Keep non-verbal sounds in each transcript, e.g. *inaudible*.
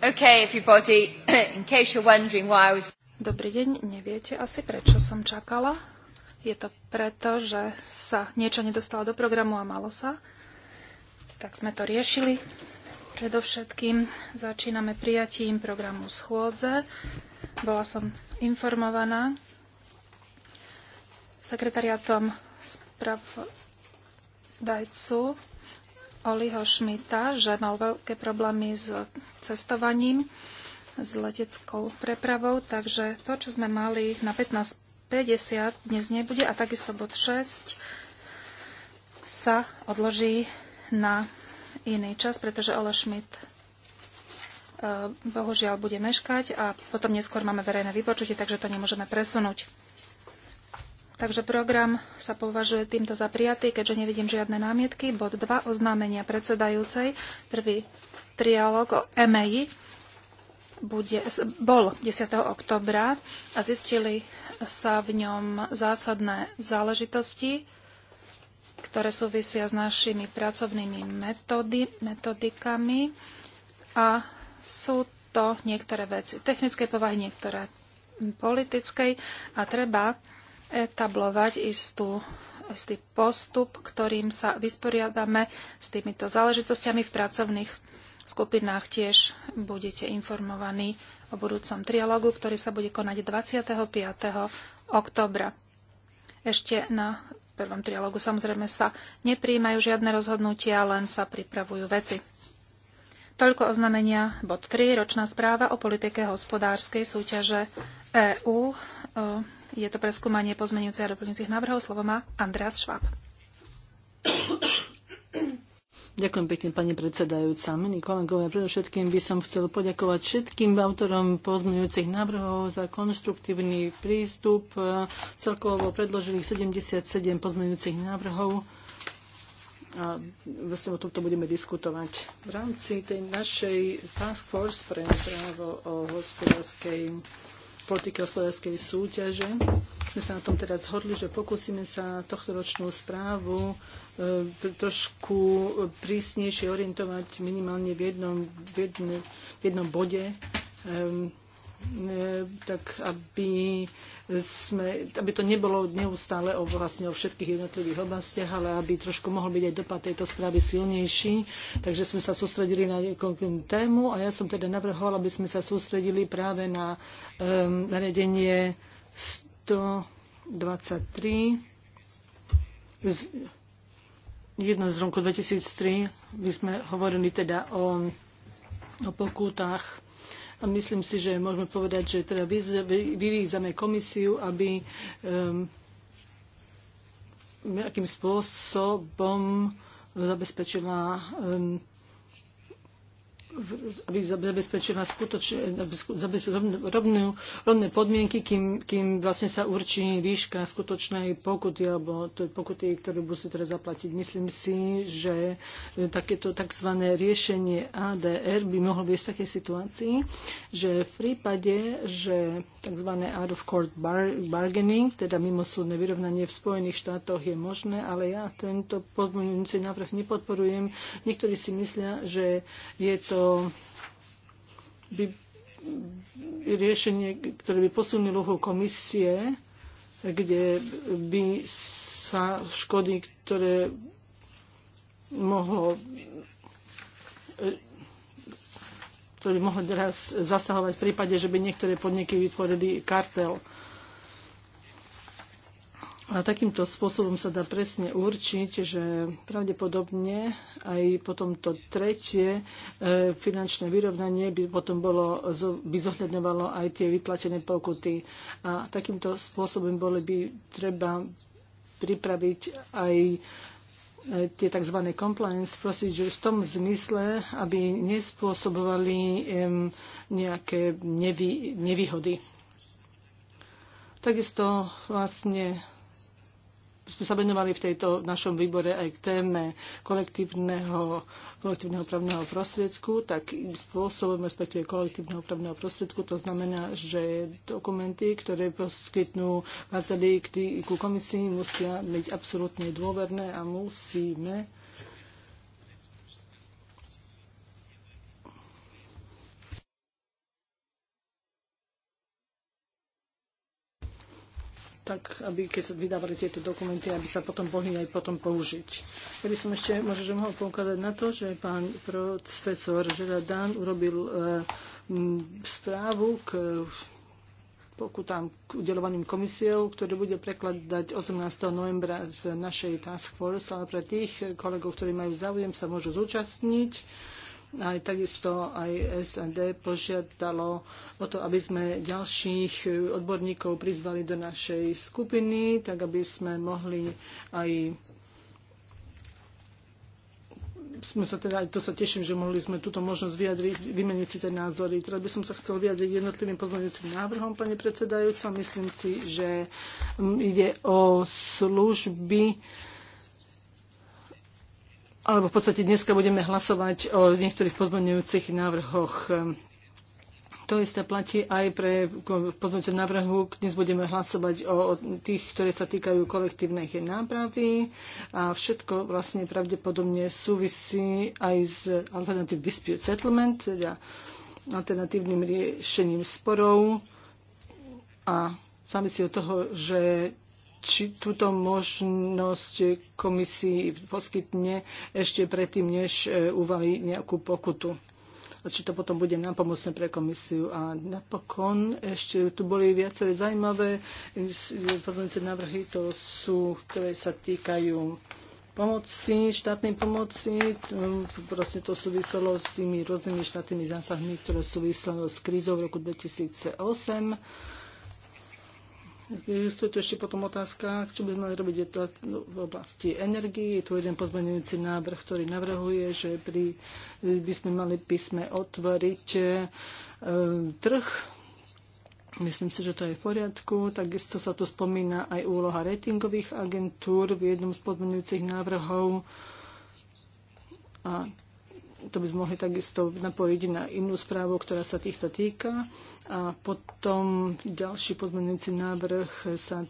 Okay, everybody, *coughs* in case you're wondering why I was... Dobrý deň, neviete asi prečo som čakala. Je to preto, že sa niečo nedostalo do programu a malo sa. Tak sme to riešili. Predovšetkým začíname prijatím programu schôdze. Bola som informovaná sekretariatom spravodajcu Oliho Šmita, že mal veľké problémy s cestovaním, s leteckou prepravou, takže to, čo sme mali na 15.50, dnes nebude a takisto bod 6 sa odloží na iný čas, pretože Ole Šmit e, bohužiaľ bude meškať a potom neskôr máme verejné vypočutie, takže to nemôžeme presunúť. Takže program sa považuje týmto za prijatý, keďže nevidím žiadne námietky. Bod 2. Oznámenia predsedajúcej. Prvý trialog o EMEI bude, bol 10. oktobra a zistili sa v ňom zásadné záležitosti, ktoré súvisia s našimi pracovnými metody, metodikami a sú to niektoré veci technickej povahy, niektoré politickej a treba etablovať istú, istý postup, ktorým sa vysporiadame s týmito záležitostiami v pracovných skupinách. Tiež budete informovaní o budúcom trialogu, ktorý sa bude konať 25. oktobra. Ešte na prvom trialogu samozrejme sa nepríjmajú žiadne rozhodnutia, len sa pripravujú veci. Toľko oznamenia bod 3, ročná správa o politike hospodárskej súťaže EÚ je to preskúmanie pozmenujúcich a doplňujúcich návrhov. Slovo má Andreas Schwab. Ďakujem pekne, pani predsedajúca. Milí kolegovia, predovšetkým by som chcel poďakovať všetkým autorom pozmeňujúcich návrhov za konštruktívny prístup. Celkovo predložili 77 pozmeňujúcich návrhov a vlastne o tomto budeme diskutovať. V rámci tej našej task force pre právo o hospodárskej politiky hospodárskej súťaže. Sme sa na tom teda zhodli, že pokúsime sa tohto ročnú správu e, trošku prísnejšie orientovať minimálne v jednom, v jedne, v jednom bode, e, e, tak aby sme, aby to nebolo neustále o, vlastne o všetkých jednotlivých oblastiach, ale aby trošku mohol byť aj dopad tejto správy silnejší. Takže sme sa sústredili na konkrétnu tému a ja som teda navrhoval, aby sme sa sústredili práve na um, nariadenie 123 z, jedno z roku 2003, kde sme hovorili teda o, o pokutách a myslím si, že môžeme povedať, že teda vyvízame komisiu, aby um, spôsobom zabezpečila um, aby zabezpečila skutočne rovné, rovné podmienky, kým, kým vlastne sa určí výška skutočnej pokuty alebo pokuty, ktorú musí teraz zaplatiť. Myslím si, že takéto tzv. riešenie ADR by mohlo byť v takej situácii, že v prípade, že tzv. out of court bargaining, teda mimosúdne vyrovnanie v Spojených štátoch je možné, ale ja tento podmienujúci návrh nepodporujem. Niektorí si myslia, že je to to by riešenie, ktoré by posunilo ho komisie, kde by sa škody, ktoré mohlo ktorý by mohli teraz zasahovať v prípade, že by niektoré podniky vytvorili kartel. A takýmto spôsobom sa dá presne určiť, že pravdepodobne aj potom to tretie e, finančné vyrovnanie by potom bolo, by zohľadňovalo aj tie vyplatené pokuty. A takýmto spôsobom boli by treba pripraviť aj e, tie tzv. compliance procedures v tom zmysle, aby nespôsobovali nejaké nevý, nevýhody. Takisto vlastne sme sa venovali v tejto našom výbore aj k téme kolektívneho, kolektívneho právneho prostriedku, tak spôsobom, respektíve kolektívneho právneho prostriedku, to znamená, že dokumenty, ktoré poskytnú partnery ku komisii, musia byť absolútne dôverné a musíme tak aby keď sa vydávali tieto dokumenty, aby sa potom mohli aj potom použiť. Ja by som ešte možno mohol poukázať na to, že pán profesor Žeradan urobil e, m, správu k pokutám k udelovaným komisiou, ktoré bude prekladať 18. novembra v našej task force, ale pre tých kolegov, ktorí majú záujem, sa môžu zúčastniť aj takisto aj SND požiadalo o to, aby sme ďalších odborníkov prizvali do našej skupiny, tak aby sme mohli aj sme sa teda, to sa teším, že mohli sme túto možnosť vyjadriť, vymeniť si tie názory. Teraz by som sa chcel vyjadriť jednotlivým pozmeňujúcim návrhom, pani predsedajúca. Myslím si, že mm, ide o služby, alebo v podstate dneska budeme hlasovať o niektorých pozmeňujúcich návrhoch. To isté platí aj pre pozmeňujúce návrhu. Dnes budeme hlasovať o, o tých, ktoré sa týkajú kolektívnej nápravy a všetko vlastne pravdepodobne súvisí aj s Alternative Dispute Settlement, teda alternatívnym riešením sporov a závisí od toho, že či túto možnosť komisii poskytne ešte predtým, než e, uvalí nejakú pokutu či to potom bude napomocné pre komisiu. A napokon ešte tu boli viaceré zaujímavé pozornice návrhy, to sú, ktoré sa týkajú pomoci, štátnej pomoci. Proste to súviselo s tými rôznymi štátnymi zásahmi, ktoré súviselo s krízou v roku 2008 Existuje tu ešte potom otázka, čo by mali robiť to v oblasti energii. Je tu jeden pozmeňujúci návrh, ktorý navrhuje, že pri, by sme mali písme otvoriť e, trh. Myslím si, že to je v poriadku. Takisto sa tu spomína aj úloha ratingových agentúr v jednom z pozmeňujúcich návrhov. A to by sme mohli takisto napojiť na inú správu, ktorá sa týchto týka. A potom ďalší pozmenujúci návrh sa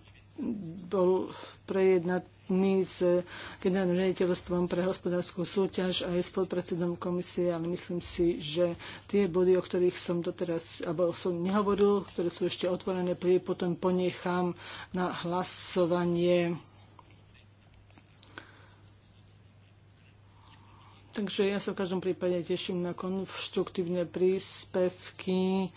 bol prejednatný s generálnym riaditeľstvom pre hospodárskú súťaž a aj s podpredsedom komisie, ale myslím si, že tie body, o ktorých som doteraz alebo som nehovoril, ktoré sú ešte otvorené, potom ponechám na hlasovanie Takže ja sa v každom prípade teším na konštruktívne príspevky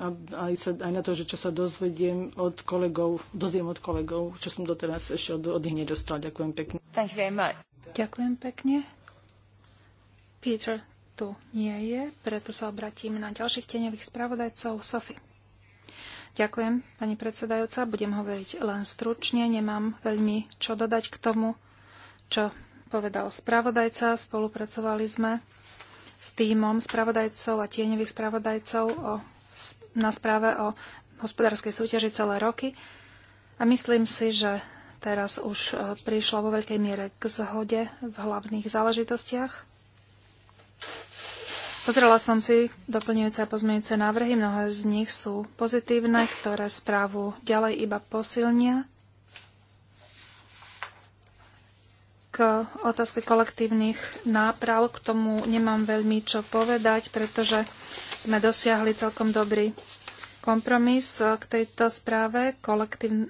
a aj, sa, aj na to, že čo sa dozvediem od kolegov, dozviem od kolegov, čo som doteraz ešte od, od nich nedostal. Ďakujem pekne. Thank you very much. Ďakujem pekne. Peter tu nie je, preto sa obratím na ďalších tieňových spravodajcov. Sofie. Ďakujem, pani predsedajúca. Budem hovoriť len stručne. Nemám veľmi čo dodať k tomu, čo povedal spravodajca. Spolupracovali sme s týmom spravodajcov a tieňových spravodajcov o, na správe o hospodárskej súťaži celé roky. A myslím si, že teraz už e, prišlo vo veľkej miere k zhode v hlavných záležitostiach. Pozrela som si doplňujúce a pozmeňujúce návrhy, mnohé z nich sú pozitívne, ktoré správu ďalej iba posilnia otázke kolektívnych náprav k tomu nemám veľmi čo povedať, pretože sme dosiahli celkom dobrý kompromis k tejto správe kolektívneho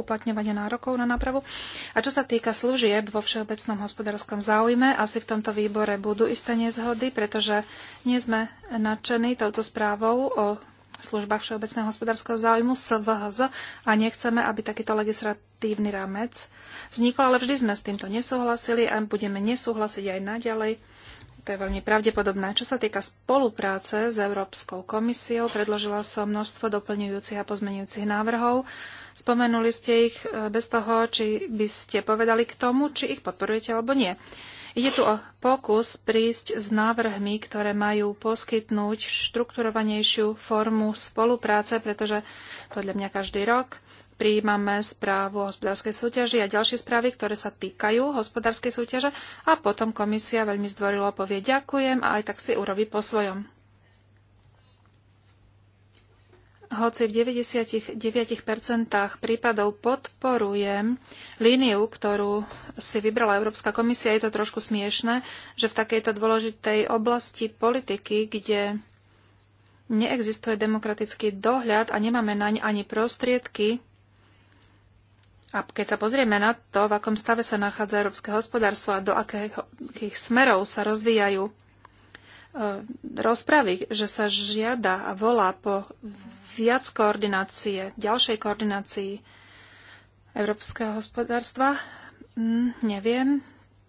uplatňovania nárokov na nápravu. A čo sa týka služieb vo všeobecnom hospodárskom záujme, asi v tomto výbore budú isté nezhody, pretože nie sme nadšení touto správou o služba všeobecného hospodárskeho záujmu SVHZ a nechceme, aby takýto legislatívny rámec vznikol, ale vždy sme s týmto nesúhlasili a budeme nesúhlasiť aj naďalej. To je veľmi pravdepodobné. Čo sa týka spolupráce s Európskou komisiou, predložila som množstvo doplňujúcich a pozmenujúcich návrhov. Spomenuli ste ich eh, bez toho, či by ste povedali k tomu, či ich podporujete alebo nie. Ide tu o pokus prísť s návrhmi, ktoré majú poskytnúť štrukturovanejšiu formu spolupráce, pretože podľa mňa každý rok prijímame správu o hospodárskej súťaži a ďalšie správy, ktoré sa týkajú hospodárskej súťaže a potom komisia veľmi zdvorilo povie ďakujem a aj tak si urobí po svojom. hoci v 99% prípadov podporujem líniu, ktorú si vybrala Európska komisia, je to trošku smiešne, že v takejto dôležitej oblasti politiky, kde neexistuje demokratický dohľad a nemáme naň ani prostriedky, a keď sa pozrieme na to, v akom stave sa nachádza európske hospodárstvo a do akých smerov sa rozvíjajú e, rozpravy, že sa žiada a volá po viac koordinácie, ďalšej koordinácii európskeho hospodárstva? Mm, neviem.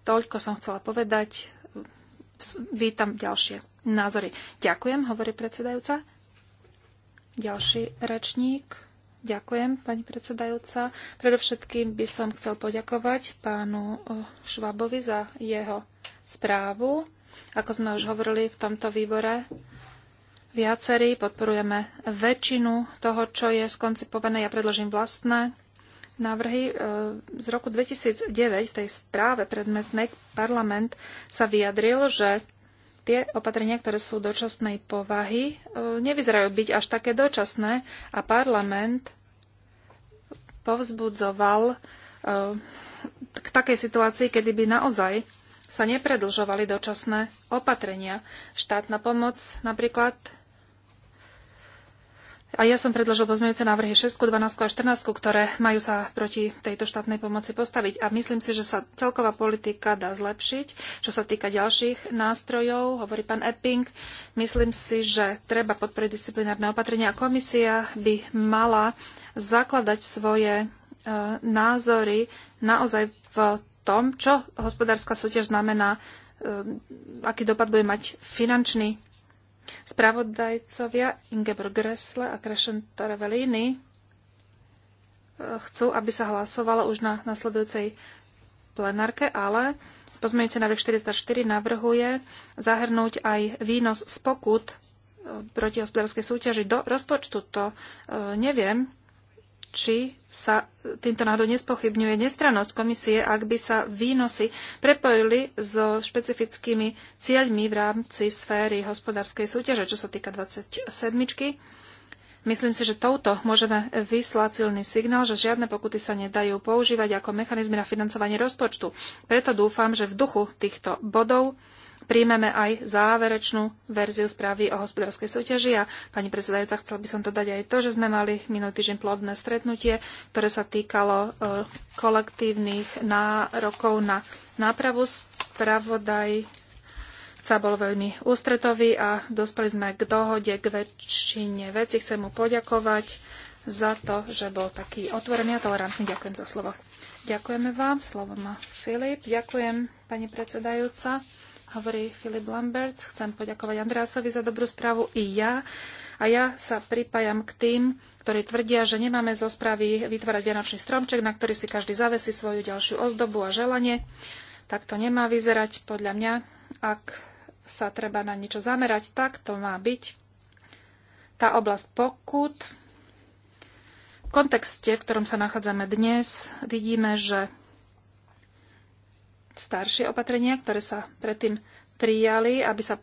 Toľko som chcela povedať. Vítam ďalšie názory. Ďakujem, hovorí predsedajúca. Ďalší rečník. Ďakujem, pani predsedajúca. Predovšetkým by som chcel poďakovať pánu Švabovi za jeho správu. Ako sme už hovorili v tomto výbore, viacerí, podporujeme väčšinu toho, čo je skoncipované. Ja predložím vlastné návrhy. E, z roku 2009 v tej správe predmetnej parlament sa vyjadril, že tie opatrenia, ktoré sú dočasnej povahy, e, nevyzerajú byť až také dočasné a parlament povzbudzoval e, k takej situácii, kedy by naozaj sa nepredlžovali dočasné opatrenia. Štátna pomoc napríklad a ja som predložil pozmeňujúce návrhy 6, 12 a 14, ktoré majú sa proti tejto štátnej pomoci postaviť. A myslím si, že sa celková politika dá zlepšiť. Čo sa týka ďalších nástrojov, hovorí pán Epping, myslím si, že treba podporiť disciplinárne opatrenia a komisia by mala zakladať svoje e, názory naozaj v tom, čo hospodárska súťaž znamená, e, aký dopad bude mať finančný Spravodajcovia Ingeborg Gressle a Krešen Torevelini eh, chcú, aby sa hlasovalo už na nasledujúcej plenárke, ale pozmeňujúce návrh 44 navrhuje zahrnúť aj výnos z pokut eh, proti hospodárskej súťaži do rozpočtu. To eh, neviem, či sa týmto náhodou nespochybňuje nestrannosť komisie, ak by sa výnosy prepojili so špecifickými cieľmi v rámci sféry hospodárskej súťaže, čo sa týka 27. Myslím si, že touto môžeme vyslať silný signál, že žiadne pokuty sa nedajú používať ako mechanizmy na financovanie rozpočtu. Preto dúfam, že v duchu týchto bodov príjmeme aj záverečnú verziu správy o hospodárskej súťaži. A pani predsedajúca, chcel by som dodať aj to, že sme mali minulý týždeň plodné stretnutie, ktoré sa týkalo e, kolektívnych nárokov na nápravu. Spravodaj sa bol veľmi ústretový a dospeli sme k dohode, k väčšine veci. Chcem mu poďakovať za to, že bol taký otvorený a tolerantný. Ďakujem za slovo. Ďakujeme vám. Slovo má Filip. Ďakujem, pani predsedajúca hovorí Filip Lamberts. Chcem poďakovať Andreasovi za dobrú správu i ja. A ja sa pripájam k tým, ktorí tvrdia, že nemáme zo správy vytvárať vianočný stromček, na ktorý si každý zavesí svoju ďalšiu ozdobu a želanie. Tak to nemá vyzerať podľa mňa. Ak sa treba na niečo zamerať, tak to má byť tá oblasť pokut. V kontexte, v ktorom sa nachádzame dnes, vidíme, že staršie opatrenia, ktoré sa predtým prijali, aby sa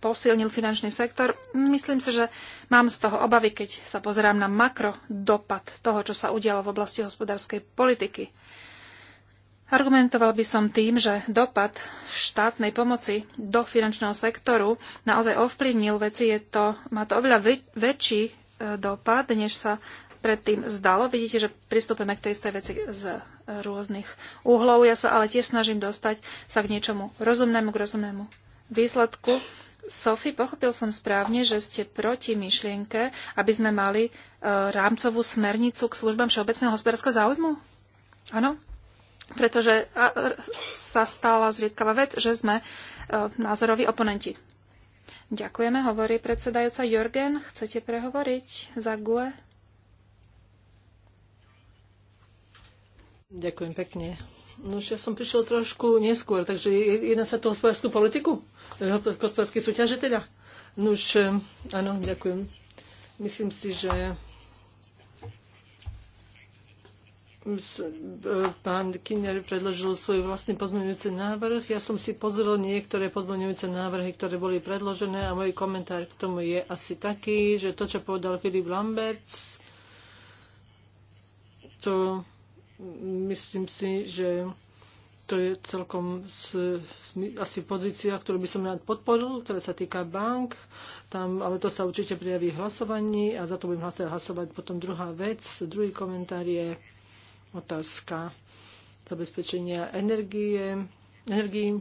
posilnil finančný sektor. Myslím si, že mám z toho obavy, keď sa pozerám na makro dopad toho, čo sa udialo v oblasti hospodárskej politiky. Argumentoval by som tým, že dopad štátnej pomoci do finančného sektoru naozaj ovplyvnil veci. Je to, má to oveľa väčší e, dopad, než sa predtým zdalo. Vidíte, že pristúpime k tej istej veci z rôznych uhlov. Ja sa ale tiež snažím dostať sa k niečomu rozumnému, k rozumnému výsledku. Sophie, pochopil som správne, že ste proti myšlienke, aby sme mali e, rámcovú smernicu k službám všeobecného hospodárskeho záujmu? Áno? Pretože e, sa stala zriedkavá vec, že sme e, názoroví oponenti. Ďakujeme, hovorí predsedajúca Jorgen. Chcete prehovoriť za GUE? Ďakujem pekne. No ja som prišiel trošku neskôr, takže jedná sa to hospodárskú politiku? E, hospodárske súťaže teda? No už, áno, ďakujem. Myslím si, že e, pán Kinner predložil svoj vlastný pozmeňujúci návrh. Ja som si pozrel niektoré pozmeňujúce návrhy, ktoré boli predložené a môj komentár k tomu je asi taký, že to, čo povedal Filip Lamberts, to myslím si, že to je celkom z, asi pozícia, ktorú by som rád podporil, ktorá sa týka bank. Tam, ale to sa určite prijaví v hlasovaní a za to budem hlasovať. Potom druhá vec, druhý komentár je otázka zabezpečenia energie, energii.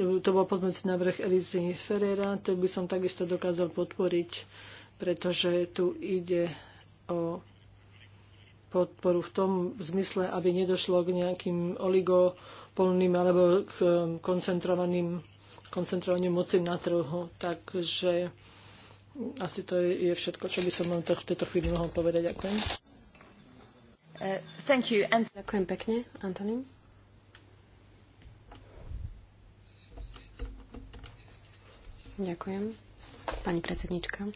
To bol pozmeňujúci návrh Elizy Ferrera, to by som takisto dokázal podporiť, pretože tu ide o podporu v tom v zmysle, aby nedošlo k nejakým oligopolným alebo k um, koncentrovaným koncentrovaním moci na trhu. Takže asi to je všetko, čo by som vám v tejto chvíli mohol povedať. Ďakujem. Uh, thank you. And... Ďakujem pekne, Antonín. Ďakujem. Pani predsednička.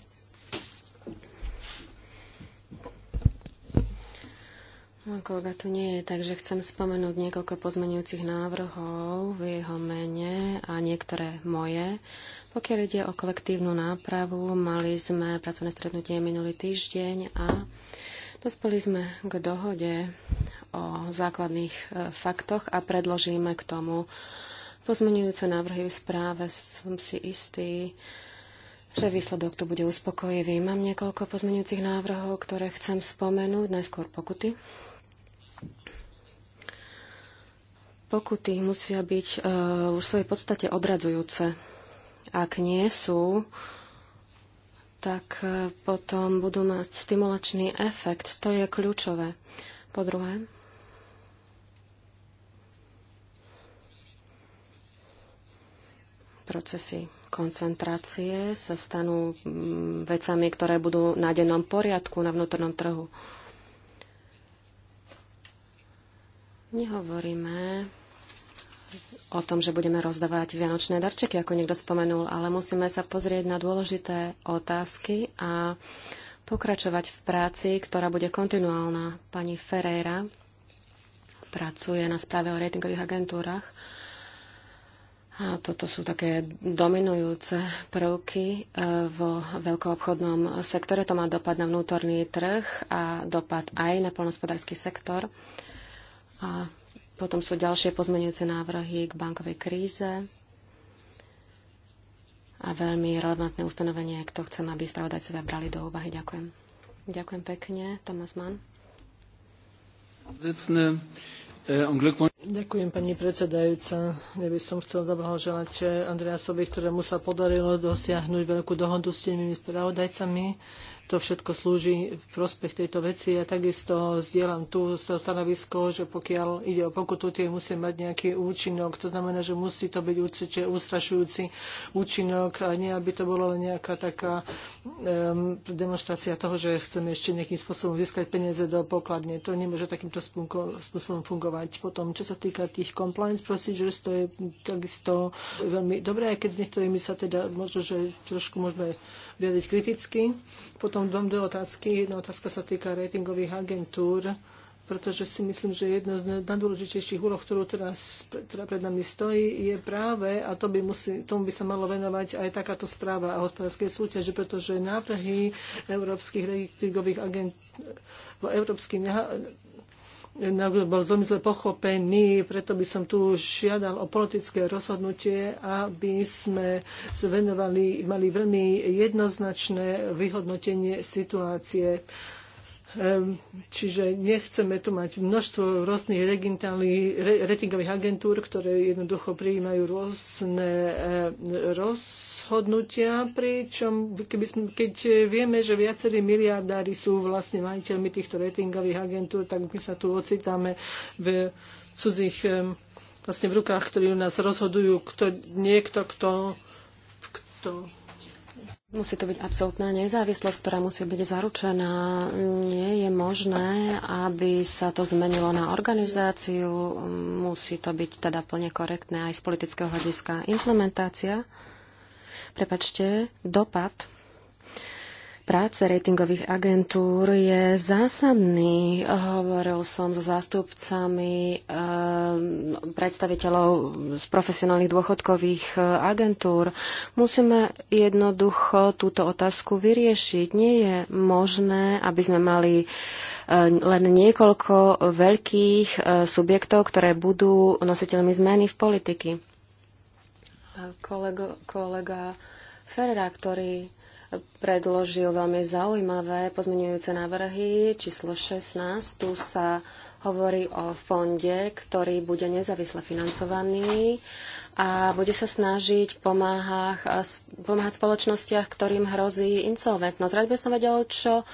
Kolega tu nie je, takže chcem spomenúť niekoľko pozmenujúcich návrhov v jeho mene a niektoré moje. Pokiaľ ide o kolektívnu nápravu, mali sme pracovné stretnutie minulý týždeň a dospeli sme k dohode o základných e, faktoch a predložíme k tomu pozmenujúce návrhy v správe. Som si istý, že výsledok tu bude uspokojivý. Mám niekoľko pozmenujúcich návrhov, ktoré chcem spomenúť, najskôr pokuty. Pokuty musia byť uh, v svojej podstate odradzujúce. Ak nie sú, tak uh, potom budú mať stimulačný efekt. To je kľúčové. Po druhé, procesy koncentrácie sa stanú vecami, ktoré budú na dennom poriadku na vnútornom trhu. Nehovoríme o tom, že budeme rozdávať vianočné darčeky, ako niekto spomenul, ale musíme sa pozrieť na dôležité otázky a pokračovať v práci, ktorá bude kontinuálna. Pani Ferreira pracuje na správe o ratingových agentúrach. A toto sú také dominujúce prvky e, vo veľkoobchodnom sektore. To má dopad na vnútorný trh a dopad aj na polnospodársky sektor. A potom sú ďalšie pozmeňujúce návrhy k bankovej kríze a veľmi relevantné ustanovenie, kto chcem, aby spravodajcovia brali do úvahy. Ďakujem. Ďakujem pekne. Tomas Mann. Eh, Ďakujem, pani predsedajúca. Ja by som chcel zablahoželať eh, Andreasovi, ktorému sa podarilo dosiahnuť veľkú dohodu s tými spravodajcami to všetko slúži v prospech tejto veci. Ja takisto zdieľam tu stanovisko, že pokiaľ ide o pokutu, tie musí mať nejaký účinok. To znamená, že musí to byť určite ústrašujúci účinok a nie, aby to bola len nejaká taká um, demonstrácia toho, že chceme ešte nejakým spôsobom získať peniaze do pokladne. To nemôže takýmto spôsobom fungovať. Potom, čo sa týka tých compliance procedures, to je takisto veľmi dobré, aj keď s niektorými sa teda možno, že trošku môžeme vyjadriť kriticky. Potom dom do otázky. Jedna otázka sa týka ratingových agentúr pretože si myslím, že jedno z najdôležitejších úloh, ktorú teraz teda pred nami stojí, je práve, a to by musí, tomu by sa malo venovať aj takáto správa a hospodárskej súťaže, pretože návrhy európskych ratingových agent, európskych bol zlomysle pochopený, preto by som tu žiadal o politické rozhodnutie, aby sme zvenovali, mali veľmi jednoznačné vyhodnotenie situácie. Ehm, čiže nechceme tu mať množstvo rôznych ratingových agentúr, ktoré jednoducho prijímajú rôzne ehm, rozhodnutia, pričom keby sme, keď vieme, že viacerí miliardári sú vlastne majiteľmi týchto ratingových agentúr, tak my sa tu ocitáme v cudzích ehm, vlastne v rukách, ktorí u nás rozhodujú, kto, niekto, kto, kto Musí to byť absolútna nezávislosť, ktorá musí byť zaručená. Nie je možné, aby sa to zmenilo na organizáciu. Musí to byť teda plne korektné aj z politického hľadiska implementácia. Prepačte, dopad práce ratingových agentúr je zásadný. Hovoril som so zástupcami e, predstaviteľov z profesionálnych dôchodkových e, agentúr. Musíme jednoducho túto otázku vyriešiť. Nie je možné, aby sme mali e, len niekoľko veľkých e, subjektov, ktoré budú nositeľmi zmeny v politiky. Kolego, kolega Ferrera, ktorý predložil veľmi zaujímavé pozmenujúce návrhy. Číslo 16, tu sa hovorí o fonde, ktorý bude nezávisle financovaný a bude sa snažiť pomáhať, pomáhať spoločnostiach, ktorým hrozí insolventnosť. Rád by som vedel, čo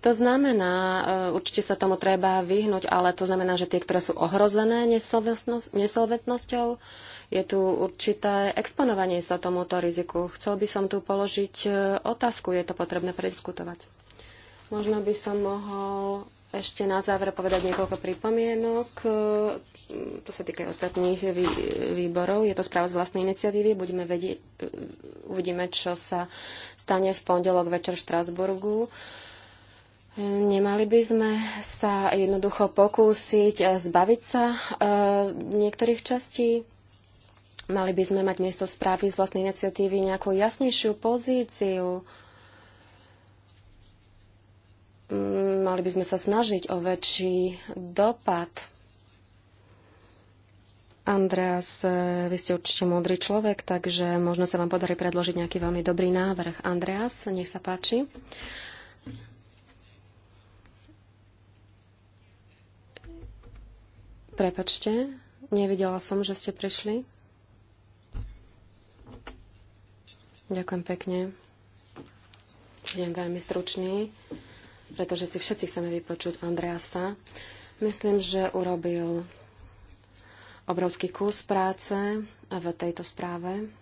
to znamená, e, určite sa tomu treba vyhnúť, ale to znamená, že tie, ktoré sú ohrozené nesolventnosťou, je tu určité exponovanie sa tomuto riziku. Chcel by som tu položiť e, otázku, je to potrebné prediskutovať. Možno by som mohol ešte na záver povedať niekoľko pripomienok. E, to sa týka ostatných výborov. Je to správa z vlastnej iniciatívy. Budeme vedi- e, uvidíme, čo sa stane v pondelok večer v Štrasburgu. Nemali by sme sa jednoducho pokúsiť zbaviť sa niektorých častí Mali by sme mať miesto správy z vlastnej iniciatívy nejakú jasnejšiu pozíciu. Mali by sme sa snažiť o väčší dopad. Andreas, vy ste určite múdry človek, takže možno sa vám podarí predložiť nejaký veľmi dobrý návrh. Andreas, nech sa páči. Prepačte, nevidela som, že ste prišli. Ďakujem pekne. Budem veľmi stručný, pretože si všetci chceme vypočuť Andreasa. Myslím, že urobil obrovský kus práce v tejto správe.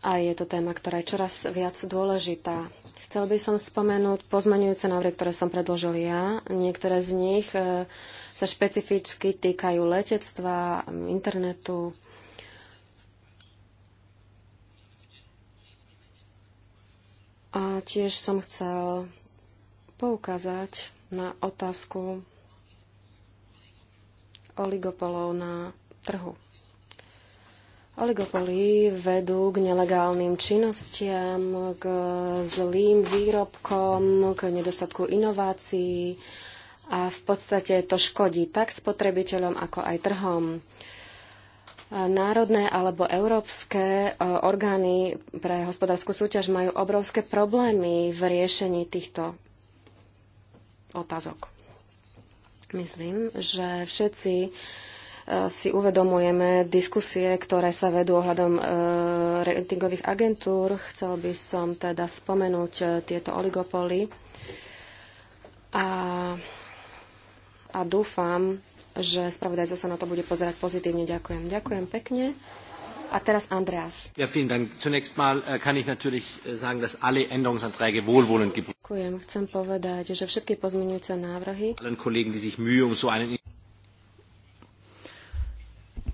A je to téma, ktorá je čoraz viac dôležitá. Chcel by som spomenúť pozmenujúce návrhy, ktoré som predložil ja. Niektoré z nich eh, sa špecificky týkajú letectva, internetu, A tiež som chcel poukázať na otázku oligopolov na trhu. Oligopoly vedú k nelegálnym činnostiam, k zlým výrobkom, k nedostatku inovácií a v podstate to škodí tak spotrebiteľom, ako aj trhom národné alebo európske e, orgány pre hospodárskú súťaž majú obrovské problémy v riešení týchto otázok. Myslím, že všetci e, si uvedomujeme diskusie, ktoré sa vedú ohľadom e, ratingových agentúr. Chcel by som teda spomenúť e, tieto oligopoly a, a dúfam, že spravodajca sa na to bude pozerať pozitívne. Ďakujem. Ďakujem pekne. A teraz Andreas. Ja, vielen Dank. Zunächst mal äh, kann ich natürlich äh, sagen, dass alle Änderungsanträge wohlwollend geprüft Ďakujem. Chcem povedať, že všetky pozmeňujúce návrhy allen Kollegen, die sich Mühe um so einen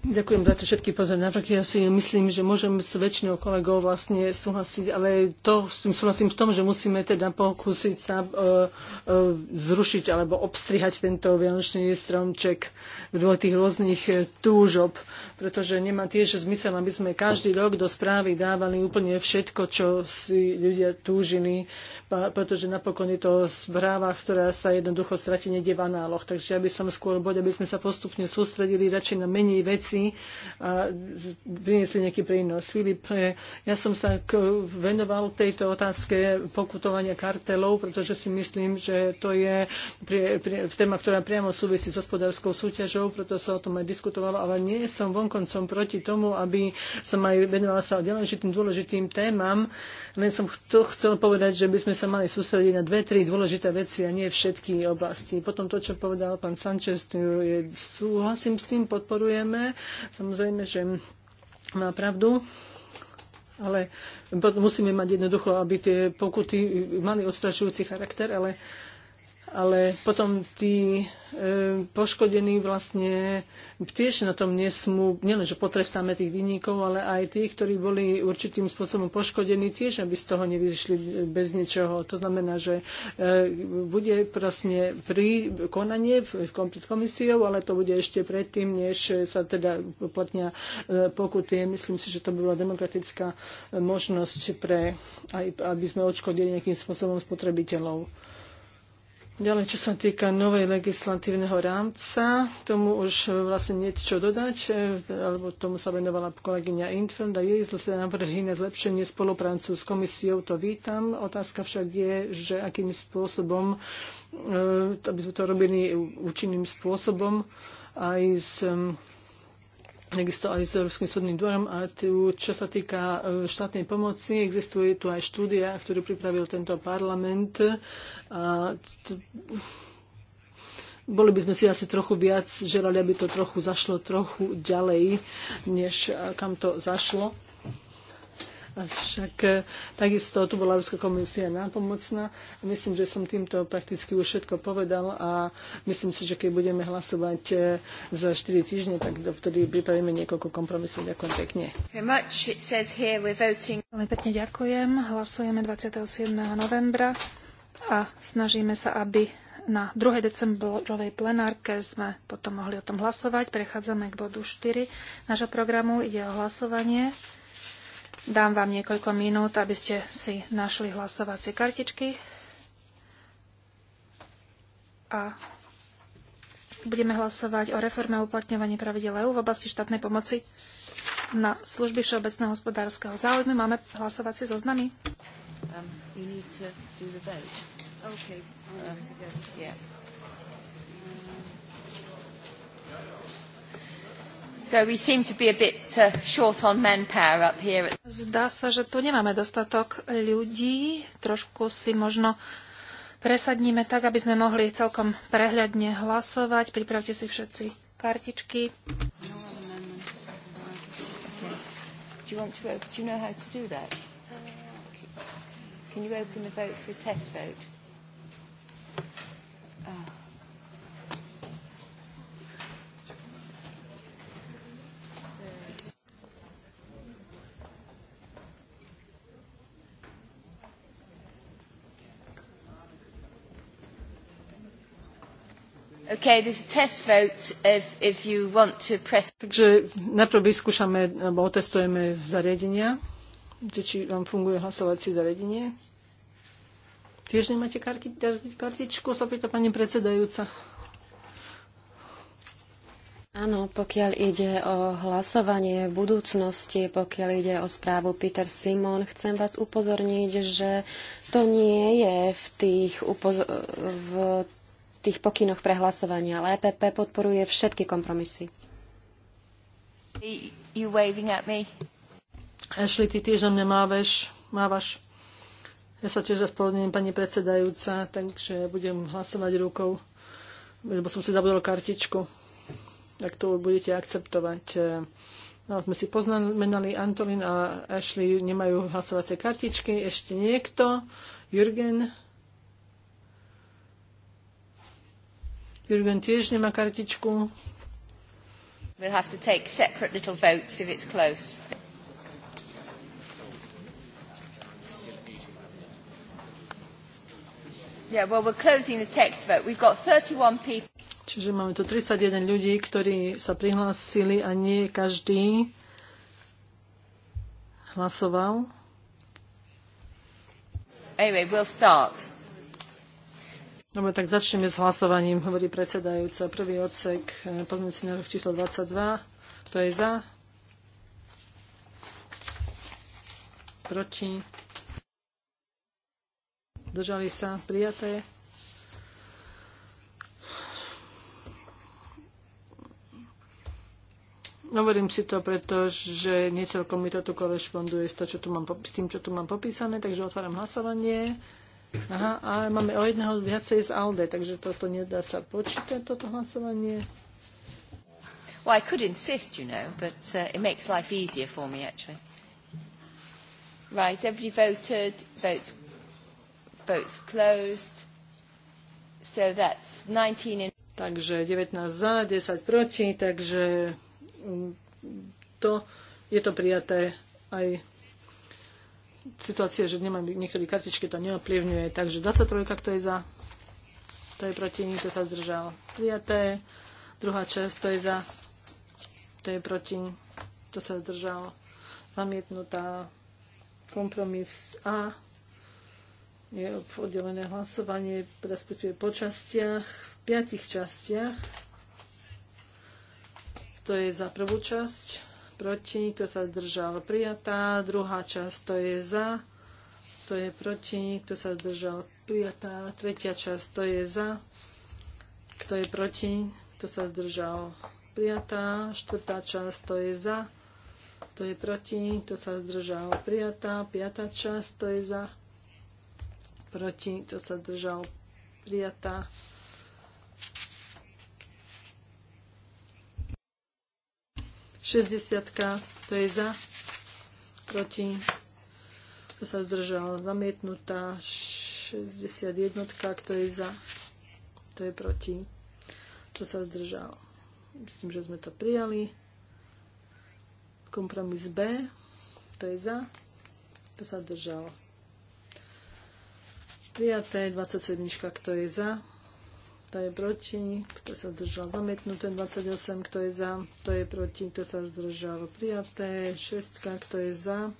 Ďakujem za to všetky pozorovnáčky. Ja si myslím, že môžem s väčšinou kolegov vlastne súhlasiť, ale to s tým súhlasím v tom, že musíme teda pokúsiť sa e, e, zrušiť alebo obstrihať tento vianočný stromček dvoch tých rôznych e, túžob, pretože nemá tiež zmysel, aby sme každý rok do správy dávali úplne všetko, čo si ľudia túžili, pretože napokon je to správa, ktorá sa jednoducho stratí niekde v análoch. Takže ja by som skôr bol, aby sme sa postupne sústredili radšej na menej veci, veci a priniesli nejaký prínos. Filip, ja som sa venoval tejto otázke pokutovania kartelov, pretože si myslím, že to je pri, pri, téma, ktorá priamo súvisí s hospodárskou súťažou, preto sa o tom aj diskutovalo, ale nie som vonkoncom proti tomu, aby som aj venovala sa ďalej dôležitým témam, len som to chcel povedať, že by sme sa mali sústrediť na dve, tri dôležité veci a nie všetky oblasti. Potom to, čo povedal pán Sanchez, je, súhlasím s tým, podporujeme Samozrejme, že má pravdu, ale musíme mať jednoducho, aby tie pokuty mali odstrašujúci charakter, ale ale potom tí e, poškodení vlastne tiež na tom nesmú, nielen, že potrestáme tých vinníkov, ale aj tí, ktorí boli určitým spôsobom poškodení, tiež, aby z toho nevyšli bez ničoho. To znamená, že e, bude vlastne pri konanie v, v komisiou, ale to bude ešte predtým, než sa teda uplatnia e, pokuty. Myslím si, že to by bola demokratická e, možnosť pre, aj, aby sme odškodili nejakým spôsobom spotrebiteľov. Ďalej, čo sa týka novej legislatívneho rámca, tomu už vlastne niečo dodať, e, alebo tomu sa venovala kolegyňa Infeld a jej návrhy na zlepšenie spoluprácu s komisiou, to vítam. Otázka však je, že akým spôsobom, e, aby sme to robili účinným spôsobom, aj s takisto aj s Európskym súdnym dvorom. A tu, čo sa týka e, štátnej pomoci, existuje tu aj štúdia, ktorú pripravil tento parlament. A boli by sme si asi trochu viac želali, aby to trochu zašlo trochu ďalej, než e, kam to zašlo. Však e, takisto tu bola Európska komisia nápomocná. myslím, že som týmto prakticky už všetko povedal a myslím si, že keď budeme hlasovať e, za 4 týždne, tak vtedy pripravíme niekoľko kompromisov. Ďakujem pekne. Veľmi pekne ďakujem. Hlasujeme 27. novembra a snažíme sa, aby na 2. decembrovej plenárke sme potom mohli o tom hlasovať. Prechádzame k bodu 4 nášho programu. Ide o hlasovanie Dám vám niekoľko minút, aby ste si našli hlasovacie kartičky. A budeme hlasovať o reforme uplatňovania pravidel EU v oblasti štátnej pomoci na služby všeobecného hospodárskeho záujmu. Máme hlasovacie zoznamy? Um, Uh, Zdá sa, že tu nemáme dostatok ľudí. Trošku si možno presadníme tak, aby sme mohli celkom prehľadne hlasovať. Pripravte si všetci kartičky. Do you, want to, do you know how to do that? Can you open the vote for a test vote? Oh. Okay, there's a test vote if, if you want to press... Takže najprv vyskúšame, alebo otestujeme zariadenia, že či vám funguje hlasovacie zariadenie. Tiež nemáte karti, kartičku, sa pýta pani predsedajúca. Áno, pokiaľ ide o hlasovanie v budúcnosti, pokiaľ ide o správu Peter Simon, chcem vás upozorniť, že to nie je v tých, upozo- v tých pokynoch pre hlasovanie, ale EPP podporuje všetky kompromisy. You waving at me. Ashley, ty tiež na mňa máveš, mávaš. Ja sa tiež zaspovedním pani predsedajúca, takže budem hlasovať rukou, lebo som si zabudol kartičku. Ak to budete akceptovať. Eh, no, sme si poznamenali, Antolin a Ashley nemajú hlasovacie kartičky. Ešte niekto? Jürgen? Jürgen tiež nemá kartičku. We'll have to take separate little votes if it's close. Yeah, well, we're closing the text vote. We've got 31 people. Čiže máme tu 31 ľudí, ktorí sa prihlásili a nie každý hlasoval. Anyway, we'll start. Dobre, no, tak začneme s hlasovaním, hovorí predsedajúca. Prvý odsek, e, pozmeňujúci návrh číslo 22. Kto je za? Proti? Držali sa? Prijaté? Hovorím si to, pretože niecelkom mi to tu korešponduje s, to, čo tu mám, s tým, čo tu mám popísané, takže otváram hlasovanie. Aha, a máme o jedného viacej z ALDE, takže toto nedá sa počítať, toto hlasovanie. Well, I could insist, you know, but uh, it makes life easier for me, actually. Right, everybody voted, votes, votes closed. So that's 19 in... Takže 19 za, 10 proti, takže mm, to, je to prijaté aj situácia, že nemám niektorý kartičky, to neoplivňuje. Takže 23, kto je za, to je proti, nikto sa zdržal. Prijaté. Druhá časť, to je za, to je proti, to sa zdržal. Zamietnutá. Kompromis A je oddelené hlasovanie, respektíve po častiach, v piatich častiach. To je za prvú časť proti, to sa zdržal prijatá, druhá časť to je za, to je proti, to sa zdržal prijatá, tretia časť to je za, kto je proti, to sa zdržal prijatá, štvrtá časť to je za, to je proti, to sa zdržal prijatá, piatá časť to je za, proti, to sa zdržal prijatá. 60, to je za, proti, to sa zdržal, zamietnutá. 61, kto je za, kto je proti, To sa zdržal. Myslím, že sme to prijali. Kompromis B, kto je za, To sa zdržalo. Prijaté 27, kto je za, kto je proti, kto sa zdržal zamietnuté, 28, kto je za, kto je proti, kto sa zdržal prijaté, 6, kto je za,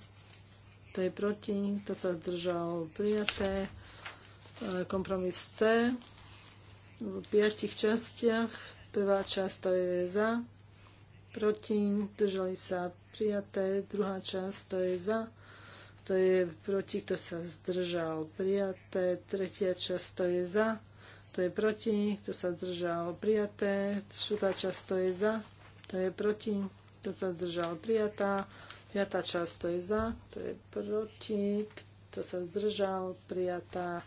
kto je proti, kto sa zdržal prijaté, e, kompromis C v piatich častiach, prvá časť to je za, proti, držali sa prijaté, druhá časť to je za, to je proti, kto sa zdržal prijaté, tretia časť to je za, to je proti, kto sa zdržal prijaté, štvrtá časť to je za, to je proti, kto sa zdržal prijatá, piatá časť to je za, to je proti, kto sa zdržal prijatá.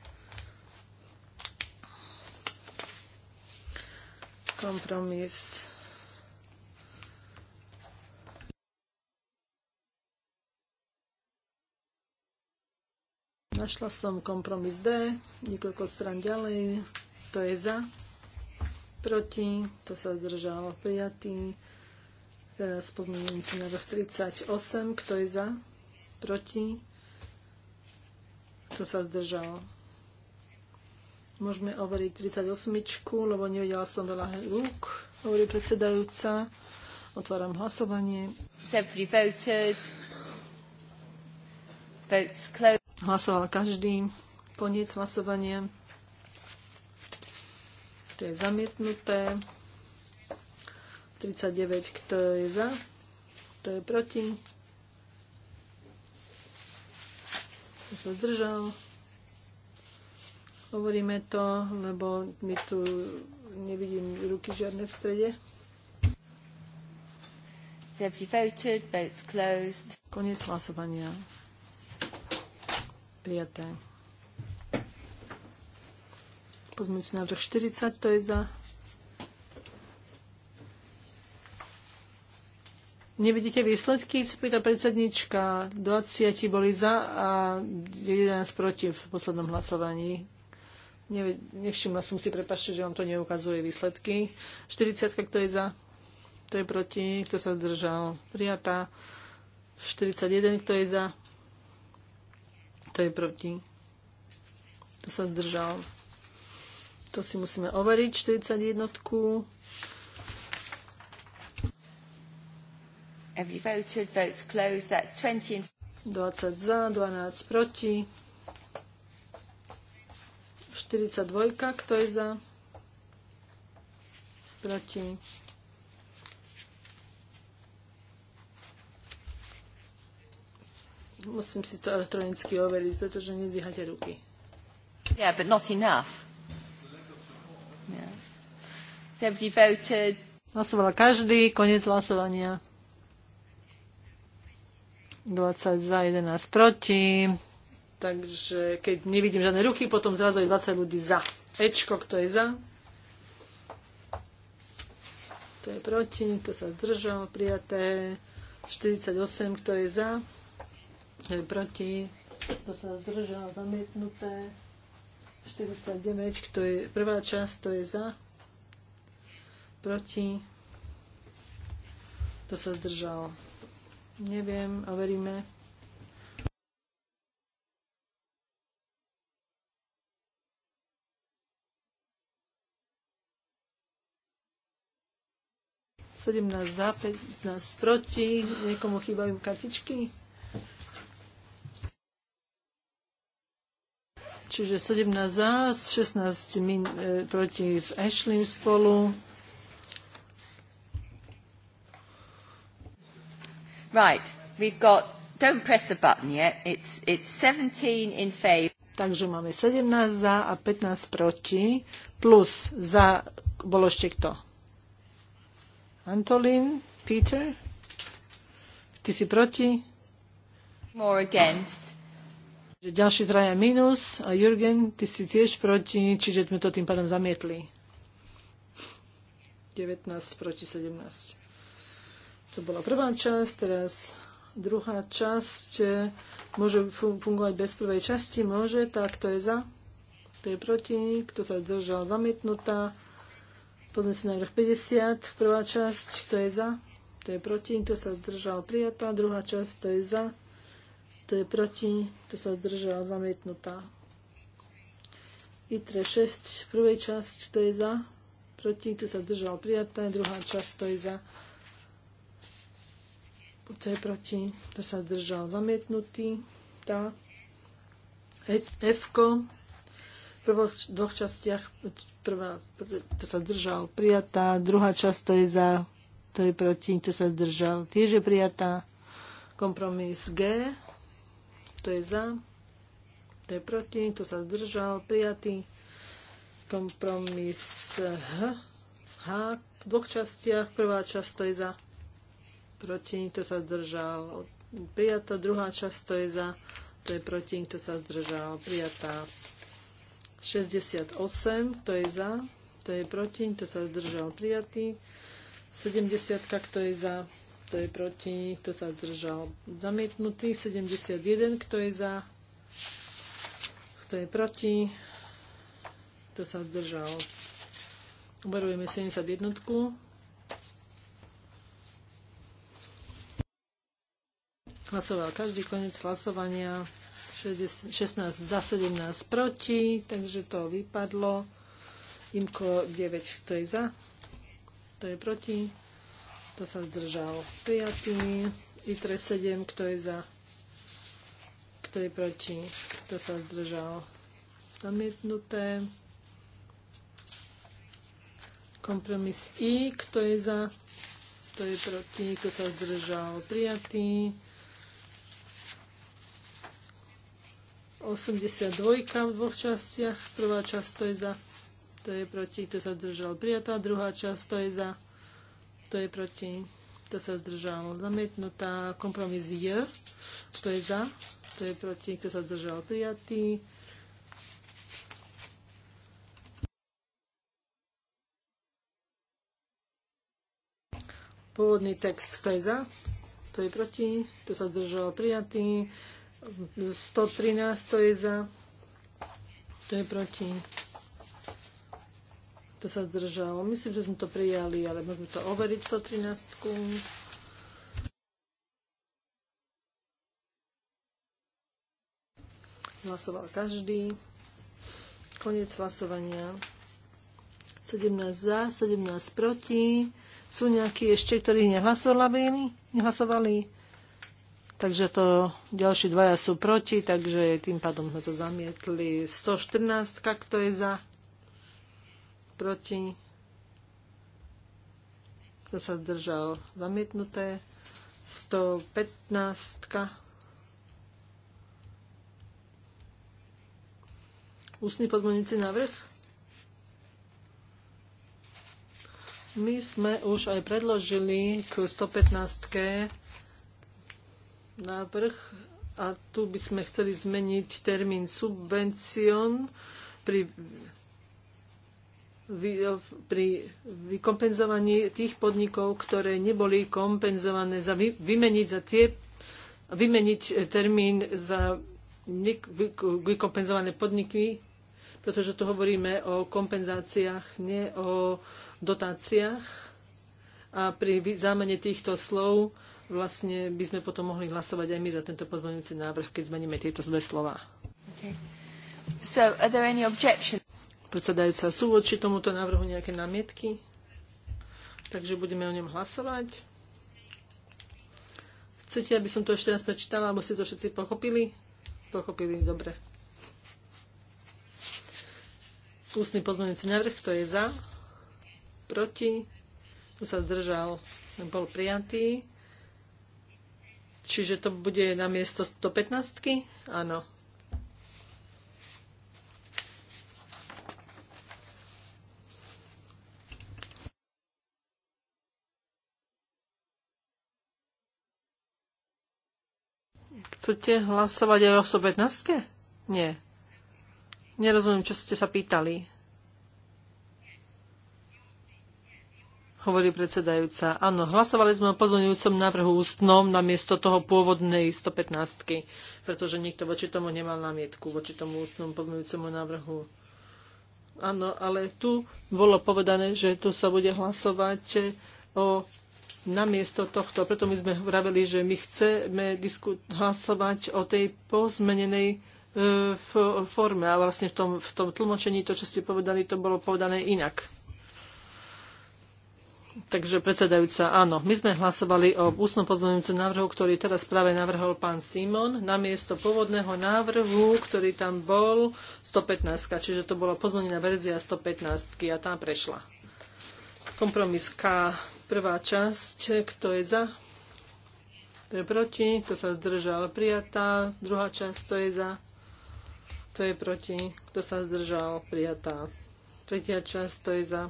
Kompromis. Našla som kompromis D, niekoľko stran ďalej. Kto je za? Proti? To sa zdržalo. Prijatý. Teraz pozmeňujúci návrh 38. Kto je za? Proti? Kto sa zdržalo? Môžeme overiť 38, lebo nevedela som veľa rúk, hovorí predsedajúca. Otváram hlasovanie. Hlasoval každý. Koniec hlasovania to je zamietnuté. 39, kto je za, kto je proti. Kto sa zdržal. Hovoríme to, lebo my tu nevidím ruky žiadne v strede. Konec hlasovania. Prijaté na vrch 40, to je za. Nevidíte výsledky? pýta predsednička. 20 boli za a 11 proti v poslednom hlasovaní. Nevšimla som si, prepašte, že vám to neukazuje výsledky. 40, kto je za? Kto je proti? Kto sa zdržal? Prijatá. 41, kto je za? Kto je proti? Kto sa zdržal? To si musíme overiť, 41. Every voted? Votes closed. That's 20 in... 20 za, 12 proti. 42, kto je za? Proti. Musím si to elektronicky overiť, pretože nedvíhate ruky. Yeah, but not enough. Hlasovala Hlasoval každý, koniec hlasovania. 20 za, 11 proti. Takže keď nevidím žiadne ruky, potom zrazu je 20 ľudí za. Ečko, kto je za? Kto je proti? Kto sa zdržal? Prijaté. 48, kto je za? Kto je proti? Kto sa zdržal? Zamietnuté. 49, kto je, prvá časť, to je za, proti, to sa zdržal. Neviem, a veríme. Sedemnáct za, 15 proti, niekomu chýbajú kartičky. Čiže 17 za, 16 min, e, proti s Ashlim spolu. Right, we've got, don't press the button yet, it's, it's 17 in favor. Takže máme 17 za a 15 proti, plus za, bolo ešte kto? Antolin, Peter, ty si proti? More against. Ďalší traja minus a Jurgen, ty si tiež proti, čiže sme to tým pádom zamietli. 19 proti 17. To bola prvá časť, teraz druhá časť. Môže fungovať bez prvej časti? Môže, tak to je za. Kto je proti? Kto sa zdržal? Zamietnutá. Pozme si návrh 50, prvá časť, kto je za, To je proti, kto sa držal prijatá, druhá časť, to je za, to je proti, to sa zdržal zamietnutá. ITRE 6, prvej časť, to je za, proti, to e, sa zdržal prijatá, druhá časť, to je za, to je proti, to sa zdržal zamietnutý, tá. F, v prvých dvoch častiach, prvá, to sa zdržal prijatá, druhá časť, to je za, to je proti, to sa zdržal, tiež je prijatá, kompromis G, kto je za? Kto je proti? Kto sa zdržal? Prijatý. Kompromis H. H. V dvoch častiach. Prvá časť to je za. Proti. Kto sa zdržal? Prijatá. Druhá časť to je za. To je proti. Kto sa zdržal? Prijatá. 68. Kto je za? Kto je proti? Kto sa zdržal? Prijatý. 70. Kto je za? kto je proti, kto sa zdržal. Zamietnutý 71, kto je za, kto je proti, kto sa zdržal. Uberujeme 71. Hlasoval každý koniec hlasovania. 16 za 17 proti, takže to vypadlo. Imko 9, kto je za, kto je proti, to sa zdržal? Prijatý. 3 7. Kto je za? Kto je proti? Kto sa zdržal? Zamietnuté. Kompromis I. Kto je za? Kto je proti? Kto sa zdržal? Prijatý. 82 v dvoch častiach. Prvá časť to je za, to je proti, kto sa držal prijatá. Druhá časť to je za, to je proti? to sa zdržal? Zamietnutá. Kompromis J. Kto je za? to je proti? to sa zdržal? Prijatý. Pôvodný text. Kto je za? To je proti? to sa zdržal? Prijatý. 113. to je za? to je proti? To sa zdržalo. Myslím, že sme to prijali, ale môžeme to overiť 113. Hlasoval každý. Konec hlasovania. 17 za, 17 proti. Sú nejakí ešte, ktorí nehlasovali? nehlasovali? Takže to ďalší dvaja sú proti, takže tým pádom sme to zamietli. 114, kto je za? proti, kto sa zdržal zamietnuté, 115. Ústny pozmeňujúci návrh. My sme už aj predložili k 115. návrh a tu by sme chceli zmeniť termín subvencion pri pri vykompenzovaní tých podnikov, ktoré neboli kompenzované, za vy, vymeniť za tie, vymeniť termín za vykompenzované podniky, pretože tu hovoríme o kompenzáciách, nie o dotáciách. A pri zámene týchto slov vlastne by sme potom mohli hlasovať aj my za tento pozvanujúci návrh, keď zmeníme tieto dve slova. Okay. So, are there any objections? predsedajúca, sú voči tomuto návrhu nejaké námietky? Takže budeme o ňom hlasovať. Chcete, aby som to ešte raz prečítala, alebo ste to všetci pochopili? Pochopili, dobre. Ústny pozmeňujúci návrh, kto je za? Proti? Kto sa zdržal? Bol prijatý. Čiže to bude na miesto 115? -ky? Áno. Chcete hlasovať aj o 115? Nie. Nerozumiem, čo ste sa pýtali. Hovorí predsedajúca. Áno, hlasovali sme o pozvonujúcom návrhu ústnom namiesto toho pôvodnej 115, pretože nikto voči tomu nemal námietku, voči tomu ústnom pozvonujúcemu návrhu. Áno, ale tu bolo povedané, že tu sa bude hlasovať o namiesto tohto. Preto my sme hovorili, že my chceme hlasovať o tej pozmenenej v e, forme a vlastne v tom, v tom tlmočení to, čo ste povedali, to bolo povedané inak. Takže predsedajúca, áno, my sme hlasovali o ústnom pozmeňujúcom návrhu, ktorý teraz práve navrhol pán Simon, namiesto pôvodného návrhu, ktorý tam bol 115, čiže to bola pozmenená verzia 115 a tá prešla. Kompromis K Prvá časť, kto je za, kto je proti, kto sa zdržal, prijatá. Druhá časť, kto je za, kto je proti, kto sa zdržal, prijatá. Tretia časť, kto je za,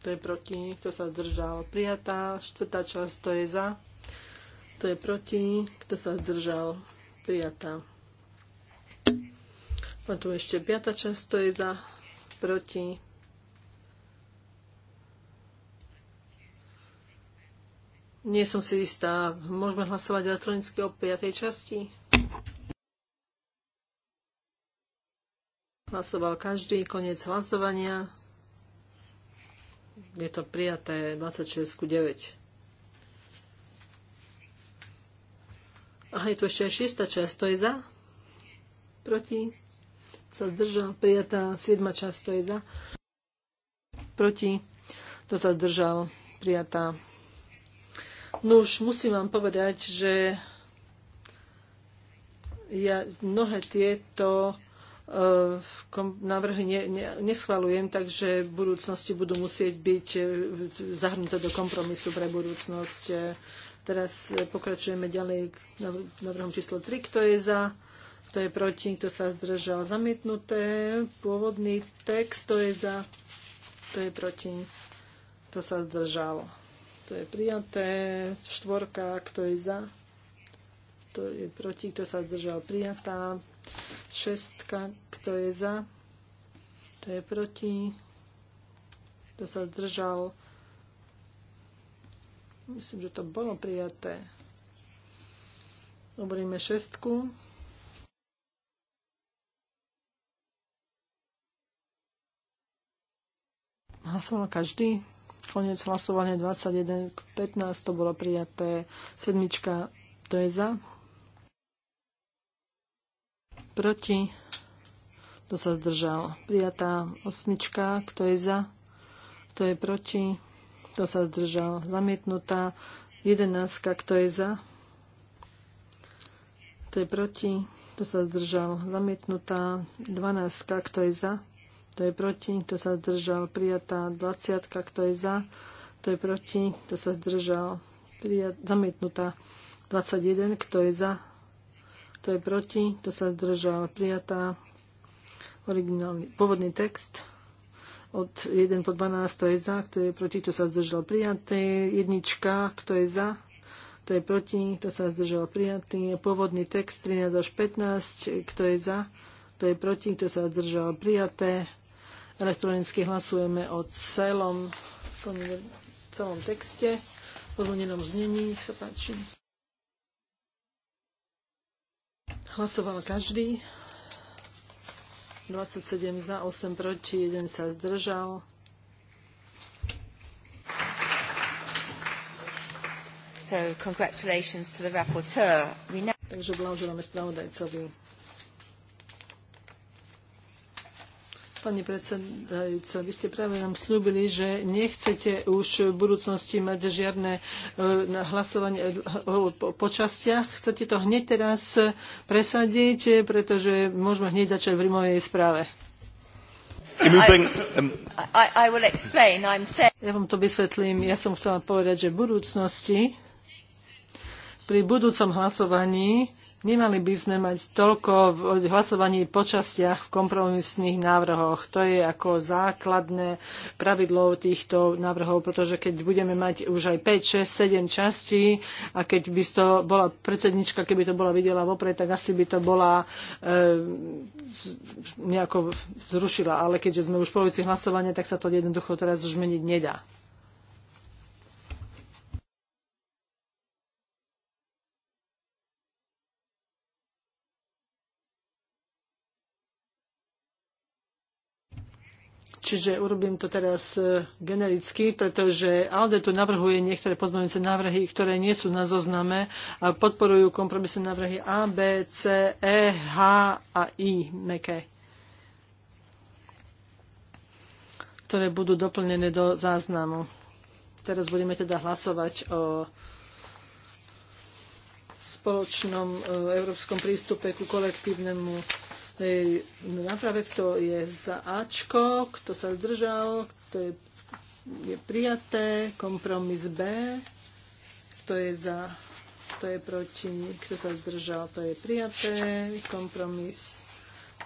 kto je proti, kto sa zdržal, prijatá. Štvrtá časť, kto je za, kto je proti, kto sa zdržal, prijatá. Potom ešte piata časť, kto je za, proti, Nie som si istá. Môžeme hlasovať elektronicky o 5. časti? Hlasoval každý. Koniec hlasovania. Je to prijaté 26 ku 9. Aha, je tu ešte aj šiesta časť. To je za? Proti? Sa zdržal. Prijatá 7. časť. To je za? Proti? To sa zdržal. Prijatá No už musím vám povedať, že ja mnohé tieto e, návrhy ne, ne, neschvalujem, takže v budúcnosti budú musieť byť e, zahrnuté do kompromisu pre budúcnosť. E, teraz pokračujeme ďalej k návrhom číslo 3. Kto je za? Kto je proti? Kto sa zdržal? Zamietnuté. Pôvodný text. Kto je za? Kto je proti? Kto sa zdržal? to je prijaté. Štvorka, kto je za, kto je proti, kto sa zdržal, prijatá. Šestka, kto je za, kto je proti, kto sa zdržal. Myslím, že to bolo prijaté. Dobríme šestku. Hlasoval každý. Konec hlasovania 21 k 15, to bolo prijaté. Sedmička, to je za. Proti. to sa zdržal? Prijatá osmička, kto je za? Kto je proti? to sa zdržal? Zamietnutá. Jedenáctka, kto je za? Kto je proti? to sa zdržal? Zamietnutá. Dvanáctka, kto je za? kto je proti, kto sa zdržal, prijatá 20, kto je za, kto je proti, kto sa zdržal, prijat, zamietnutá 21, kto je za, kto je proti, kto sa zdržal, prijatá originálny, pôvodný text od 1 po 12, kto je za, kto je proti, kto sa zdržal, prijaté, jednička, kto je za, kto je proti, kto sa zdržal prijatý. Pôvodný text 13 až 15, kto je za, kto je proti, kto sa zdržal prijaté. Elektronicky hlasujeme o celom, celom texte, pozmenenom znení, nech sa páči. Hlasoval každý. 27 za, 8 proti, 1 sa zdržal. So, congratulations to the rapporteur. We Takže blahoželáme spravodajcovi. Pani predsedajúca, vy ste práve nám slúbili, že nechcete už v budúcnosti mať žiadne e, hlasovanie e, po častiach. Chcete to hneď teraz presadiť, pretože môžeme hneď začať v Rimovej správe. Um, ja vám to vysvetlím. Ja som chcela povedať, že v budúcnosti, pri budúcom hlasovaní, Nemali by sme mať toľko v hlasovaní po častiach v kompromisných návrhoch. To je ako základné pravidlo týchto návrhov, pretože keď budeme mať už aj 5, 6, 7 častí a keď by to bola predsednička, keby to bola videla vopred, tak asi by to bola e, nejako zrušila. Ale keďže sme už v polovici hlasovania, tak sa to jednoducho teraz meniť nedá. Čiže urobím to teraz e, genericky, pretože ALDE tu navrhuje niektoré pozmeňujúce návrhy, ktoré nie sú na zozname a podporujú kompromisné návrhy A, B, C, E, H a I, meké. ktoré budú doplnené do záznamu. Teraz budeme teda hlasovať o spoločnom e, európskom prístupe ku kolektívnemu No naprave kto je za Ačko, kto sa zdržal, kto je, je prijaté, kompromis B, kto je za, kto je proti, kto sa zdržal, to je prijaté, kompromis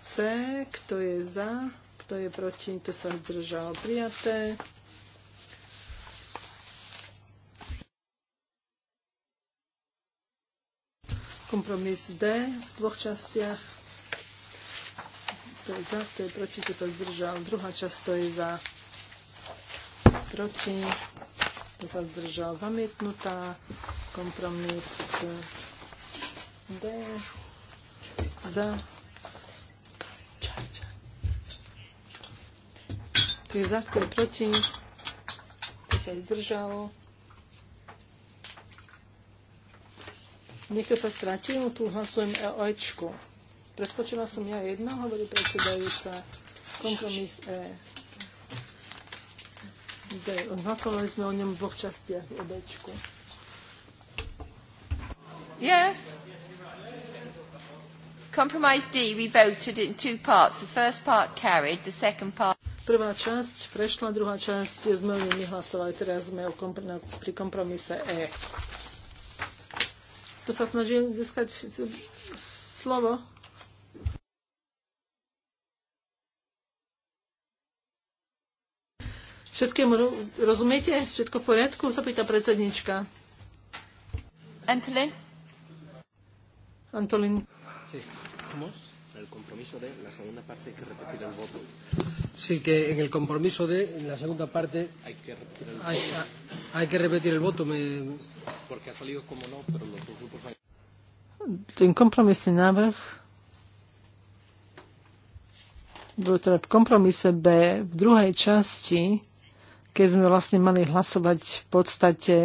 C, kto je za, kto je proti, kto sa zdržal, prijaté. Kompromis D v dvoch častiach to je za, to je proti, to sa zdržal. Druhá časť, to je za, proti, to sa zdržal. Zamietnutá, kompromis eh, D, za, to je za, to je proti, to sa zdržal. Niekto sa stratil, no tu hlasujem o Ečku. Preskočila som ja jedno, hovorí predsedajúca. Kompromis E. D. Odhlasovali sme o ňom v dvoch častiach, o Bčku. Yes. Compromise D, we voted in two parts. The first part carried, the second part... Prvá časť prešla, druhá časť sme o nej nehlasovali. Teraz sme o kompr- pri kompromise E. Tu sa snažím získať slovo. Všetkému rozumiete? Všetko v poriadku? Zapýta predsednička. Antolín. Antolín. Sí. que en el compromiso de en la segunda parte hay que repetir el voto. Hay, hay que repetir el voto. Me... Porque ha salido como no, pero los dos grupos han... Ten kompromisný návrh bol teda v kompromise B v druhej časti keď sme vlastne mali hlasovať v podstate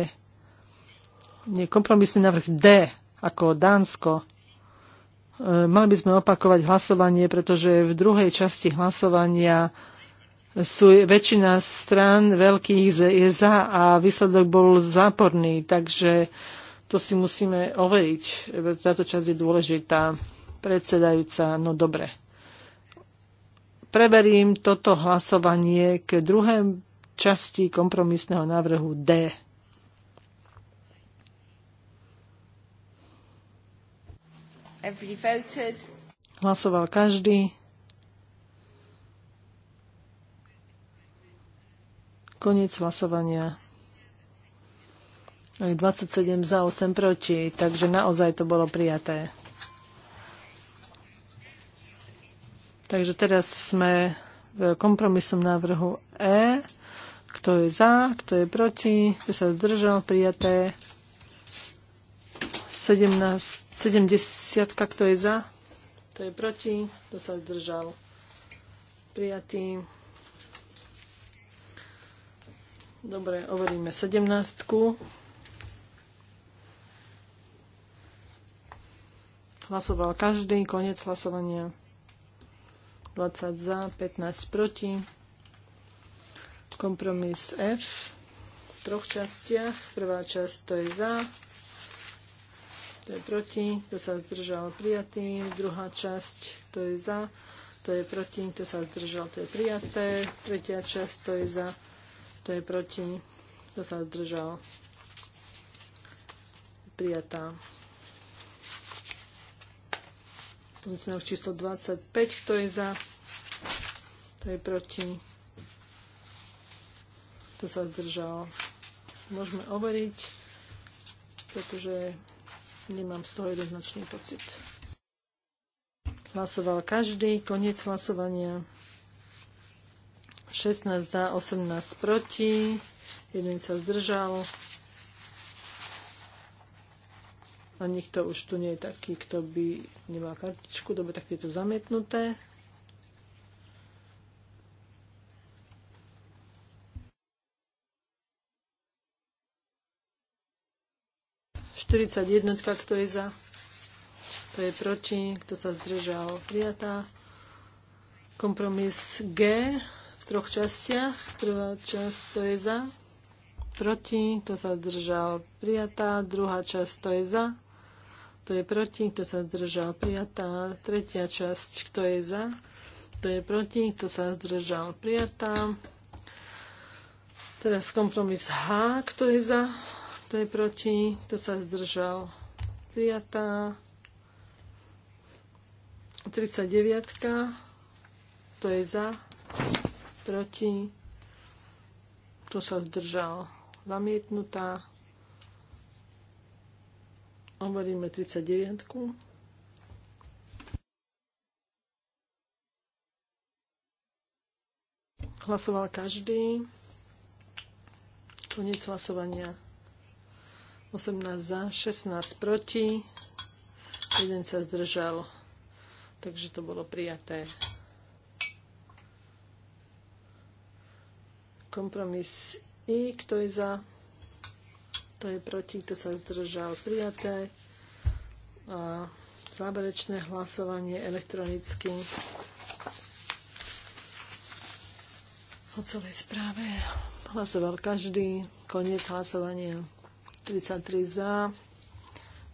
nie, kompromisný návrh D ako Dánsko. E, mali by sme opakovať hlasovanie, pretože v druhej časti hlasovania sú väčšina strán veľkých je za a výsledok bol záporný, takže to si musíme overiť. Táto časť je dôležitá. Predsedajúca, no dobre. Preverím toto hlasovanie k druhému časti kompromisného návrhu D. Hlasoval každý. Koniec hlasovania. Aj 27 za 8 proti, takže naozaj to bolo prijaté. Takže teraz sme v kompromisnom návrhu E. Kto je za, kto je proti, kto sa zdržal, prijaté. 17, 70, kto je za, kto je proti, kto sa zdržal, prijatý. Dobre, overíme 17. Hlasoval každý, koniec hlasovania. 20 za, 15 proti. Kompromis F v troch častiach. Prvá časť to je za, to je proti, to sa zdržal prijatý. Druhá časť to je za, to je proti, to sa zdržal, to je prijaté. Tretia časť to je za, to je proti, to sa zdržal prijatá. Pozmeňujúci číslo 25, kto je za, to je proti, to sa zdržal? Môžeme overiť, pretože nemám z toho jednoznačný pocit. Hlasoval každý. Koniec hlasovania. 16 za, 18 proti. Jeden sa zdržal. A nikto už tu nie je taký, kto by nemal kartičku, dobre, tak je to zamietnuté. 41, kto je za, kto je proti, kto sa zdržal, prijatá. Kompromis G v troch častiach. Prvá časť to je za, proti, kto sa zdržal, prijatá. Druhá časť to je za, to je proti, kto sa zdržal, prijatá. Tretia časť, kto je za, to je proti, kto sa zdržal, prijatá. Teraz kompromis H, kto je za, kto je proti? Kto sa zdržal? Prijatá. 39. Kto je za? Proti? Kto sa zdržal? Zamietnutá. Hovoríme 39. -ku. Hlasoval každý. Koniec hlasovania. 18 za, 16 proti, 1 sa zdržal. Takže to bolo prijaté. Kompromis I, kto je za, kto je proti, kto sa zdržal, prijaté. A záverečné hlasovanie elektronicky o celej správe. Hlasoval každý. Koniec hlasovania. 33 za,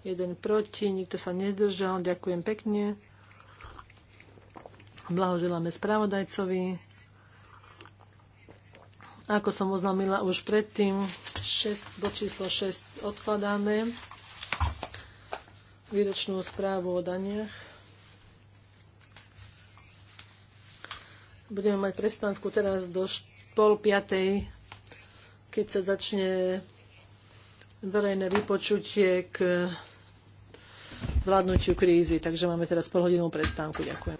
1 proti, nikto sa nezdržal. Ďakujem pekne. Blahoželáme spravodajcovi. Ako som oznámila už predtým, 6, bod číslo 6 odkladáme. Výročnú správu o daniach. Budeme mať prestávku teraz do pol piatej, keď sa začne verejné vypočutie k vládnutiu krízy. Takže máme teraz polhodinovú prestávku. Ďakujem.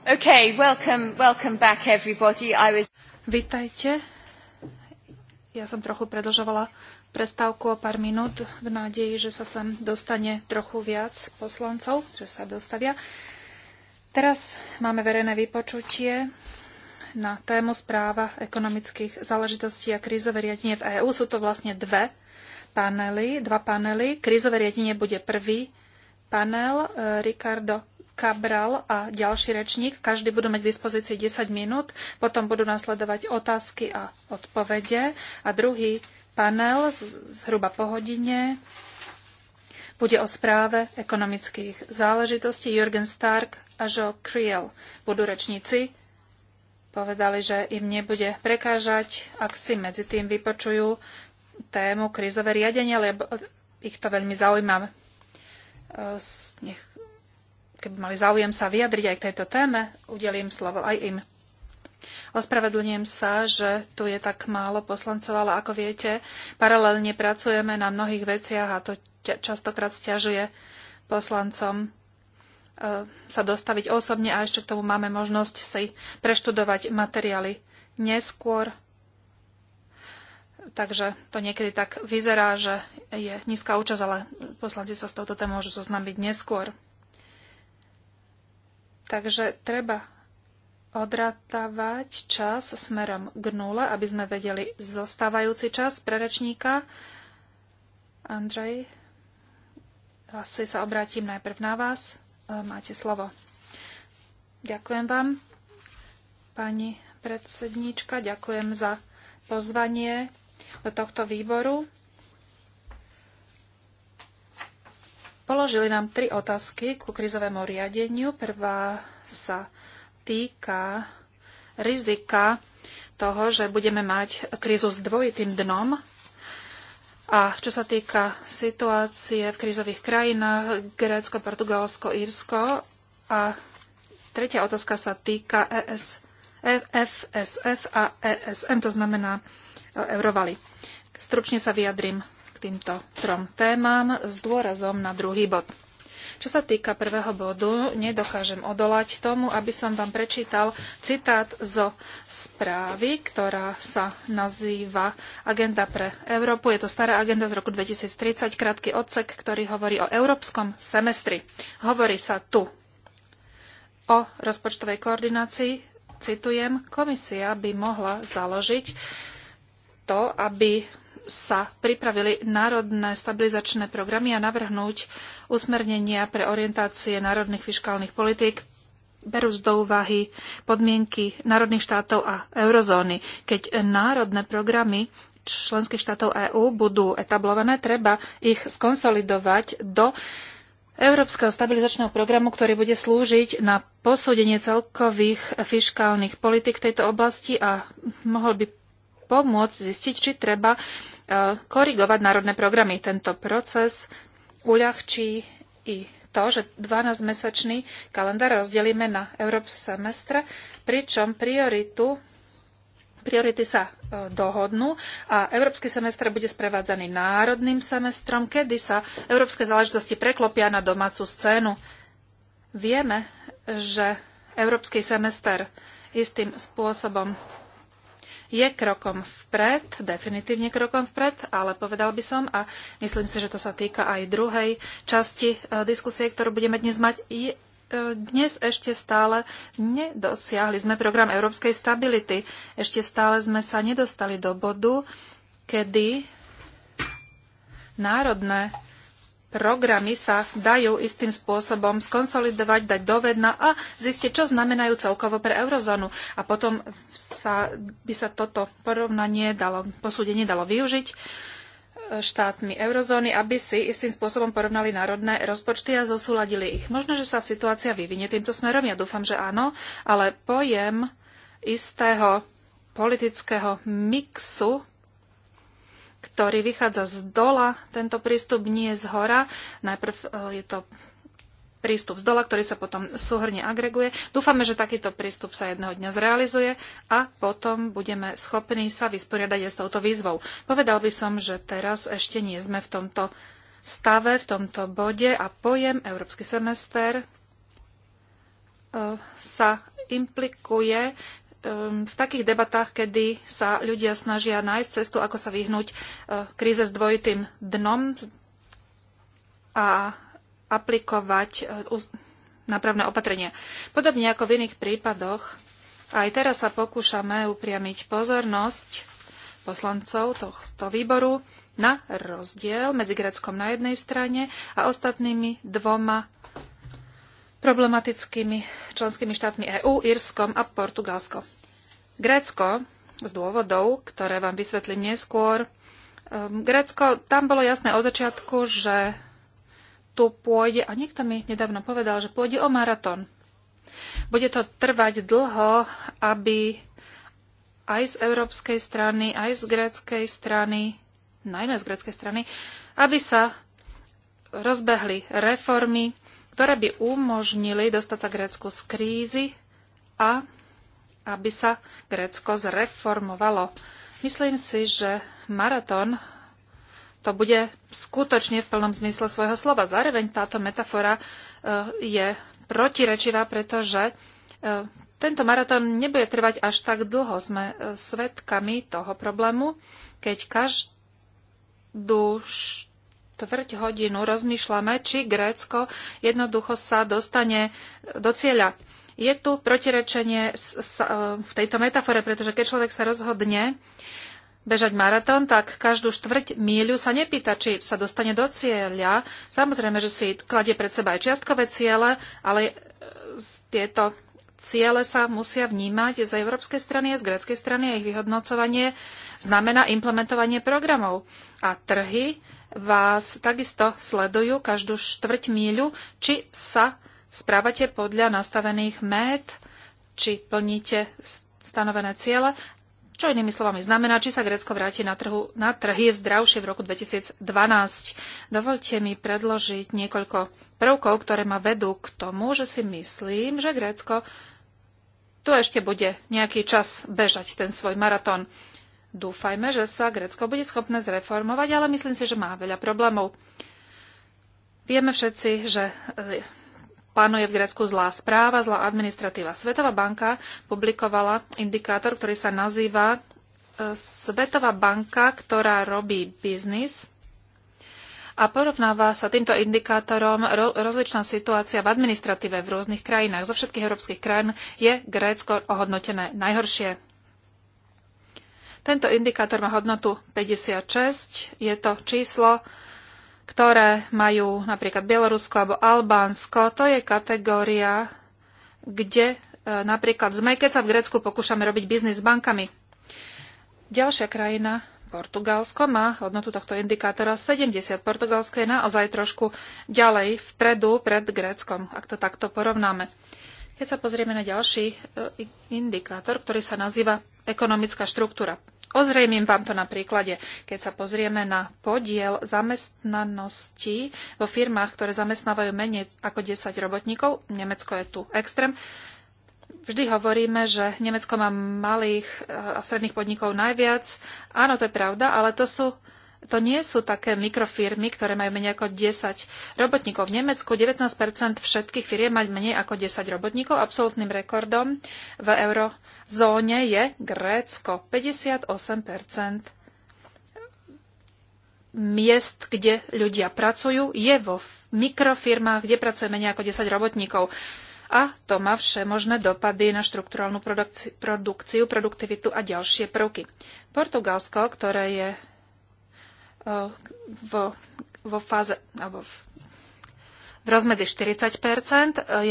Okay, welcome, welcome back everybody. I was... Vítajte. Ja som trochu predlžovala prestávku o pár minút v nádeji, že sa sem dostane trochu viac poslancov, že sa dostavia. Teraz máme verejné vypočutie na tému správa ekonomických záležitostí a krízové riadenie v EÚ. Sú to vlastne dve panely, dva panely. Krízové riadenie bude prvý panel. Eh, Ricardo Cabral a ďalší rečník. Každý budú mať k dispozícii 10 minút, potom budú nasledovať otázky a odpovede. A druhý panel zhruba po hodine bude o správe ekonomických záležitostí. Jürgen Stark a Jo Kriel budú rečníci. Povedali, že im nebude prekážať, ak si medzi tým vypočujú tému krizové riadenie, lebo ich to veľmi zaujíma. Hm, nech keby mali záujem sa vyjadriť aj k tejto téme, udelím slovo aj im. Ospravedlňujem sa, že tu je tak málo poslancov, ale ako viete, paralelne pracujeme na mnohých veciach a to častokrát stiažuje poslancom e, sa dostaviť osobne a ešte k tomu máme možnosť si preštudovať materiály neskôr. Takže to niekedy tak vyzerá, že je nízka účasť, ale poslanci sa s touto témou môžu zoznámiť neskôr. Takže treba odratávať čas smerom k nule, aby sme vedeli zostávajúci čas pre rečníka. Andrej, asi sa obrátim najprv na vás. E, máte slovo. Ďakujem vám, pani predsedníčka. Ďakujem za pozvanie do tohto výboru. Položili nám tri otázky ku krizovému riadeniu. Prvá sa týka rizika toho, že budeme mať krízu s dvojitým dnom. A čo sa týka situácie v krízových krajinách, Grécko, Portugalsko, Írsko. A tretia otázka sa týka ES, FSF a ESM, to znamená eurovaly. Stručne sa vyjadrím týmto trom témam s dôrazom na druhý bod. Čo sa týka prvého bodu, nedokážem odolať tomu, aby som vám prečítal citát zo správy, ktorá sa nazýva Agenda pre Európu. Je to stará agenda z roku 2030, krátky odsek, ktorý hovorí o európskom semestri. Hovorí sa tu o rozpočtovej koordinácii, citujem, komisia by mohla založiť to, aby sa pripravili národné stabilizačné programy a navrhnúť usmernenia pre orientácie národných fiskálnych politík berú do úvahy podmienky národných štátov a eurozóny. Keď národné programy členských štátov EÚ budú etablované, treba ich skonsolidovať do Európskeho stabilizačného programu, ktorý bude slúžiť na posúdenie celkových fiškálnych politik tejto oblasti a mohol by pomôcť zistiť, či treba e, korigovať národné programy. Tento proces uľahčí i to, že 12-mesačný kalendár rozdelíme na európsky semestre, pričom prioritu Priority sa e, dohodnú a európsky semestr bude sprevádzaný národným semestrom, kedy sa európske záležitosti preklopia na domácu scénu. Vieme, že európsky semester istým spôsobom je krokom vpred, definitívne krokom vpred, ale povedal by som a myslím si, že to sa týka aj druhej časti e, diskusie, ktorú budeme dnes mať, je, e, dnes ešte stále nedosiahli sme program európskej stability. Ešte stále sme sa nedostali do bodu, kedy národné programy sa dajú istým spôsobom skonsolidovať, dať dovedna a zistiť, čo znamenajú celkovo pre eurozónu. A potom sa, by sa toto porovnanie dalo, posúdenie dalo využiť e, štátmi eurozóny, aby si istým spôsobom porovnali národné rozpočty a zosúladili ich. Možno, že sa situácia vyvinie týmto smerom, ja dúfam, že áno, ale pojem istého politického mixu ktorý vychádza z dola, tento prístup nie je z hora. Najprv e, je to prístup z dola, ktorý sa potom súhrne agreguje. Dúfame, že takýto prístup sa jedného dňa zrealizuje a potom budeme schopní sa vysporiadať aj s touto výzvou. Povedal by som, že teraz ešte nie sme v tomto stave, v tomto bode a pojem Európsky semester e, sa implikuje Ehm, v takých debatách, kedy sa ľudia snažia nájsť cestu, ako sa vyhnúť e, kríze s dvojitým dnom a aplikovať e, nápravné opatrenia. Podobne ako v iných prípadoch, aj teraz sa pokúšame upriamiť pozornosť poslancov tohto výboru na rozdiel medzi Gréckom na jednej strane a ostatnými dvoma problematickými členskými štátmi EÚ, Írskom a Portugalsko. Grécko, z dôvodov, ktoré vám vysvetlím neskôr, ehm, Grécko, tam bolo jasné od začiatku, že tu pôjde, a niekto mi nedávno povedal, že pôjde o maratón. Bude to trvať dlho, aby aj z európskej strany, aj z gréckej strany, najmä z gréckej strany, aby sa rozbehli reformy, ktoré by umožnili dostať sa Grécku z krízy a aby sa Grécko zreformovalo. Myslím si, že maratón to bude skutočne v plnom zmysle svojho slova. Zároveň táto metafora e, je protirečivá, pretože e, tento maratón nebude trvať až tak dlho. Sme e, svetkami toho problému, keď každú štvrť hodinu rozmýšľame, či Grécko jednoducho sa dostane do cieľa. Je tu protirečenie e, v tejto metafore, pretože keď človek sa rozhodne bežať maratón, tak každú štvrť míľu sa nepýta, či sa dostane do cieľa. Samozrejme, že si kladie pred seba aj čiastkové ciele, ale e, tieto ciele sa musia vnímať z európskej strany a z gréckej strany a ich vyhodnocovanie znamená implementovanie programov. A trhy vás takisto sledujú každú štvrť míľu, či sa správate podľa nastavených mét, či plníte stanovené ciele, čo inými slovami znamená, či sa Grécko vráti na, trhu, na trhy zdravšie v roku 2012. Dovolte mi predložiť niekoľko prvkov, ktoré ma vedú k tomu, že si myslím, že Grécko tu ešte bude nejaký čas bežať ten svoj maratón. Dúfajme, že sa Grécko bude schopné zreformovať, ale myslím si, že má veľa problémov. Vieme všetci, že e, pánuje v Grécku zlá správa, zlá administratíva. Svetová banka publikovala indikátor, ktorý sa nazýva e, Svetová banka, ktorá robí biznis a porovnáva sa týmto indikátorom rozličná situácia v administratíve v rôznych krajinách. Zo všetkých európskych krajín je Grécko ohodnotené najhoršie. Tento indikátor má hodnotu 56. Je to číslo, ktoré majú napríklad Bielorusko alebo Albánsko. To je kategória, kde e, napríklad sme, keď sa v Grécku pokúšame robiť biznis s bankami. Ďalšia krajina, Portugalsko má hodnotu tohto indikátora 70. Portugalsko je naozaj trošku ďalej vpredu pred Gréckom, ak to takto porovnáme. Keď sa pozrieme na ďalší e, indikátor, ktorý sa nazýva ekonomická štruktúra. Ozrejmím vám to na príklade. Keď sa pozrieme na podiel zamestnanosti vo firmách, ktoré zamestnávajú menej ako 10 robotníkov, Nemecko je tu extrém, vždy hovoríme, že Nemecko má malých eh, a stredných podnikov najviac. Áno, to je pravda, ale to sú to nie sú také mikrofirmy, ktoré majú menej ako 10 robotníkov. V Nemecku 19 všetkých firiem má menej ako 10 robotníkov. Absolutným rekordom v euro zóne je Grécko. 58 miest, kde ľudia pracujú, je vo mikrofirmách, kde pracuje menej ako 10 robotníkov. A to má možné dopady na štruktúrálnu produkci- produkciu, produktivitu a ďalšie prvky. Portugalsko, ktoré je eh, vo, vo fáze, alebo v v rozmedzi 40 e,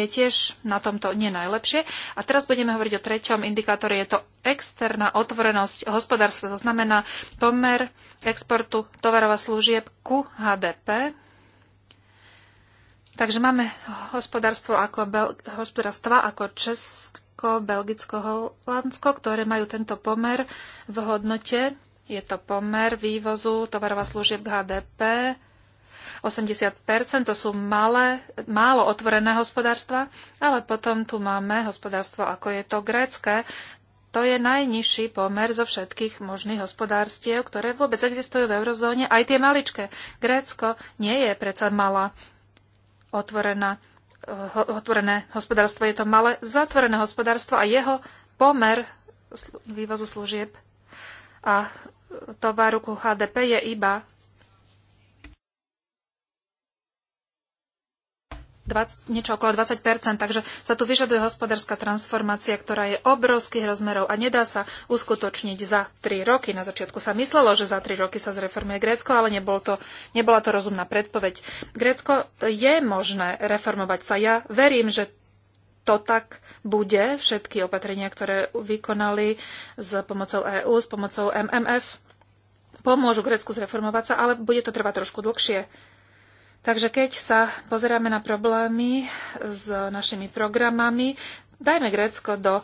je tiež na tomto nie najlepšie. A teraz budeme hovoriť o treťom indikátore, je to externá otvorenosť hospodárstva, to znamená pomer exportu tovarov a služieb ku HDP. Takže máme hospodárstvo ako Bel- hospodárstva ako Česko, Belgicko, Holandsko, ktoré majú tento pomer v hodnote. Je to pomer vývozu tovarov a služieb k HDP 80 to sú malé, málo otvorené hospodárstva, ale potom tu máme hospodárstvo, ako je to grécké. To je najnižší pomer zo všetkých možných hospodárstiev, ktoré vôbec existujú v eurozóne, aj tie maličké. Grécko nie je predsa malá otvorená, otvorené hospodárstvo, je to malé zatvorené hospodárstvo a jeho pomer vývozu služieb a tovaru ku HDP je iba 20, niečo okolo 20 takže sa tu vyžaduje hospodárska transformácia, ktorá je obrovských rozmerov a nedá sa uskutočniť za 3 roky. Na začiatku sa myslelo, že za 3 roky sa zreformuje Grécko, ale nebol to, nebola to rozumná predpoveď. Grécko je možné reformovať sa. Ja verím, že to tak bude, všetky opatrenia, ktoré vykonali s pomocou EÚ, s pomocou MMF, pomôžu Grécku zreformovať sa, ale bude to trvať trošku dlhšie. Takže keď sa pozeráme na problémy s našimi programami, dajme Grécko do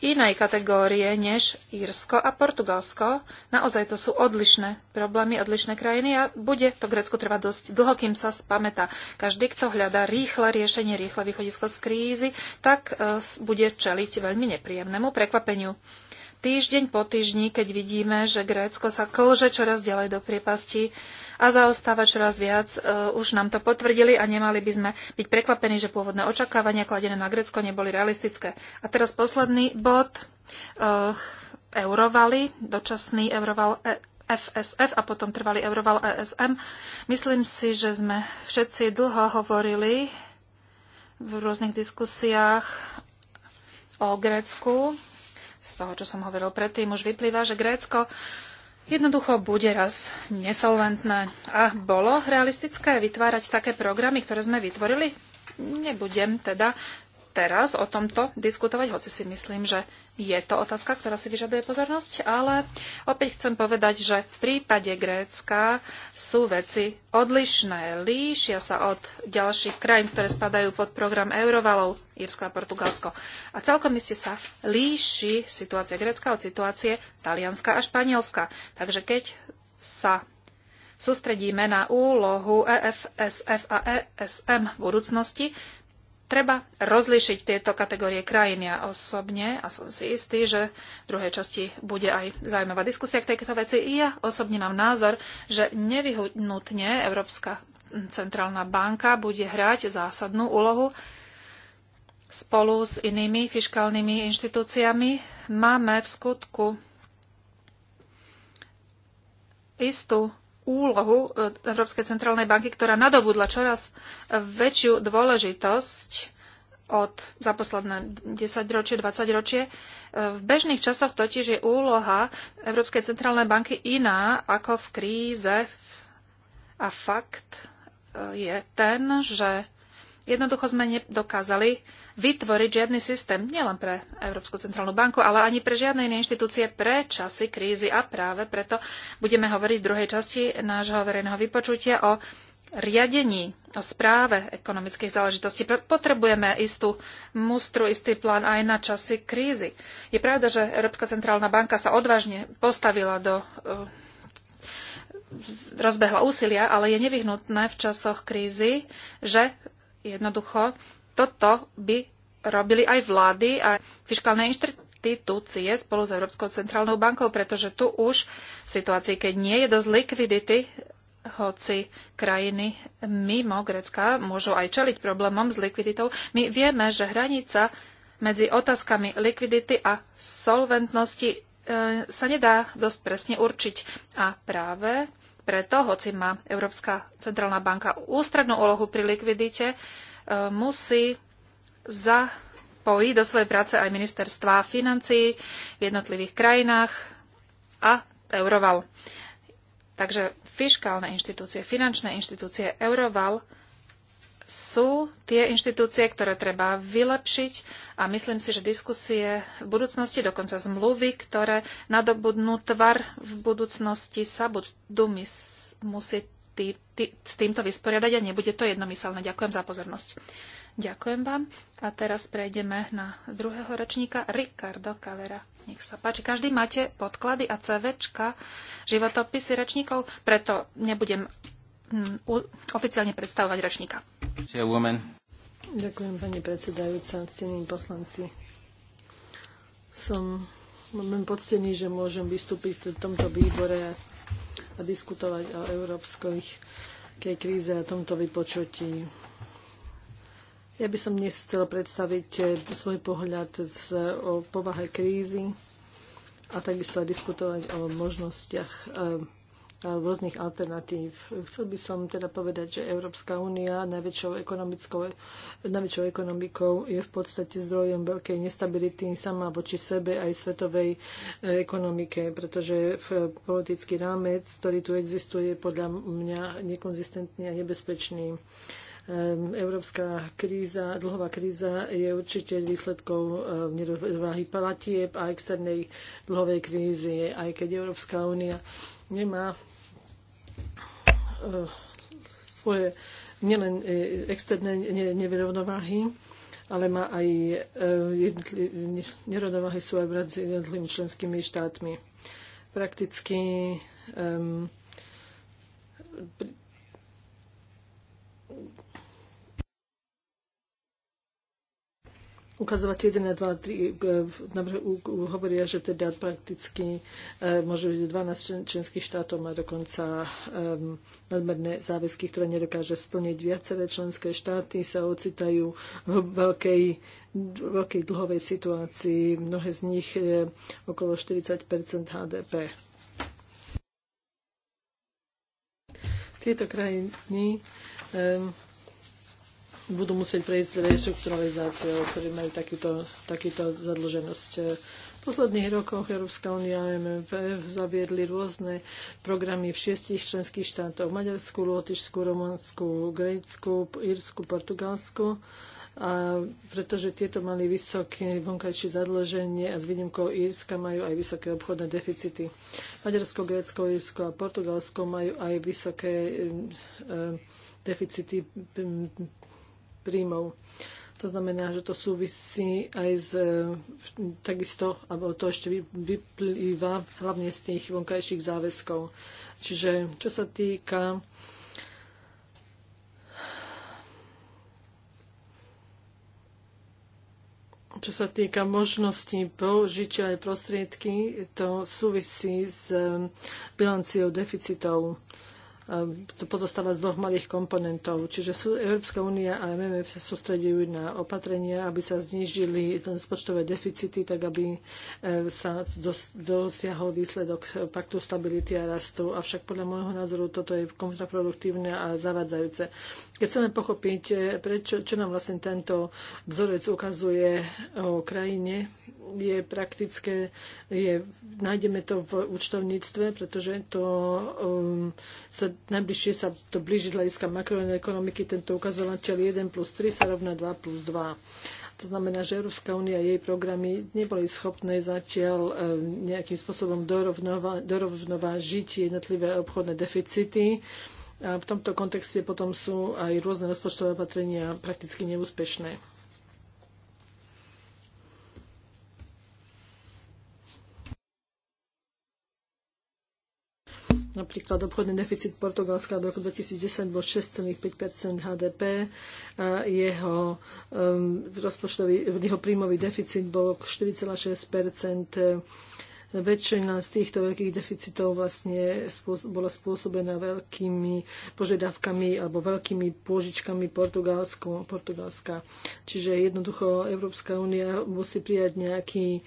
inej kategórie než Írsko a Portugalsko. Naozaj to sú odlišné problémy, odlišné krajiny a bude to Grécko trvať dosť dlho, kým sa spameta. Každý, kto hľadá rýchle riešenie, rýchle východisko z krízy, tak e, bude čeliť veľmi nepríjemnému prekvapeniu. Týždeň po týždni, keď vidíme, že Grécko sa klže čoraz ďalej do priepasti, a zaostáva čoraz viac. E, už nám to potvrdili a nemali by sme byť prekvapení, že pôvodné očakávania kladené na Grecko neboli realistické. A teraz posledný bod. E, Eurovaly, dočasný euroval FSF e, a potom trvalý euroval ESM. Myslím si, že sme všetci dlho hovorili v rôznych diskusiách o Grécku. Z toho, čo som hovoril predtým, už vyplýva, že Grécko uh, jednoducho bude raz nesolventné. A bolo realistické vytvárať také programy, ktoré sme vytvorili? Nebudem teda teraz o tomto diskutovať, hoci si myslím, že je to otázka, ktorá si vyžaduje pozornosť, ale opäť chcem povedať, že v prípade Grécka sú veci odlišné. Líšia sa od ďalších krajín, ktoré spadajú pod program Eurovalov, Írsko a Portugalsko. A celkom iste sa líši situácia Grécka od situácie Talianska a Španielska. Takže keď sa sústredíme na úlohu EFSF a ESM v budúcnosti, Treba rozlišiť tieto kategórie krajiny a osobne, a som si istý, že v druhej časti bude aj zaujímavá diskusia k tejto veci, i ja osobne mám názor, že nevyhnutne Európska centrálna banka bude hrať zásadnú úlohu spolu s inými fiškálnymi inštitúciami. Máme v skutku istú úlohu e, Európskej centrálnej banky, ktorá nadobudla čoraz väčšiu dôležitosť od za posledné 10 ročie, 20 ročie. V bežných časoch totiž je úloha Európskej centrálnej banky iná ako v kríze a fakt e, je ten, že Jednoducho sme nedokázali vytvoriť žiadny systém, nielen pre Európsku centrálnu banku, ale ani pre žiadne iné inštitúcie pre časy krízy a práve preto budeme hovoriť v druhej časti nášho verejného vypočutia o riadení, o správe ekonomických záležitostí. Potrebujeme istú mustru, istý plán aj na časy krízy. Je pravda, že Európska centrálna banka sa odvážne postavila do e, rozbehla úsilia, ale je nevyhnutné v časoch krízy, že Jednoducho, toto by robili aj vlády a fiskálne inštitúcie spolu s Európskou centrálnou bankou, pretože tu už v situácii, keď nie je dosť likvidity, hoci krajiny mimo Grecka môžu aj čeliť problémom s likviditou, my vieme, že hranica medzi otázkami likvidity a solventnosti e, sa nedá dosť presne určiť. A práve preto, hoci má Európska centrálna banka ústrednú úlohu pri likvidite, e, musí zapojiť do svojej práce aj ministerstva financií v jednotlivých krajinách a Euroval. Takže fiskálne inštitúcie, finančné inštitúcie Euroval sú tie inštitúcie, ktoré treba vylepšiť a myslím si, že diskusie v budúcnosti, dokonca zmluvy, ktoré nadobudnú tvar v budúcnosti, sa budú musieť tý, tý, s týmto vysporiadať a nebude to jednomyselné. Ďakujem za pozornosť. Ďakujem vám. A teraz prejdeme na druhého ročníka, Ricardo Calera. Nech sa páči. Každý máte podklady a CVčka, životopisy rečníkov, preto nebudem mm, oficiálne predstavovať ročníka. Ďakujem, pani predsedajúca, cení poslanci. Som veľmi poctený, že môžem vystúpiť v tomto výbore a diskutovať o európskej kríze a tomto vypočutí. Ja by som dnes chcela predstaviť svoj pohľad z, o povahe krízy a takisto diskutovať o možnostiach rôznych alternatív. Chcel by som teda povedať, že Európska únia najväčšou ekonomickou, najväčšou ekonomikou je v podstate zdrojom veľkej nestability sama voči sebe aj svetovej e, ekonomike, pretože politický rámec, ktorý tu existuje, podľa mňa nekonzistentný a nebezpečný e, európska kríza, dlhová kríza je určite výsledkou e, nedováhy platieb a externej dlhovej krízy, aj keď Európska únia nemá Eh, svoje nielen eh, externé nevyrovnováhy, ale má aj eh, nerovnováhy sú aj medzi jednotlivými členskými štátmi. Prakticky e, ukazovať 1 a 2 3 uh, hovoria, že teda prakticky uh, môže byť 12 členských štátov má dokonca um, nadmerné záväzky, ktoré nedokáže splniť. Viaceré členské štáty sa ocitajú v veľkej veľkej dlhovej situácii. Mnohé z nich je okolo 40 HDP. Tieto krajiny um, budú musieť prejsť reštrukturalizáciou, ktorí majú takýto, takýto zadlženosť. V posledných rokoch Európska únia a MMF zaviedli rôzne programy v šiestich členských štátoch. Maďarsku, Lotyšsku, Rumunsku, Grécku, Írsku, Portugalsku a pretože tieto mali vysoké vonkajšie zadlženie a s výnimkou Írska majú aj vysoké obchodné deficity. Maďarsko, Grécko, Írsko a Portugalsko majú aj vysoké e, deficity príjmov. To znamená, že to súvisí aj z e, takisto, alebo to ešte vyplýva hlavne z tých vonkajších záväzkov. Čiže čo sa týka čo sa týka možností požičia aj prostriedky, to súvisí s e, bilanciou deficitov to pozostáva z dvoch malých komponentov. Čiže sú, Európska únia a MMF sa sústredujú na opatrenia, aby sa znížili spočtové deficity, tak aby e, sa dos, dosiahol výsledok paktu stability a rastu. Avšak podľa môjho názoru toto je kontraproduktívne a zavadzajúce. Keď chceme pochopiť, eh, prečo, čo nám vlastne tento vzorec ukazuje o krajine, je praktické, je, nájdeme to v účtovníctve, pretože to um, sa, najbližšie sa to blíži hľadiska makroekonomiky, tento ukazovateľ 1 plus 3 sa rovná 2 plus 2. To znamená, že Európska únia a jej programy neboli schopné zatiaľ eh, nejakým spôsobom dorovnovážiť jednotlivé obchodné deficity a v tomto kontexte potom sú aj rôzne rozpočtové opatrenia prakticky neúspešné. Napríklad obchodný deficit Portugalska v roku 2010 bol 6,5 HDP a jeho, um, jeho príjmový deficit bol 4,6 Väčšina z týchto veľkých deficitov vlastne bola spôsobená veľkými požiadavkami alebo veľkými pôžičkami Portugalska. Čiže jednoducho Európska únia musí prijať nejaký e,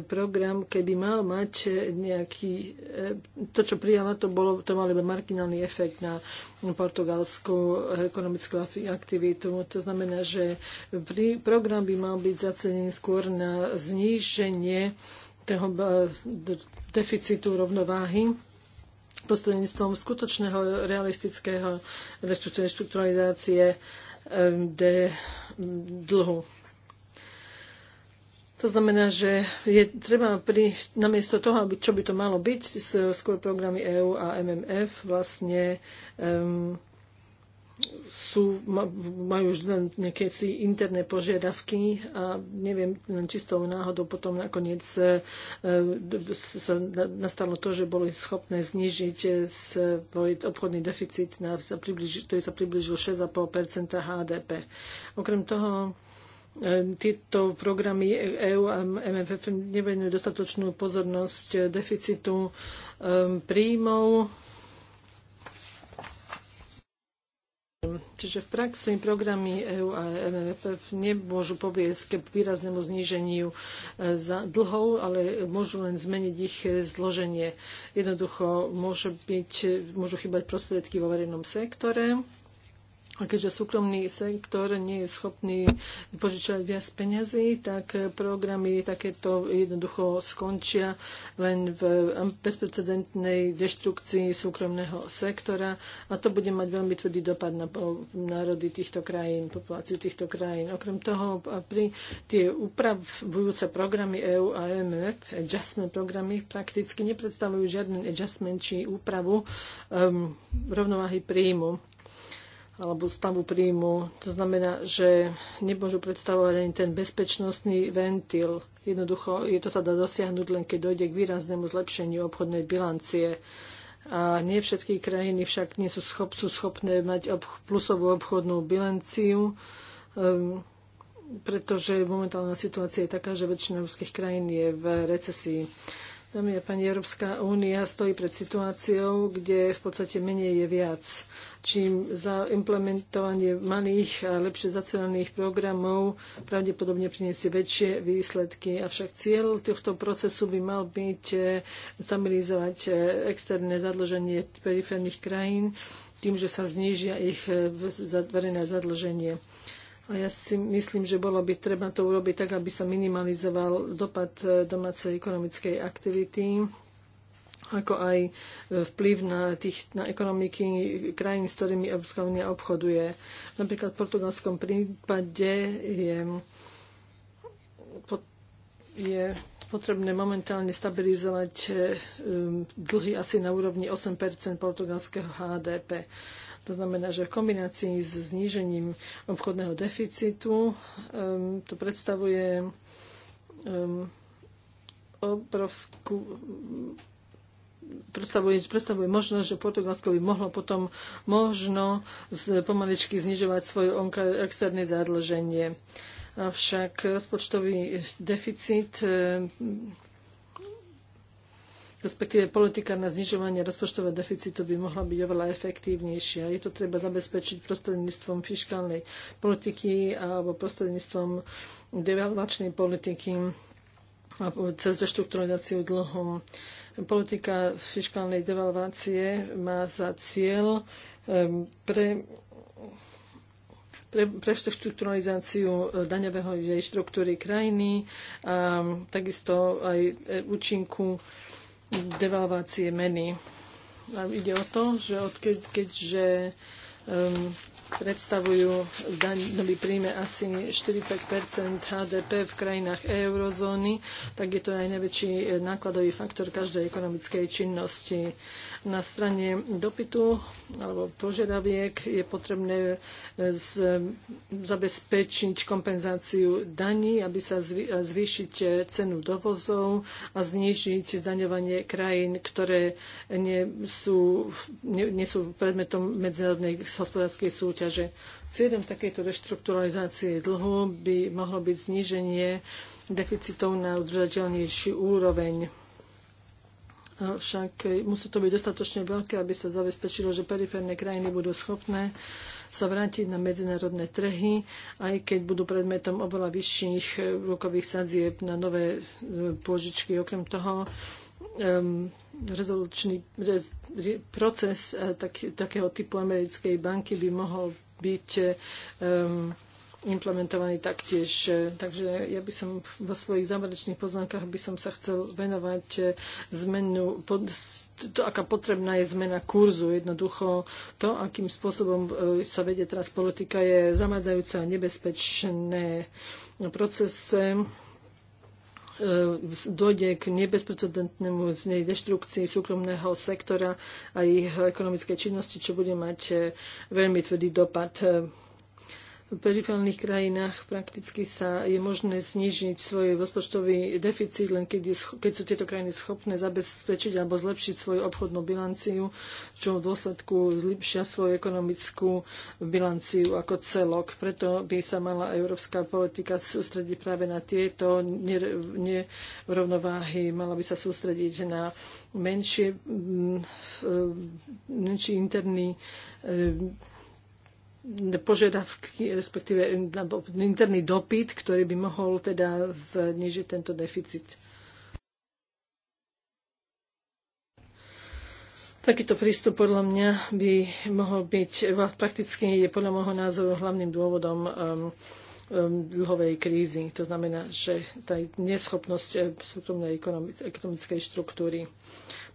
program, keby mal mať e, nejaký... E, to, čo prijala, to, bolo, to mal iba marginálny efekt na portugalskú ekonomickú aktivitu. To znamená, že program by mal byť zacenený skôr na zníženie určitého e, deficitu rovnováhy prostredníctvom skutočného realistického reštrukturalizácie e, dlhu. To znamená, že je treba pri, namiesto toho, aby, čo by to malo byť, skôr programy EÚ a MMF vlastne um, sú, majú už len nejaké si interné požiadavky a neviem, len čistou náhodou potom nakoniec e, e, sa nastalo to, že boli schopné znižiť e, svoj obchodný deficit, na, ktorý sa približil 6,5 HDP. Okrem toho, tieto programy EU a MFF nevenujú dostatočnú pozornosť deficitu príjmov Čiže v praxi programy EU a MMF nemôžu poviesť k výraznému zníženiu e, za dlhov, ale môžu len zmeniť ich e, zloženie. Jednoducho môže byť, e, môžu chýbať prostriedky vo verejnom sektore, a keďže súkromný sektor nie je schopný požičovať viac peňazí, tak programy takéto jednoducho skončia len v bezprecedentnej deštrukcii súkromného sektora a to bude mať veľmi tvrdý dopad na národy týchto krajín, populáciu týchto krajín. Okrem toho, pri tie upravujúce programy EU a e MF, adjustment programy, prakticky nepredstavujú žiadny adjustment či úpravu um, rovnováhy príjmu alebo stavu príjmu. To znamená, že nemôžu predstavovať ani ten bezpečnostný ventil. Jednoducho, je to sa dá dosiahnuť len keď dojde k výraznému zlepšeniu obchodnej bilancie. A nie všetky krajiny však nie sú, schop, sú schopné mať ob, plusovú obchodnú bilanciu, um, pretože momentálna situácia je taká, že väčšina ruských krajín je v recesii. Dámy a pani, Európska únia stojí pred situáciou, kde v podstate menej je viac. Čím za implementovanie malých a lepšie zacelených programov pravdepodobne priniesie väčšie výsledky. Avšak cieľ tohto procesu by mal byť e, stabilizovať e, externé zadlženie periférnych krajín tým, že sa znížia ich e, verejné zadlženie. A ja si myslím, že bolo by treba to urobiť tak, aby sa minimalizoval dopad e, domácej ekonomickej aktivity ako aj e, vplyv na, tých, na ekonomiky krajín, s ktorými Európska únia obchoduje. Napríklad v portugalskom prípade je, je potrebné momentálne stabilizovať e, dlhy asi na úrovni 8 portugalského HDP. To znamená, že v kombinácii s znížením obchodného deficitu um, to predstavuje um, obrovskú predstavuje, predstavuje možnosť, že Portugalsko by mohlo potom možno z, pomaličky znižovať svoje externé zadlženie. Avšak rozpočtový deficit respektíve politika na znižovanie rozpočtového deficitu by mohla byť oveľa efektívnejšia. Je to treba zabezpečiť prostredníctvom fiskálnej politiky alebo prostredníctvom devalvačnej politiky a cez reštrukturalizáciu dlhom. Politika fiskálnej devalvácie má za cieľ pre pre, preštrukturalizáciu daňového jej štruktúry krajiny a takisto aj účinku devalvácie meny. A ide o to, že odkeď, keďže um, predstavujú daňový príjme asi 40 HDP v krajinách eurozóny, tak je to aj najväčší eh, nákladový faktor každej ekonomickej činnosti. Na strane dopytu alebo požiadaviek je potrebné e, z, zabezpečiť kompenzáciu daní, aby sa e, zvýšiť e, cenu dovozov a znižiť zdaňovanie krajín, ktoré nie sú, nie, nie sú predmetom medzinárodnej hospodárskej súťaže. Cieľom takejto reštrukturalizácie dlhu by mohlo byť zníženie deficitov na udržateľnejší úroveň. Však musí to byť dostatočne veľké, aby sa zabezpečilo, že periférne krajiny budú schopné sa vrátiť na medzinárodné trhy, aj keď budú predmetom oveľa vyšších eh, rokových sadzieb na nové eh, pôžičky. Okrem toho, um, rezolučný rez, re, proces eh, tak, takého typu americkej banky by mohol byť um, implementovaný taktiež. Takže ja by som vo svojich záverečných poznámkach by som sa chcel venovať e, zmenu, to, aká potrebná je zmena kurzu. Jednoducho to, akým spôsobom e, sa vedie teraz politika, je zamádzajúce a nebezpečné procese e, dojde k nebezprecedentnému z nej deštrukcii súkromného sektora a ich ekonomickej činnosti, čo bude mať veľmi tvrdý dopad v periférnych krajinách prakticky sa je možné znižiť svoj rozpočtový deficit, len keď, je, keď sú tieto krajiny schopné zabezpečiť alebo zlepšiť svoju obchodnú bilanciu, čo v dôsledku zlepšia svoju ekonomickú bilanciu ako celok. Preto by sa mala európska politika sústrediť práve na tieto nerovnováhy. Mala by sa sústrediť na menšie, mm, e, menší interný e, požiadavky, respektíve interný dopyt, ktorý by mohol teda znižiť tento deficit. Takýto prístup podľa mňa by mohol byť prakticky, je podľa môjho názoru hlavným dôvodom um, um dlhovej krízy. To znamená, že tá neschopnosť eh, súkromnej ekonomickej štruktúry.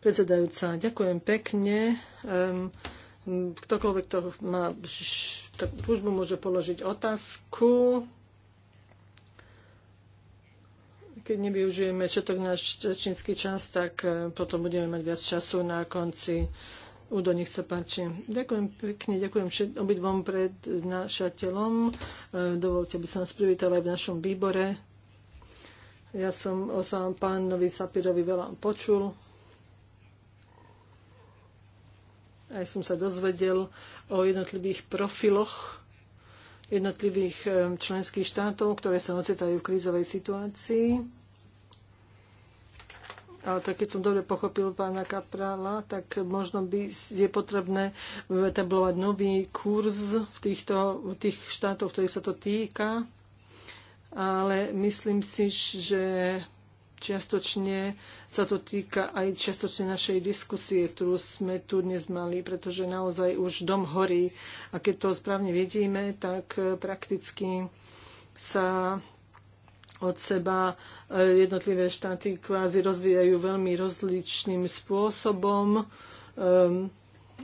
Predsedajúca, ďakujem pekne. Um, ktokoľvek to má túžbu, môže položiť otázku. Keď nevyužijeme všetok náš čínsky čas, tak e, potom budeme mať viac času na konci. Udo, nech sa páči. Ďakujem pekne, ďakujem obidvom pred prednášateľom. E, dovolte, aby som vás privítala aj v našom výbore. Ja som o sám pánovi Sapirovi veľa počul aj som sa dozvedel o jednotlivých profiloch jednotlivých členských štátov, ktoré sa ocitajú v krízovej situácii. A tak keď som dobre pochopil pána Kaprála, tak možno by je potrebné etablovať nový kurz v týchto, v tých štátoch, ktorých sa to týka. Ale myslím si, že čiastočne sa to týka aj čiastočne našej diskusie, ktorú sme tu dnes mali, pretože naozaj už dom horí a keď to správne vidíme, tak eh, prakticky sa od seba eh, jednotlivé štáty kvázi rozvíjajú veľmi rozličným spôsobom. Ehm,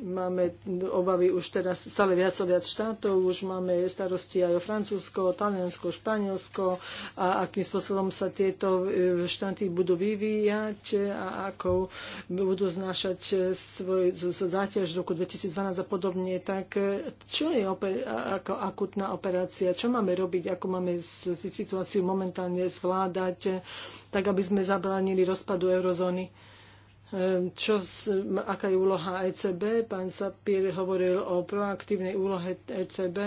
máme obavy už teraz stále viac a viac štátov, už máme starosti aj o Francúzsko, Taliansko, Španielsko a akým spôsobom sa tieto e, štáty budú vyvíjať a ako budú znášať svoj záťaž v roku 2012 a podobne, tak e, čo je oper, ako akutná operácia, čo máme robiť, ako máme situáciu momentálne zvládať, e, tak aby sme zabránili rozpadu eurozóny? Ehm, čo, aká je úloha ECB. Pán Sapir hovoril o proaktívnej úlohe ECB.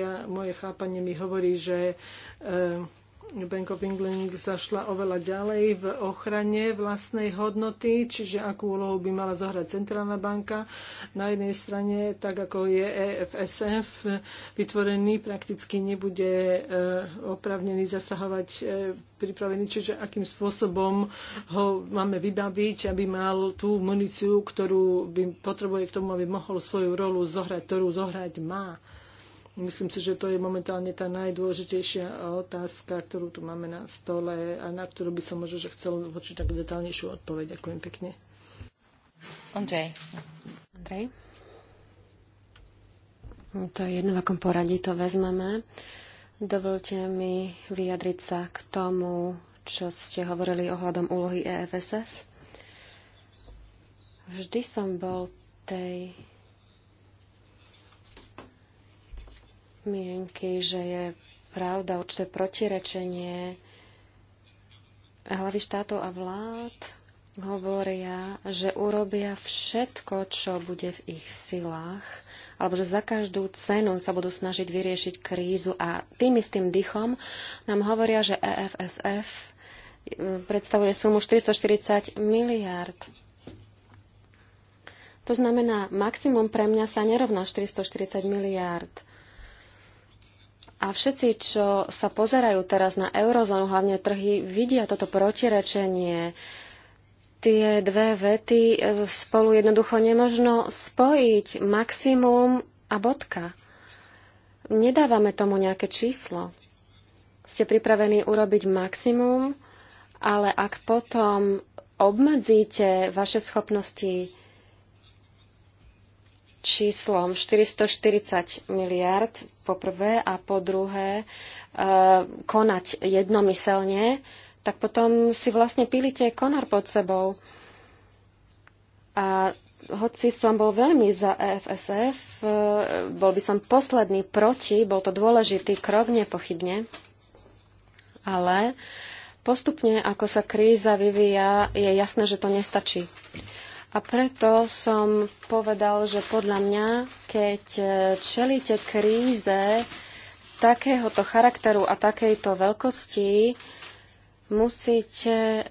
Ja, moje chápanie mi hovorí, že e, Bank of England zašla oveľa ďalej v ochrane vlastnej hodnoty, čiže akú úlohu by mala zohrať Centrálna banka. Na jednej strane, tak ako je EFSF vytvorený, prakticky nebude e, opravnený zasahovať e, pripravený, čiže akým spôsobom ho máme vybaviť, aby mal tú muníciu, ktorú by potrebuje k tomu, aby mohol svoju rolu zohrať, ktorú zohrať má. Myslím si, že to je momentálne tá najdôležitejšia otázka, ktorú tu máme na stole a na ktorú by som možno, že chcel počuť takú detálnejšiu odpoveď. Ďakujem pekne. Andrej. Andrej. To je jedno, v akom poradí to vezmeme. Dovolte mi vyjadriť sa k tomu, čo ste hovorili ohľadom úlohy EFSF. Vždy som bol tej mienky, že je pravda určité protirečenie hlavy štátov a vlád hovoria, že urobia všetko, čo bude v ich silách, alebo že za každú cenu sa budú snažiť vyriešiť krízu a tým istým dýchom nám hovoria, že EFSF e, predstavuje sumu 440 miliárd. To znamená, maximum pre mňa sa nerovná 440 miliárd. A všetci, čo sa pozerajú teraz na eurozónu, hlavne trhy, vidia toto protirečenie. Tie dve vety e, spolu jednoducho nemožno spojiť. Maximum a bodka. Nedávame tomu nejaké číslo. Ste pripravení urobiť maximum, ale ak potom obmedzíte vaše schopnosti číslom 440 miliard po prvé a po druhé e, konať jednomyselne, tak potom si vlastne pílite konar pod sebou. A hoci som bol veľmi za EFSF, e, bol by som posledný proti, bol to dôležitý krok, nepochybne. Ale postupne, ako sa kríza vyvíja, je jasné, že to nestačí. A preto som povedal, že podľa mňa, keď e, čelíte kríze takéhoto charakteru a takejto veľkosti, musíte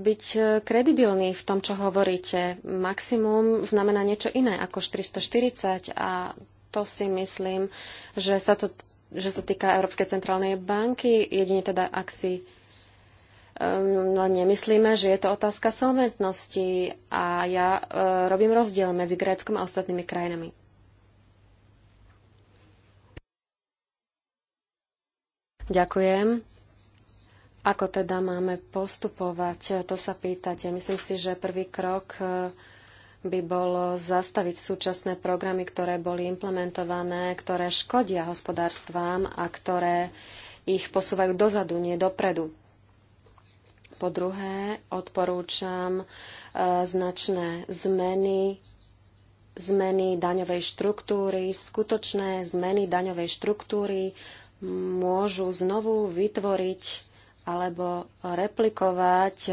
byť e, kredibilní v tom, čo hovoríte. Maximum znamená niečo iné ako 440 a to si myslím, že sa to že sa týka Európskej centrálnej banky, jedine teda, ak si Ehm, no nemyslíme, že je to otázka solventnosti a ja e, robím rozdiel medzi Gréckom a ostatnými krajinami. Ďakujem. Ako teda máme postupovať? E, to sa pýtate. Myslím si, že prvý krok e, by bolo zastaviť súčasné programy, ktoré boli implementované, ktoré škodia hospodárstvám a ktoré ich posúvajú dozadu, nie dopredu. Po druhé, odporúčam e, značné zmeny zmeny daňovej štruktúry, skutočné zmeny daňovej štruktúry môžu znovu vytvoriť alebo replikovať e,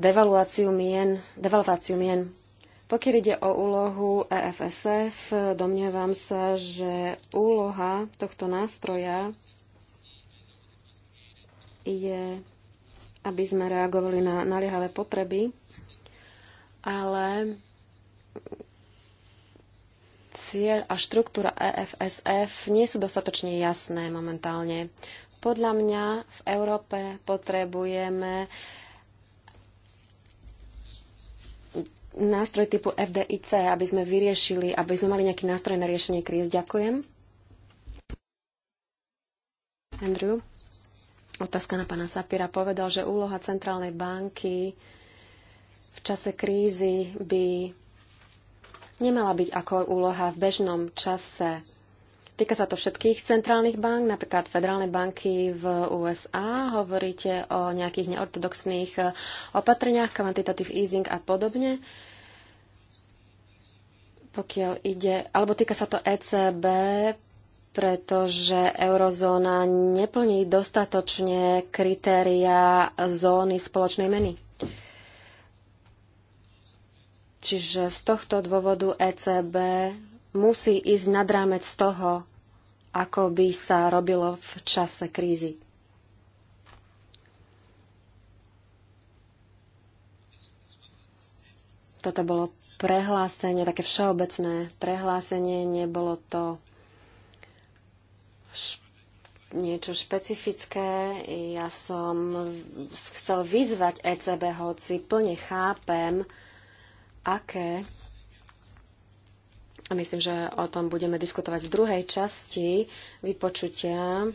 devaluáciu mien, devalváciu mien. Pokiaľ ide o úlohu EFSF, domnievam sa, že úloha tohto nástroja je aby sme reagovali na naliehavé potreby, ale cieľ a štruktúra EFSF nie sú dostatočne jasné momentálne. Podľa mňa v Európe potrebujeme nástroj typu FDIC, aby sme vyriešili, aby sme mali nejaký nástroj na riešenie kríz. Ďakujem. Andrew. Otázka na pána Sapira povedal, že úloha centrálnej banky v čase krízy by nemala byť ako úloha v bežnom čase. Týka sa to všetkých centrálnych bank, napríklad federálne banky v USA. Hovoríte o nejakých neortodoxných eh, opatreniach, quantitative easing a podobne. Pokiaľ ide, alebo týka sa to ECB, pretože eurozóna neplní dostatočne kritéria zóny spoločnej meny. Čiže z tohto dôvodu ECB musí ísť nad rámec toho, ako by sa robilo v čase krízy. Toto bolo prehlásenie, také všeobecné prehlásenie, nebolo to niečo špecifické. Ja som chcel vyzvať ECB, hoci plne chápem, aké. a Myslím, že o tom budeme diskutovať v druhej časti vypočutia.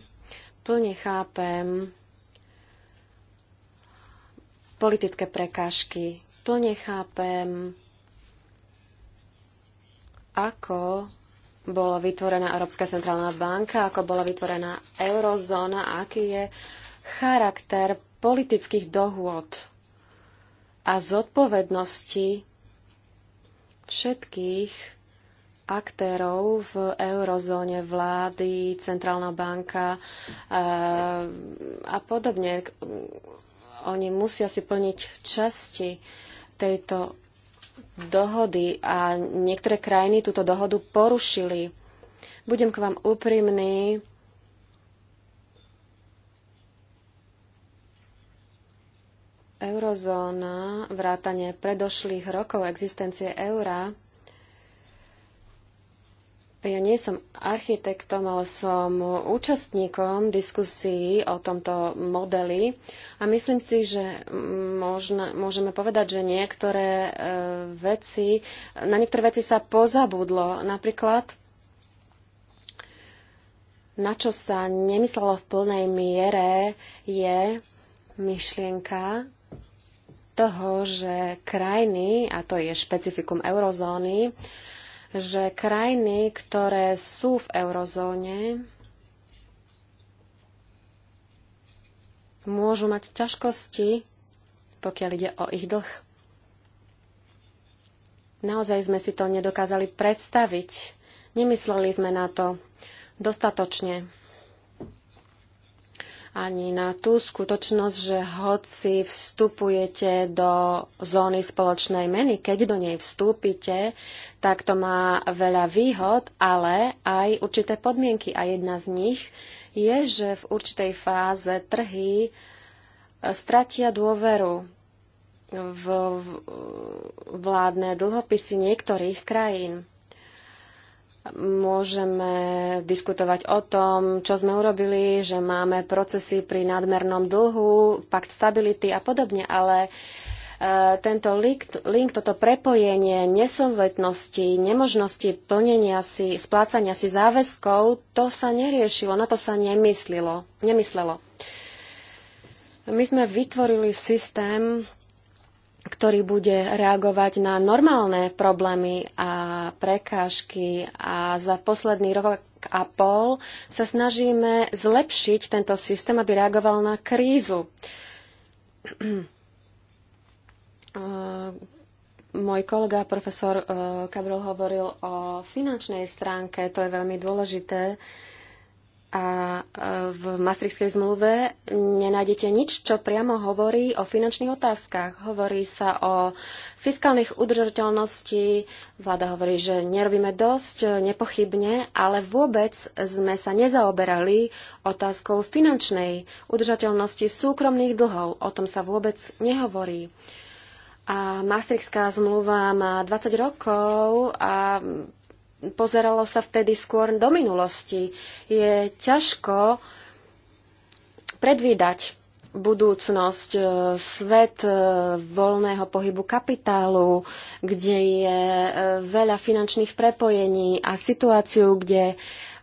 Plne chápem politické prekážky. Plne chápem, ako bola vytvorená Európska centrálna banka, ako bola vytvorená eurozóna, aký je charakter politických dohôd a zodpovednosti všetkých aktérov v eurozóne, vlády, centrálna banka a, eh, a podobne. Oni musia si plniť časti tejto dohody a niektoré krajiny túto dohodu porušili. Budem k vám úprimný. Eurozóna, vrátanie predošlých rokov existencie eura. Ja nie som architektom, ale som účastníkom diskusí o tomto modeli a myslím si, že možno, môžeme povedať, že niektoré e, veci, na niektoré veci sa pozabudlo. Napríklad, na čo sa nemyslelo v plnej miere, je myšlienka toho, že krajiny, a to je špecifikum eurozóny, že krajiny, ktoré sú v eurozóne, môžu mať ťažkosti, pokiaľ ide o ich dlh. Naozaj sme si to nedokázali predstaviť. Nemysleli sme na to dostatočne. Ani na tú skutočnosť, že hoci vstupujete do zóny spoločnej meny, keď do nej vstúpite, tak to má veľa výhod, ale aj určité podmienky. A jedna z nich je, že v určitej fáze trhy e, stratia dôveru v vládne dlhopisy niektorých krajín. Môžeme diskutovať o tom, čo sme urobili, že máme procesy pri nadmernom dlhu, pakt stability a podobne, ale uh, tento link, link toto prepojenie nesolvetnosti, nemožnosti plnenia si, splácania si záväzkov, to sa neriešilo, na to sa nemyslilo, nemyslelo. My sme vytvorili systém, ktorý bude reagovať na normálne problémy a prekážky a za posledný rok a pol sa snažíme zlepšiť tento systém, aby reagoval na krízu. *clears throat* Ehm, môj kolega profesor ehm, Kabrel hovoril o finančnej stránke, to je veľmi dôležité. A ehm, v Maastrichtskej zmluve nenájdete nič, čo priamo hovorí o finančných otázkach. Hovorí sa o fiskálnych udržateľnosti. Vláda hovorí, že nerobíme dosť, nepochybne, ale vôbec sme sa nezaoberali otázkou finančnej udržateľnosti súkromných dlhov. O tom sa vôbec nehovorí. A Maastrichtská zmluva má 20 rokov a pozeralo sa vtedy skôr do minulosti. Je ťažko predvídať budúcnosť, e, svet e, voľného pohybu kapitálu, kde je e, veľa finančných prepojení a situáciu, kde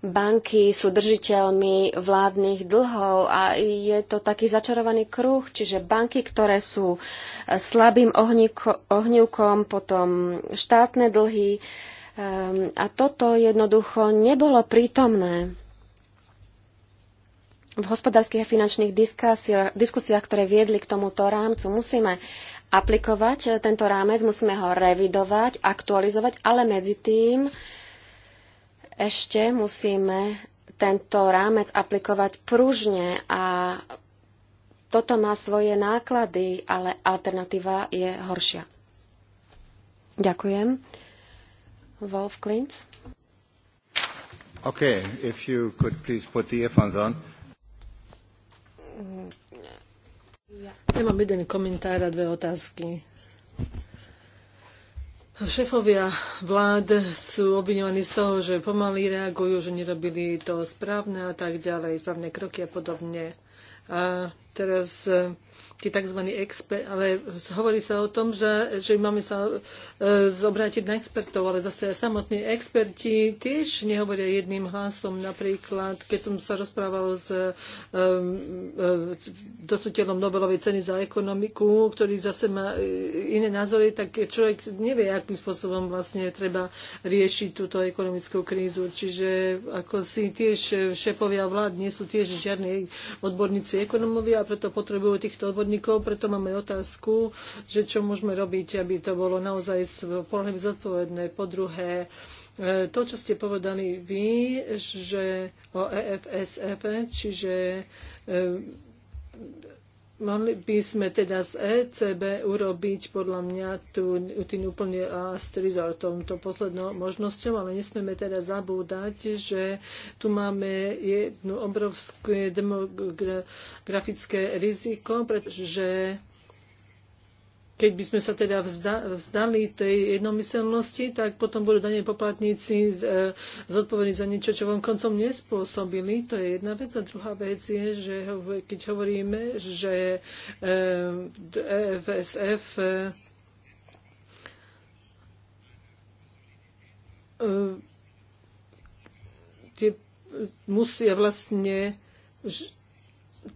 banky sú držiteľmi vládnych dlhov a je to taký začarovaný kruh, čiže banky, ktoré sú e, slabým ohňukom, potom štátne dlhy e, a toto jednoducho nebolo prítomné v hospodárskych a finančných diskusiách, diskusiách, ktoré viedli k tomuto rámcu. Musíme aplikovať e, tento rámec, musíme ho revidovať, aktualizovať, ale medzi tým uh, ešte musíme tento rámec aplikovať pružne a toto má svoje náklady, ale alternatíva je horšia. Ďakujem. Wolf Klintz. Okay, if you could please put the earphones on. Ja. ja mám jeden komentár a dve otázky. Šéfovia vlád sú obviňovaní z toho, že pomaly reagujú, že nerobili to správne a tak ďalej, správne kroky a podobne. A teraz tí tzv. expert, ale hovorí sa o tom, že, že máme sa e, zobrátiť na expertov, ale zase samotní experti tiež nehovoria jedným hlasom. Napríklad, keď som sa rozprával s e, e, dociteľom Nobelovej ceny za ekonomiku, ktorý zase má e, iné názory, tak človek nevie, akým spôsobom vlastne treba riešiť túto ekonomickú krízu. Čiže ako si tiež šéfovia vlád nie sú tiež žiadni odborníci ekonomovia a preto potrebujú týchto odborníkov podnikov, preto máme otázku, že čo môžeme robiť, aby to bolo naozaj pohľadom zodpovedné. Po druhé, e, to, čo ste povedali vy, že o EFSF, e čiže e, Mohli by sme teda z ECB urobiť podľa mňa tú, tým úplne last resort, to poslednou možnosťou, ale nesmieme teda zabúdať, že tu máme jednu obrovské demografické riziko, pretože keď by sme sa teda vzdali tej jednomyselnosti, tak potom budú daní poplatníci e, zodpovední za niečo, čo koncom nespôsobili. To je jedna vec. A druhá vec je, že keď hovoríme, že EFSF e, e, tie musia vlastne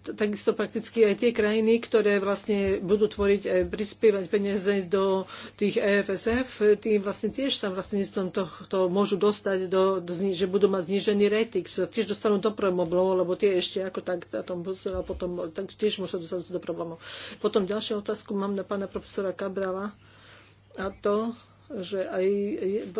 takisto prakticky aj tie krajiny, ktoré vlastne budú tvoriť, eh, prispievať peniaze do tých EFSF, tým vlastne tiež sa vlastne to, to môžu dostať, do, do, že budú mať znížený rating, sa tiež dostanú do problémov, lebo tie ešte ako tak a tom, a potom tak tiež môžu dostať do problémov. Potom ďalšiu otázku mám na pána profesora Kabrala a to, že aj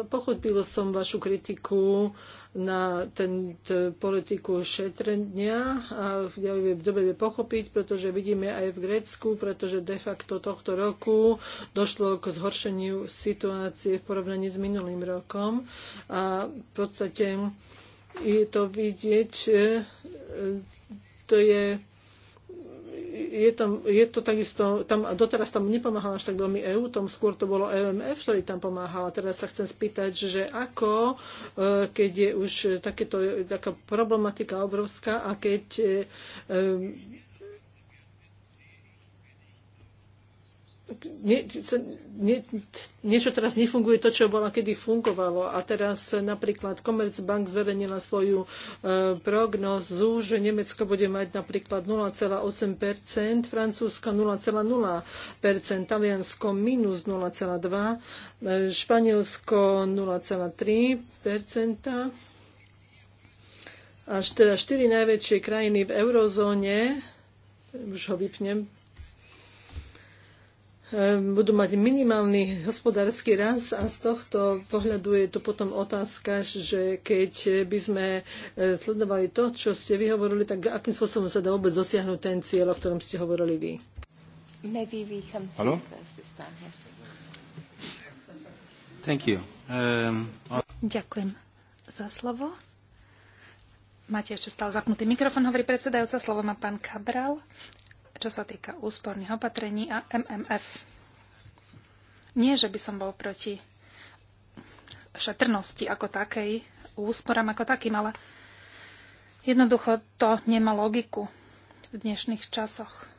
pochopil som vašu kritiku uh, na ten politiku šetrenia a ja dobre je pochopiť, pretože vidíme aj v Grécku, pretože de facto tohto roku došlo k zhoršeniu situácie v porovnaní s minulým rokom a v podstate je to vidieť, e, to je je, tam, je to takisto, tam, doteraz tam nepomáhala až tak veľmi EU, tom skôr to bolo EMF, ktorý tam pomáhala. Teraz sa chcem spýtať, že ako, e, keď je už takéto, taká problematika obrovská a keď e, nie, nie, niečo teraz nefunguje to, čo bola kedy fungovalo. A teraz eh, napríklad Commerzbank zverejnila svoju e, prognozu, že Nemecko bude mať napríklad 0,8%, Francúzsko 0,0%, Taliansko minus 0,2%, eh, Španielsko 0,3%. Až teda štyri najväčšie krajiny v eurozóne, už ho vypnem, Ehm, budú mať minimálny hospodársky rast a z tohto pohľadu je to potom otázka, že keď by sme ehm, sledovali to, čo ste vyhovorili, tak akým spôsobom sa dá vôbec dosiahnuť ten cieľ, o ktorom ste hovorili vy? Thank you. Um, Ďakujem za slovo. Máte ešte stále zapnutý mikrofon, hovorí predsedajúca. Slovo má pán Kabral čo sa týka úsporných opatrení a MMF. Nie, že by som bol proti šetrnosti ako takej, úsporám ako takým, ale jednoducho to nemá logiku v dnešných časoch.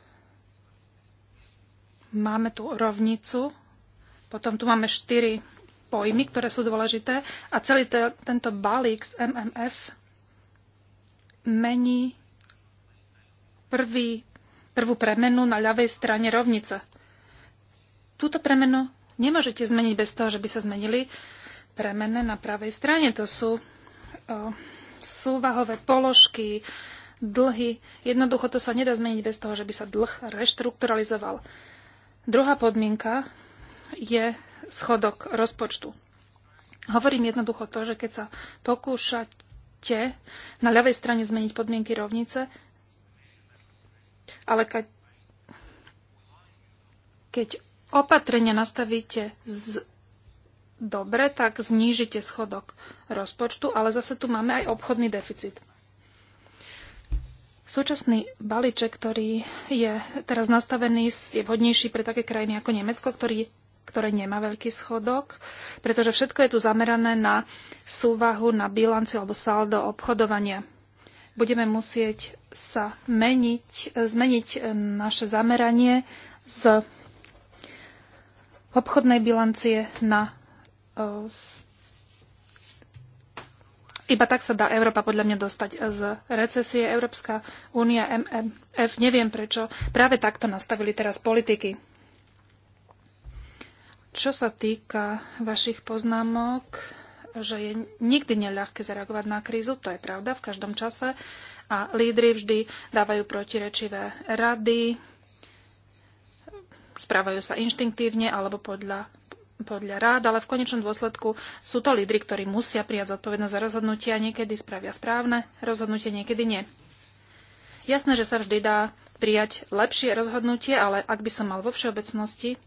Máme tu rovnicu, potom tu máme štyri pojmy, ktoré sú dôležité a celý te, tento balík z MMF mení prvý prvú premenu na ľavej strane rovnice. Túto premenu nemôžete zmeniť bez toho, že by sa zmenili premene na pravej strane. To sú o, súvahové položky, dlhy. Jednoducho to sa nedá zmeniť bez toho, že by sa dlh reštrukturalizoval. Druhá podmienka je schodok rozpočtu. Hovorím jednoducho to, že keď sa pokúšate na ľavej strane zmeniť podmienky rovnice, ale keď, keď opatrenia nastavíte z, dobre, tak znížite schodok rozpočtu, ale zase tu máme aj obchodný deficit. Súčasný balíček, ktorý je teraz nastavený, je vhodnejší pre také krajiny ako Nemecko, ktorý, ktoré nemá veľký schodok, pretože všetko je tu zamerané na súvahu, na bilanci alebo saldo obchodovania. Budeme musieť sa meniť, zmeniť naše zameranie z obchodnej bilancie na e, iba tak sa dá Európa podľa mňa dostať z recesie. Európska únia, MMF, neviem prečo, práve takto nastavili teraz politiky. Čo sa týka vašich poznámok, že je nikdy neľahké zareagovať na krízu, to je pravda v každom čase. A lídry vždy dávajú protirečivé rady, správajú sa inštinktívne alebo podľa, podľa rád, ale v konečnom dôsledku sú to lídry, ktorí musia prijať zodpovednosť za rozhodnutia, niekedy spravia správne rozhodnutie, niekedy nie. Jasné, že sa vždy dá prijať lepšie rozhodnutie, ale ak by som mal vo všeobecnosti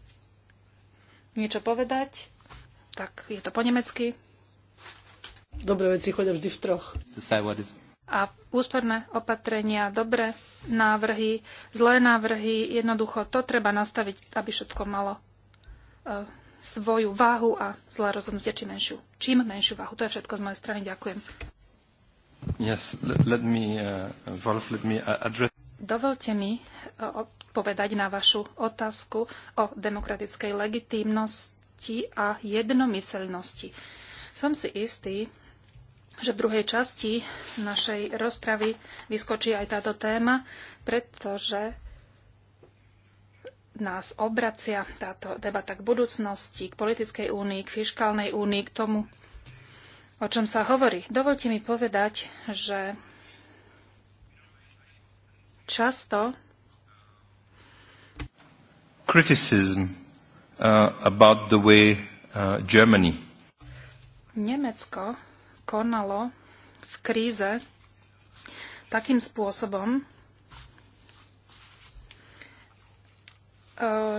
niečo povedať, tak je to po nemecky dobré veci chodia vždy v troch. A úsporné opatrenia, dobré návrhy, zlé návrhy, jednoducho to treba nastaviť, aby všetko malo uh, svoju váhu a zlé rozhodnutie či menšiu. Čím menšiu váhu. To je všetko z mojej strany. Ďakujem. Yes, let me, uh, Wolf, let me uh, address... Dovolte mi e, odpovedať na vašu otázku o demokratickej legitímnosti a jednomyselnosti. Som si istý, že v druhej časti našej rozpravy vyskočí aj táto téma, pretože nás obracia táto debata k budúcnosti, k politickej únii, k fiškálnej únii, k tomu, o čom sa hovorí. Dovolte mi povedať, že často criticism uh, about the way uh, Germany Nemecko konalo v kríze takým spôsobom, eh,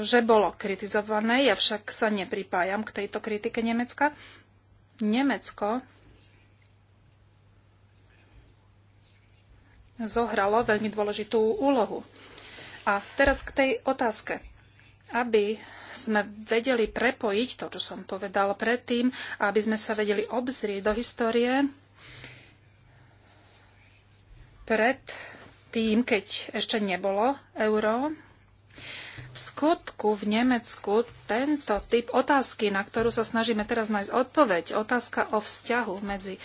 že bolo kritizované, ja však sa nepripájam k tejto kritike Nemecka. Nemecko zohralo veľmi dôležitú úlohu. A teraz k tej otázke. Aby sme vedeli prepojiť to, čo som povedala predtým, aby sme sa vedeli obzrieť do histórie pred tým, keď ešte nebolo euro. V skutku v Nemecku tento typ otázky, na ktorú sa snažíme teraz nájsť odpoveď, otázka o vzťahu medzi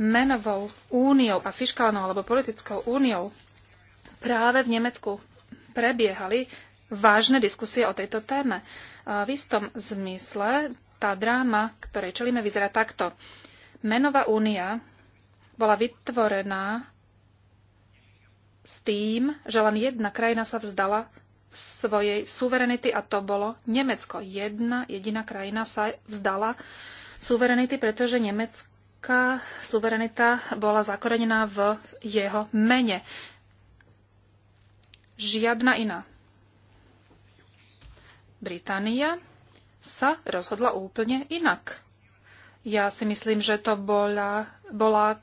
menovou úniou a fiskálnou alebo politickou úniou práve v Nemecku prebiehali vážne diskusie o tejto téme. V istom zmysle tá dráma, ktorej čelíme, vyzerá takto. Menová únia bola vytvorená s tým, že len jedna krajina sa vzdala svojej suverenity a to bolo Nemecko. Jedna jediná krajina sa vzdala suverenity, pretože nemecká suverenita bola zakorenená v jeho mene. Žiadna iná. Británia sa rozhodla úplne inak. Ja si myslím, že to bola, bola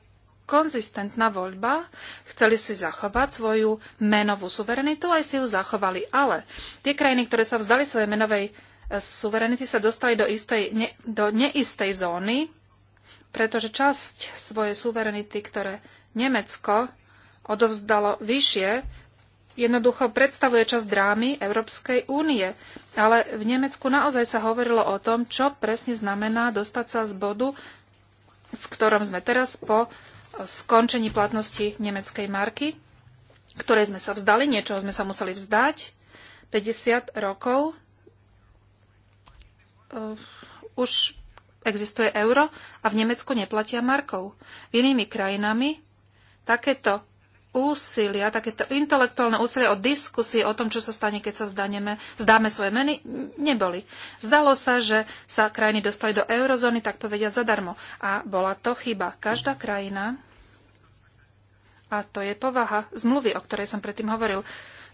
konzistentná voľba. Chceli si zachovať svoju menovú suverenitu, aj si ju zachovali. Ale tie krajiny, ktoré sa vzdali svojej menovej e, suverenity, sa dostali do, istej, ne, do neistej zóny, pretože časť svojej suverenity, ktoré Nemecko odovzdalo vyššie, jednoducho predstavuje čas drámy Európskej únie. Ale v Nemecku naozaj sa hovorilo o tom, čo presne znamená dostať sa z bodu, v ktorom sme teraz po skončení platnosti nemeckej marky, ktoré sme sa vzdali, niečoho sme sa museli vzdať, 50 rokov eh, už existuje euro a v Nemecku neplatia markov. V inými krajinami takéto úsilia, takéto intelektuálne úsilie o diskusii o tom, čo sa stane, keď sa zdaneme, zdáme svoje meny, neboli. Zdalo sa, že sa krajiny dostali do eurozóny, tak povediať, zadarmo. A bola to chyba. Každá krajina, a to je povaha zmluvy, o ktorej som predtým hovoril,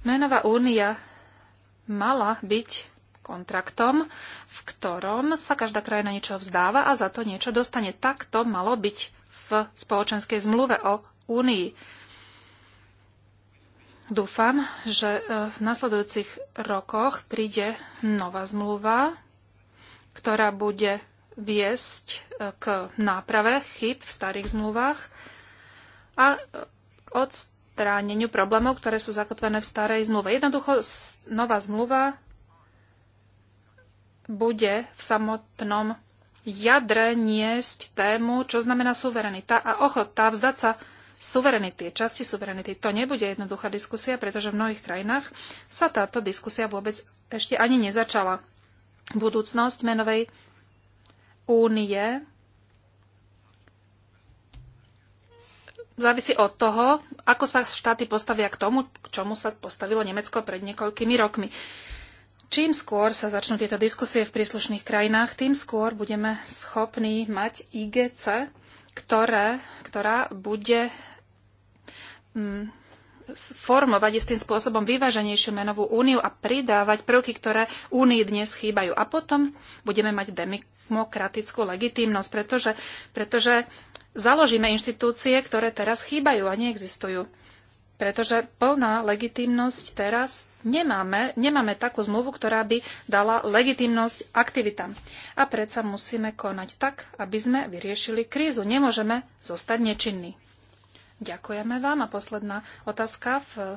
menová únia mala byť kontraktom, v ktorom sa každá krajina niečo vzdáva a za to niečo dostane. Tak to malo byť v spoločenskej zmluve o únii Dúfam, že e, v nasledujúcich rokoch príde nová zmluva, ktorá bude viesť e, k náprave chyb v starých zmluvách a k e, odstráneniu problémov, ktoré sú zakotvené v starej zmluve. Jednoducho nová zmluva bude v samotnom jadre niesť tému, čo znamená suverenita a ochota vzdať sa suverenity, časti suverenity. To nebude jednoduchá diskusia, pretože v mnohých krajinách sa táto diskusia vôbec ešte ani nezačala. Budúcnosť menovej únie závisí od toho, ako sa štáty postavia k tomu, k čomu sa postavilo Nemecko pred niekoľkými rokmi. Čím skôr sa začnú tieto diskusie v príslušných krajinách, tým skôr budeme schopní mať IGC, ktoré, ktorá bude Mm, formovať istým spôsobom vyváženejšiu menovú úniu a pridávať prvky, ktoré únii dnes chýbajú. A potom budeme mať demokratickú legitímnosť, pretože, pretože založíme inštitúcie, ktoré teraz chýbajú a neexistujú. Pretože plná legitímnosť teraz nemáme. Nemáme takú zmluvu, ktorá by dala legitímnosť aktivitám. A predsa musíme konať tak, aby sme vyriešili krízu. Nemôžeme zostať nečinní. Ďakujeme vám. A posledná otázka v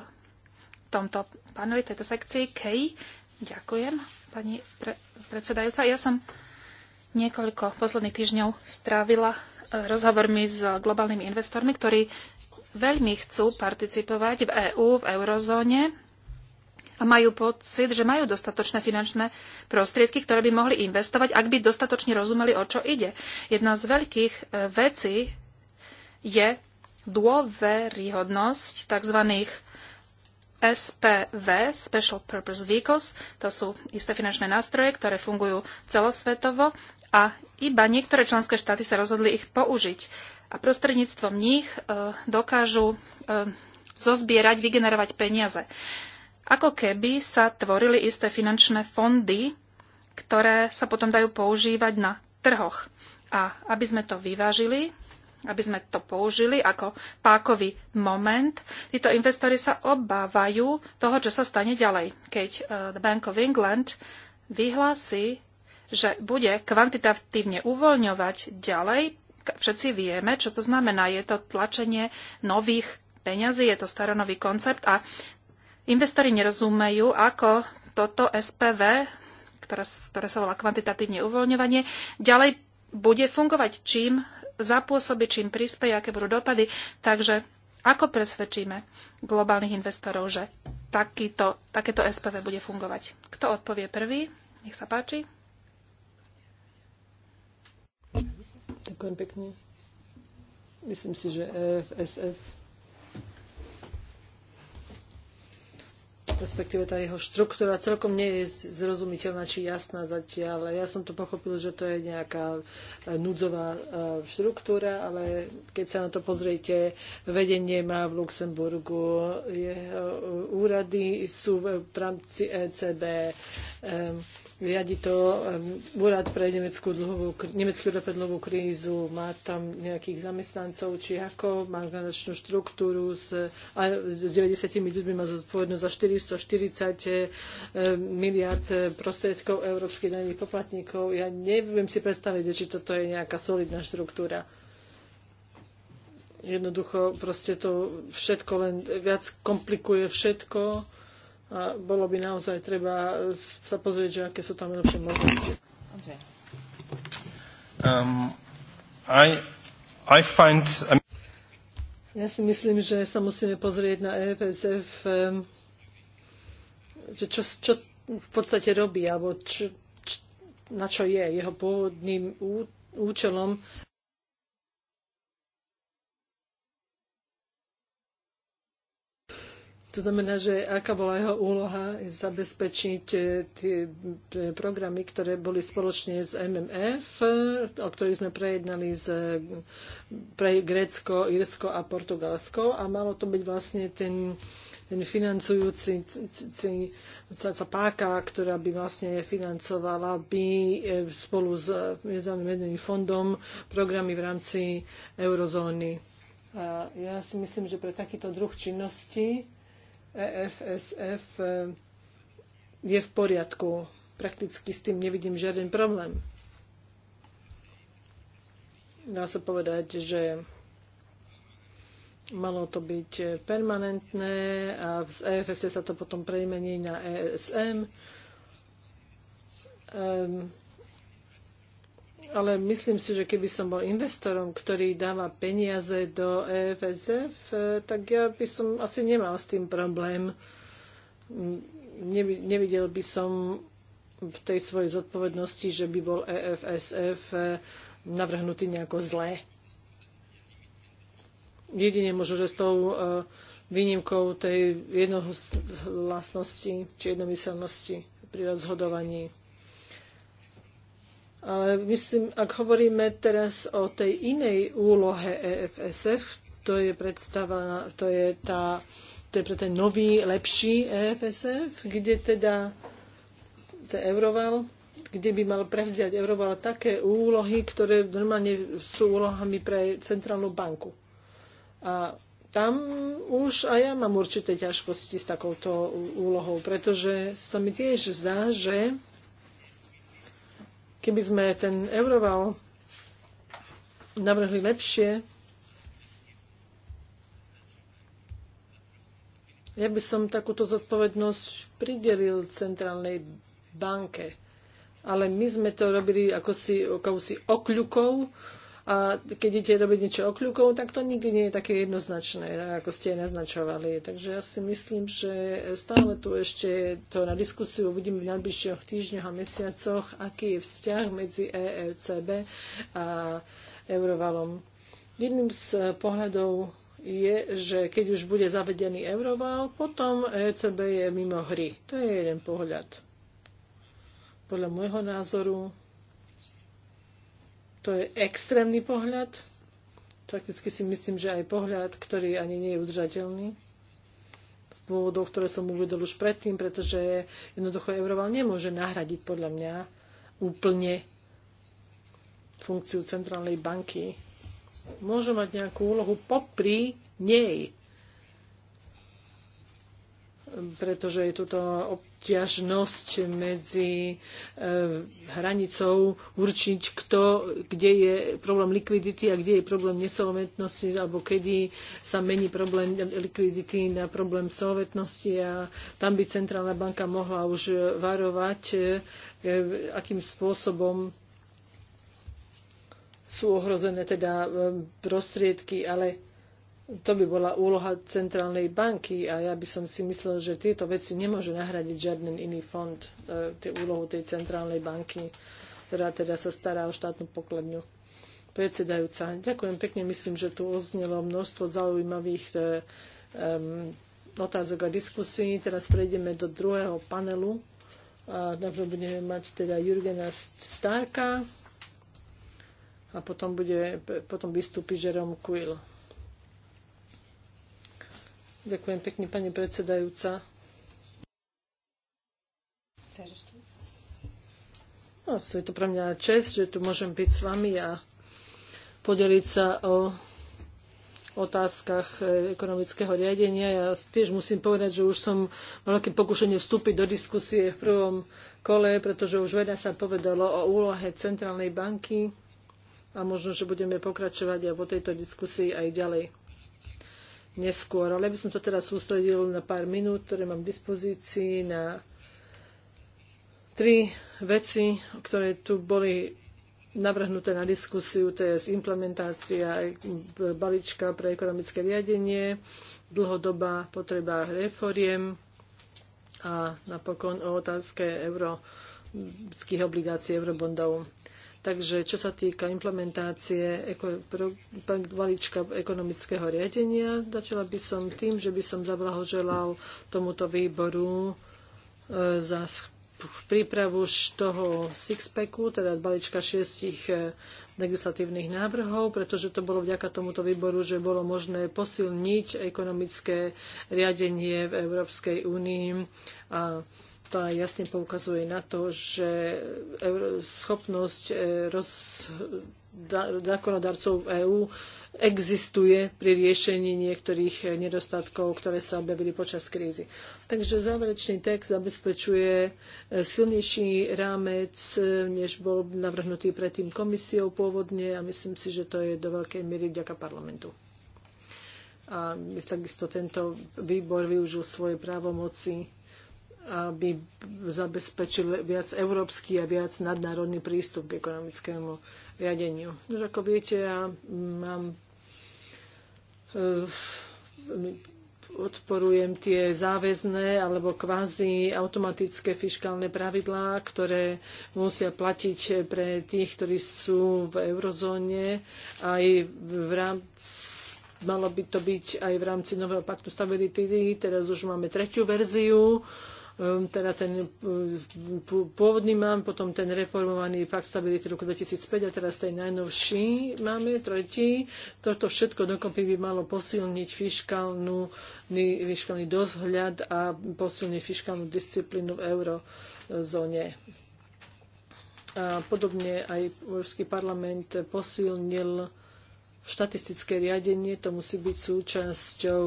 tomto paneli, tejto sekcii. Kej, ďakujem, pani pre, predsedajúca. Ja som niekoľko posledných týždňov strávila e, rozhovormi s globálnymi investormi, ktorí veľmi chcú participovať v EÚ, v eurozóne a majú pocit, že majú dostatočné finančné prostriedky, ktoré by mohli investovať, ak by dostatočne rozumeli, o čo ide. Jedna z veľkých e, vecí je dôveryhodnosť tzv. SPV, Special Purpose Vehicles, to sú isté finančné nástroje, ktoré fungujú celosvetovo a iba niektoré členské štáty sa rozhodli ich použiť. A prostredníctvom nich e, dokážu e, zozbierať, vygenerovať peniaze. Ako keby sa tvorili isté finančné fondy, ktoré sa potom dajú používať na trhoch. A aby sme to vyvážili, aby sme to použili ako pákový moment. Títo investori sa obávajú toho, čo sa stane ďalej, keď eh, The Bank of England vyhlási, že bude kvantitatívne uvoľňovať ďalej. Všetci vieme, čo to znamená. Je to tlačenie nových peňazí, je to staronový koncept a investori nerozumejú, ako toto SPV, ktoré, ktoré sa volá kvantitatívne uvoľňovanie, ďalej bude fungovať, čím zapôsobiť, čím prispieje, aké budú dopady. Takže ako presvedčíme globálnych investorov, že takýto, takéto SPV bude fungovať? Kto odpovie prvý? Nech sa páči. Ďakujem pekne. Myslím si, že EFSF respektíve tá jeho štruktúra celkom nie je zrozumiteľná či jasná zatiaľ. Ja som to pochopil, že to je nejaká e, núdzová e, štruktúra, ale keď sa na to pozriete, vedenie má v Luxemburgu, jeho úrady sú v rámci ECB. Um, e, riadi to úrad pre nemeckú, dlhovú, nemeckú dlhovú krízu, má tam nejakých zamestnancov, či ako, má organizačnú štruktúru s, a s 90 ľuďmi má zodpovednosť za 440 miliard prostriedkov európskych daných poplatníkov. Ja neviem si predstaviť, či toto je nejaká solidná štruktúra jednoducho proste to všetko len viac komplikuje všetko a bolo by naozaj treba eh, sa pozrieť, že aké sú tam lepšie možnosti. Okay. Um, I, I find... Um, ja si myslím, že sa musíme pozrieť na EFSF, že čo, čo v podstate robí, alebo čo, čo, na čo je jeho pôvodným účelom To znamená, že aká bola jeho úloha zabezpečiť e, tie e, programy, ktoré boli spoločne s MMF, o ktorých sme prejednali z, pre Grécko, Írsko a Portugalsko a malo to byť vlastne ten ten financujúci tá páka, ktorá by vlastne financovala by e, spolu s Medzinárodným fondom programy v rámci eurozóny. A ja si myslím, že pre takýto druh činnosti EFSF e, je v poriadku. Prakticky s tým nevidím žiaden problém. Dá sa povedať, že malo to byť permanentné a z EFS sa to potom prejmení na ESM. Ehm, ale myslím si, že keby som bol investorom, ktorý dáva peniaze do EFSF, e, tak ja by som asi nemal s tým problém. Nevidel by som v tej svojej zodpovednosti, že by bol EFSF e, navrhnutý nejako zlé. Jedine možno, že s tou e, výnimkou tej jednohlasnosti či jednomyselnosti pri rozhodovaní. Ale myslím, ak hovoríme teraz o tej inej úlohe EFSF, to je predstava, to je, tá, to je pre ten nový, lepší EFSF, kde teda ten Euroval, kde by mal prevziať Euroval také úlohy, ktoré normálne sú úlohami pre centrálnu banku. A tam už aj ja mám určité ťažkosti s takouto úlohou, pretože sa mi tiež zdá, že Keby sme ten euroval navrhli lepšie, ja by som takúto zodpovednosť pridelil centrálnej banke. Ale my sme to robili ako si, ako si okľukou, a keď idete robiť niečo okľukov, tak to nikdy nie je také jednoznačné, ako ste aj naznačovali. Takže ja si myslím, že stále tu ešte to na diskusiu uvidíme v najbližších týždňoch a mesiacoch, aký je vzťah medzi EECB a eurovalom. Jedným z pohľadov je, že keď už bude zavedený euroval, potom ECB je mimo hry. To je jeden pohľad. Podľa môjho názoru to je extrémny pohľad. Prakticky si myslím, že aj pohľad, ktorý ani nie je udržateľný z dôvodov, ktoré som uvedol už predtým, pretože jednoducho Euroval nemôže nahradiť podľa mňa úplne funkciu centrálnej banky. Môže mať nejakú úlohu popri nej, pretože je tu to ťažnosť medzi e, hranicou určiť, kto, kde je problém likvidity a kde je problém nesolventnosti, alebo kedy sa mení problém likvidity na problém solventnosti a tam by Centrálna banka mohla už varovať, e, akým spôsobom sú ohrozené teda eh, prostriedky, ale to by bola úloha centrálnej banky a ja by som si myslel, že tieto veci nemôže nahradiť žiaden iný fond, e, úlohu tej centrálnej banky, ktorá teda sa stará o štátnu pokladňu. Predsedajúca, ďakujem pekne, myslím, že tu oznelo množstvo zaujímavých e, otázok a diskusí. Teraz prejdeme do druhého panelu. A najprv budeme mať teda Jurgena Stárka a potom, bude, potom vystúpi Jerome Quill. Ďakujem pekne, pani predsedajúca. No, je to pre mňa čest, že tu môžem byť s vami a podeliť sa o otázkach e, ekonomického riadenia. Ja tiež musím povedať, že už som veľké pokušenie vstúpiť do diskusie v prvom kole, pretože už veľa sa povedalo o úlohe Centrálnej banky a možno, že budeme pokračovať aj po tejto diskusii aj ďalej neskôr. Ale by som sa teraz sústredil na pár minút, ktoré mám k dispozícii, na tri veci, ktoré tu boli navrhnuté na diskusiu, to je implementácia balíčka pre ekonomické riadenie, dlhodobá potreba reforiem a napokon o otázke európskych obligácií eurobondov. Takže čo sa týka implementácie balíčka ekonomického riadenia, začala by som tým, že by som zablahoželal tomuto výboru e, za prípravu toho six packu, teda balíčka šiestich e, legislatívnych návrhov, pretože to bolo vďaka tomuto výboru, že bolo možné posilniť ekonomické riadenie v Európskej únii a to aj jasne poukazuje na to, že schopnosť eh, zákonodarcov v EÚ existuje pri riešení niektorých eh, nedostatkov, ktoré sa objavili počas krízy. Takže záverečný text zabezpečuje eh, silnejší rámec, než bol navrhnutý predtým komisiou pôvodne a myslím si, že to je do veľkej miery vďaka parlamentu. A takisto tento výbor využil svoje právomoci aby zabezpečil viac európsky a viac nadnárodný prístup k ekonomickému riadeniu. No, ako viete, ja mám eh, odporujem tie záväzné alebo kvázi automatické fiskálne pravidlá, ktoré musia platiť pre tých, ktorí sú v eurozóne aj v rámci malo by to byť aj v rámci nového paktu stability. Teraz už máme tretiu verziu Ehm, teda ten e, pôvodný mám, potom ten reformovaný Pakt stability roku 2005 a teraz ten najnovší máme, tretí. Toto všetko dokopy by malo posilniť fiskálnu, fiskálny dozhľad a posilniť fiskálnu disciplínu v eurozóne. A podobne aj Európsky parlament posilnil štatistické riadenie, to musí byť súčasťou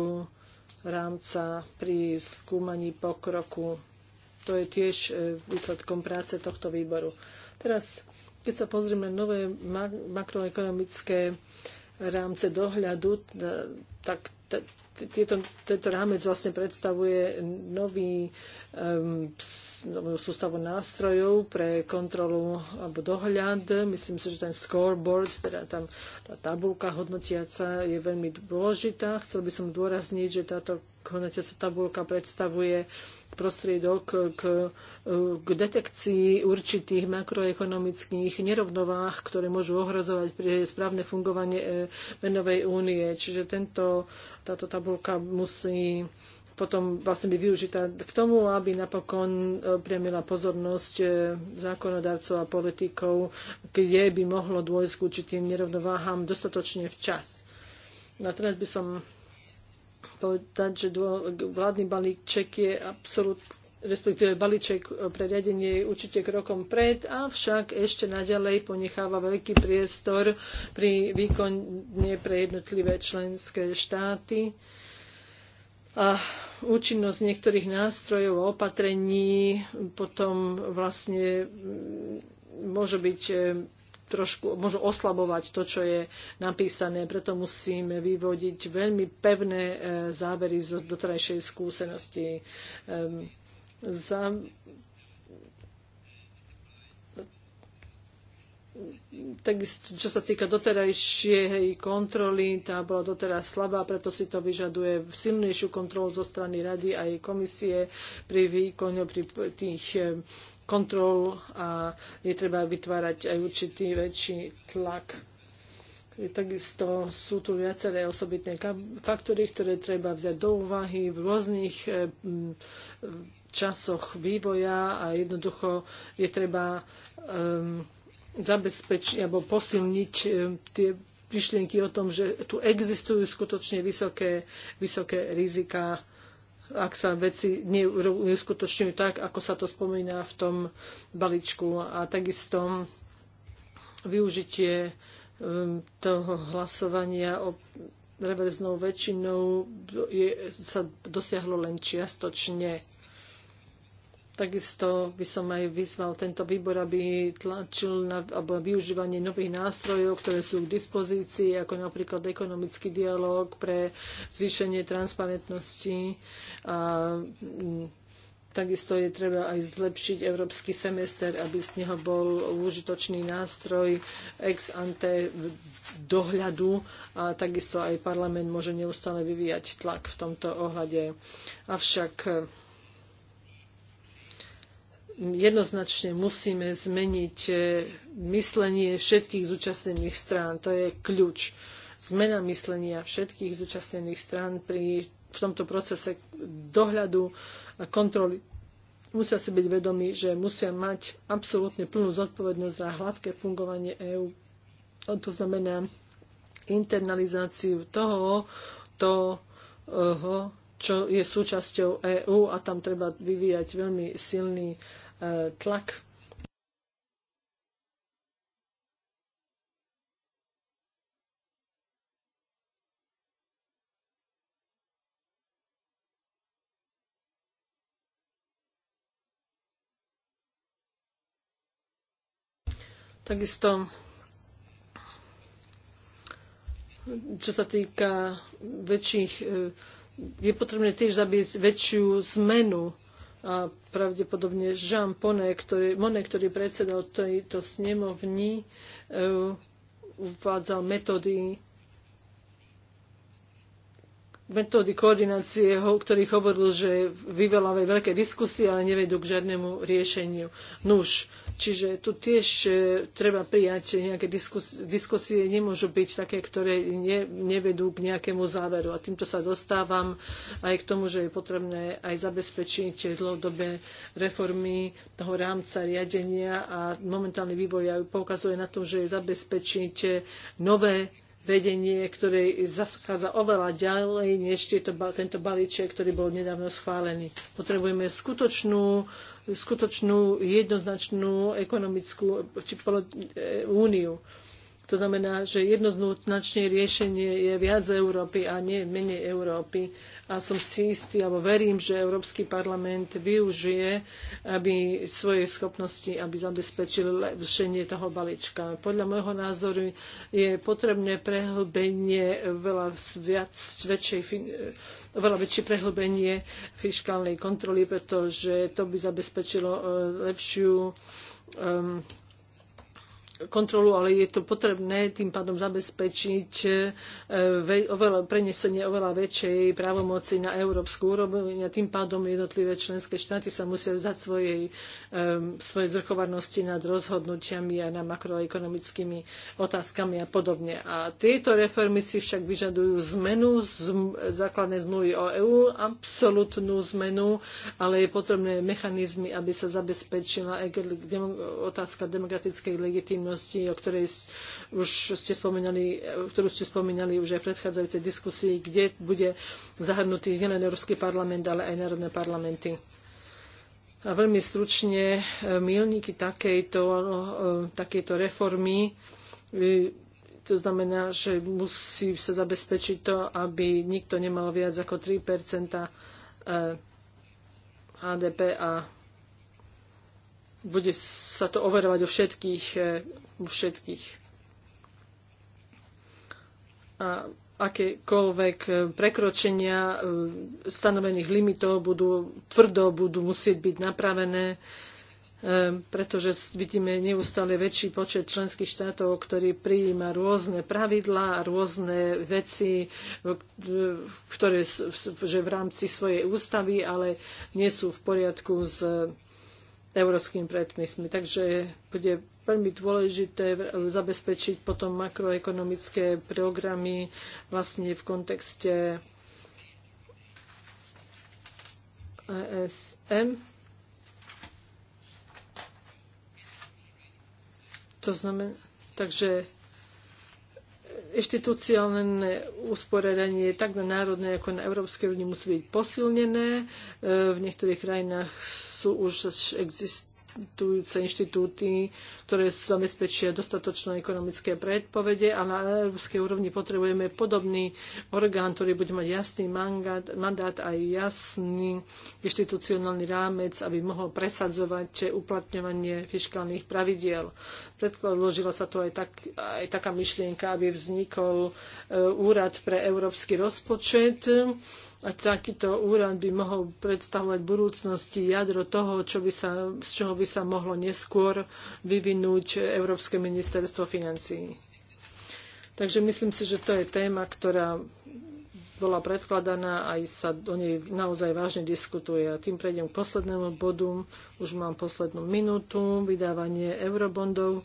rámca pri skúmaní pokroku. To je tiež e, výsledkom práce tohto výboru. Teraz, keď sa pozrieme na nové makroekonomické rámce dohľadu, e, tak tieto, tento rámec vlastne predstavuje nový, um, sústavu nástrojov pre kontrolu alebo dohľad. Myslím si, že ten scoreboard, teda tam tá tabulka hodnotiaca je veľmi dôležitá. Chcel by som dôrazniť, že táto hodnotiaca tabulka predstavuje prostriedok k, k detekcii určitých makroekonomických nerovnovách, ktoré môžu ohrozovať pri správne fungovanie e, menovej únie. Čiže tento, táto tabulka musí potom vlastne by využitá k tomu, aby napokon e, priamila pozornosť e, zákonodarcov a politikov, kde by mohlo dôjsť k určitým nerovnováhám dostatočne včas. A teraz by som povedať, že vládny balíček je absolútne respektíve balíček pre riadenie je určite krokom pred, avšak ešte naďalej ponecháva veľký priestor pri výkone pre jednotlivé členské štáty. A účinnosť niektorých nástrojov a opatrení potom vlastne mm, môže byť trošku môžu oslabovať to, čo je napísané. Preto musíme vyvodiť veľmi pevné e, závery z doterajšej skúsenosti. Ehm, za, takisto, čo sa týka doterajšej kontroly, tá bola doteraz slabá, preto si to vyžaduje silnejšiu kontrolu zo strany rady aj komisie pri výkone pri tých ehm, kontrol a je treba vytvárať aj určitý väčší tlak. Takisto sú tu viaceré osobitné faktory, ktoré treba vziať do úvahy v rôznych eh, časoch vývoja a jednoducho je treba um, zabezpečiť alebo posilniť um, tie myšlienky o tom, že tu existujú skutočne vysoké, vysoké rizika ak sa veci neuskutočňujú tak, ako sa to spomína v tom balíčku. A takisto využitie um, toho hlasovania o reverznou väčšinou je, sa dosiahlo len čiastočne Takisto by som aj vyzval tento výbor, aby tlačil na alebo využívanie nových nástrojov, ktoré sú k dispozícii, ako napríklad ekonomický dialog pre zvýšenie transparentnosti a Takisto je treba aj zlepšiť európsky semester, aby z neho bol užitočný nástroj ex ante dohľadu a takisto aj parlament môže neustále vyvíjať tlak v tomto ohľade. Avšak jednoznačne musíme zmeniť e, myslenie všetkých zúčastnených strán. To je kľúč. Zmena myslenia všetkých zúčastnených strán pri, v tomto procese dohľadu a kontroly. Musia si byť vedomí, že musia mať absolútne plnú zodpovednosť za hladké fungovanie EÚ. To znamená internalizáciu toho, toho, čo je súčasťou EÚ a tam treba vyvíjať veľmi silný E, tlak Takisto, čo sa týka väčších, e, je potrebné tiež zabiť väčšiu zmenu a pravdepodobne Jean Monnet, ktorý, Monnet, ktorý predsedal tejto snemovni, e, uvádzal metódy metódy koordinácie, o ktorých hovoril, že vyvolávajú veľké diskusie, ale nevedú k žiadnemu riešeniu. Nuž, Čiže tu tiež e, treba prijať nejaké diskusie, diskusie, nemôžu byť také, ktoré ne- nevedú k nejakému záveru. A týmto sa dostávam aj k tomu, že je potrebné aj zabezpečiť dlhodobé reformy toho rámca riadenia a momentálny vývoj poukazuje na to, že je zabezpečiť nové vedenie, ktoré zachádza oveľa ďalej než tieto, tento balíček, ktorý bol nedávno schválený. Potrebujeme skutočnú skutočnú jednoznačnú ekonomickú či e, úniu. To znamená, že jednoznačné riešenie je viac Európy a nie menej Európy. A som si istý, alebo verím, že Európsky parlament využije aby svoje schopnosti, aby zabezpečil lepšenie toho balíčka. Podľa môjho názoru je potrebné prehlbenie veľa viac, väčšej fin- oveľa väčšie prehlbenie fiskálnej kontroly, pretože to by zabezpečilo eh, lepšiu um, kontrolu, ale je to potrebné tým pádom zabezpečiť e, oveľa, prenesenie oveľa väčšej právomoci na európsku úroveň a tým pádom jednotlivé členské štáty sa musia zdať svojej, e, svojej nad rozhodnutiami a nad makroekonomickými otázkami a podobne. A tieto reformy si však vyžadujú zmenu z základnej zmluvy o EÚ, absolútnu zmenu, ale je potrebné mechanizmy, aby sa zabezpečila e, otázka demokratickej legitimnosti vedomosti, o ktorej už ste spomínali, ktorú ste spomínali už aj v predchádzajúcej diskusii, kde bude zahrnutý nielen Európsky parlament, ale aj národné parlamenty. A veľmi stručne e, milníky takejto, e, takejto reformy e, to znamená, že musí sa zabezpečiť to, aby nikto nemal viac ako 3 HDP a bude sa to overovať o všetkých, eh, o všetkých. A akékoľvek eh, prekročenia eh, stanovených limitov budú tvrdo budú musieť byť napravené, pretože vidíme neustále väčší počet členských štátov, ktorý prijíma rôzne pravidlá a rôzne veci, ktoré že v rámci svojej ústavy, ale nie sú v poriadku s európskymi predpismi. Takže bude veľmi dôležité zabezpečiť potom makroekonomické programy vlastne v kontexte ESM. To znamená, takže inštitucionálne usporiadanie tak na národnej ako na európskej úrovni musí byť posilnené. E, v niektorých krajinách sú už exist existujúce inštitúty, ktoré zabezpečia dostatočné ekonomické predpovede a na európskej úrovni potrebujeme podobný orgán, ktorý bude mať jasný mandát, mandát aj jasný inštitucionálny rámec, aby mohol presadzovať uplatňovanie fiskálnych pravidiel. Predložila sa to aj, tak, aj taká myšlienka, aby vznikol e, úrad pre európsky rozpočet, a takýto úrad by mohol predstavovať v budúcnosti jadro toho, čo by sa, z čoho by sa mohlo neskôr vyvinúť Európske ministerstvo financií. Takže myslím si, že to je téma, ktorá bola predkladaná, aj sa o nej naozaj vážne diskutuje. A tým prejdem k poslednému bodu. Už mám poslednú minútu. Vydávanie eurobondov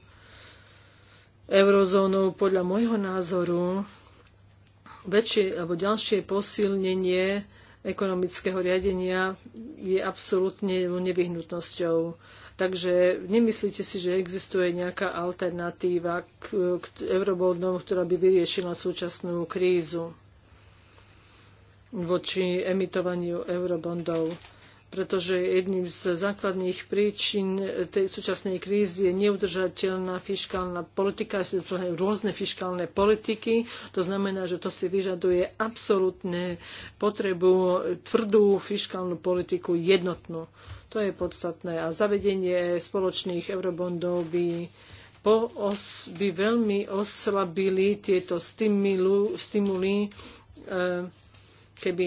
eurozónou podľa môjho názoru väčšie alebo ďalšie posilnenie ekonomického riadenia je absolútne nevyhnutnosťou. Takže nemyslíte si, že existuje nejaká alternatíva k, k eurobondom, ktorá by vyriešila súčasnú krízu voči emitovaniu eurobondov pretože jedným z základných príčin tej súčasnej krízy je neudržateľná fiskálna politika, rôzne fiskálne politiky. To znamená, že to si vyžaduje absolútne potrebu tvrdú fiskálnu politiku jednotnú. To je podstatné. A zavedenie spoločných eurobondov by po os, by veľmi oslabili tieto stimuly, eh, keby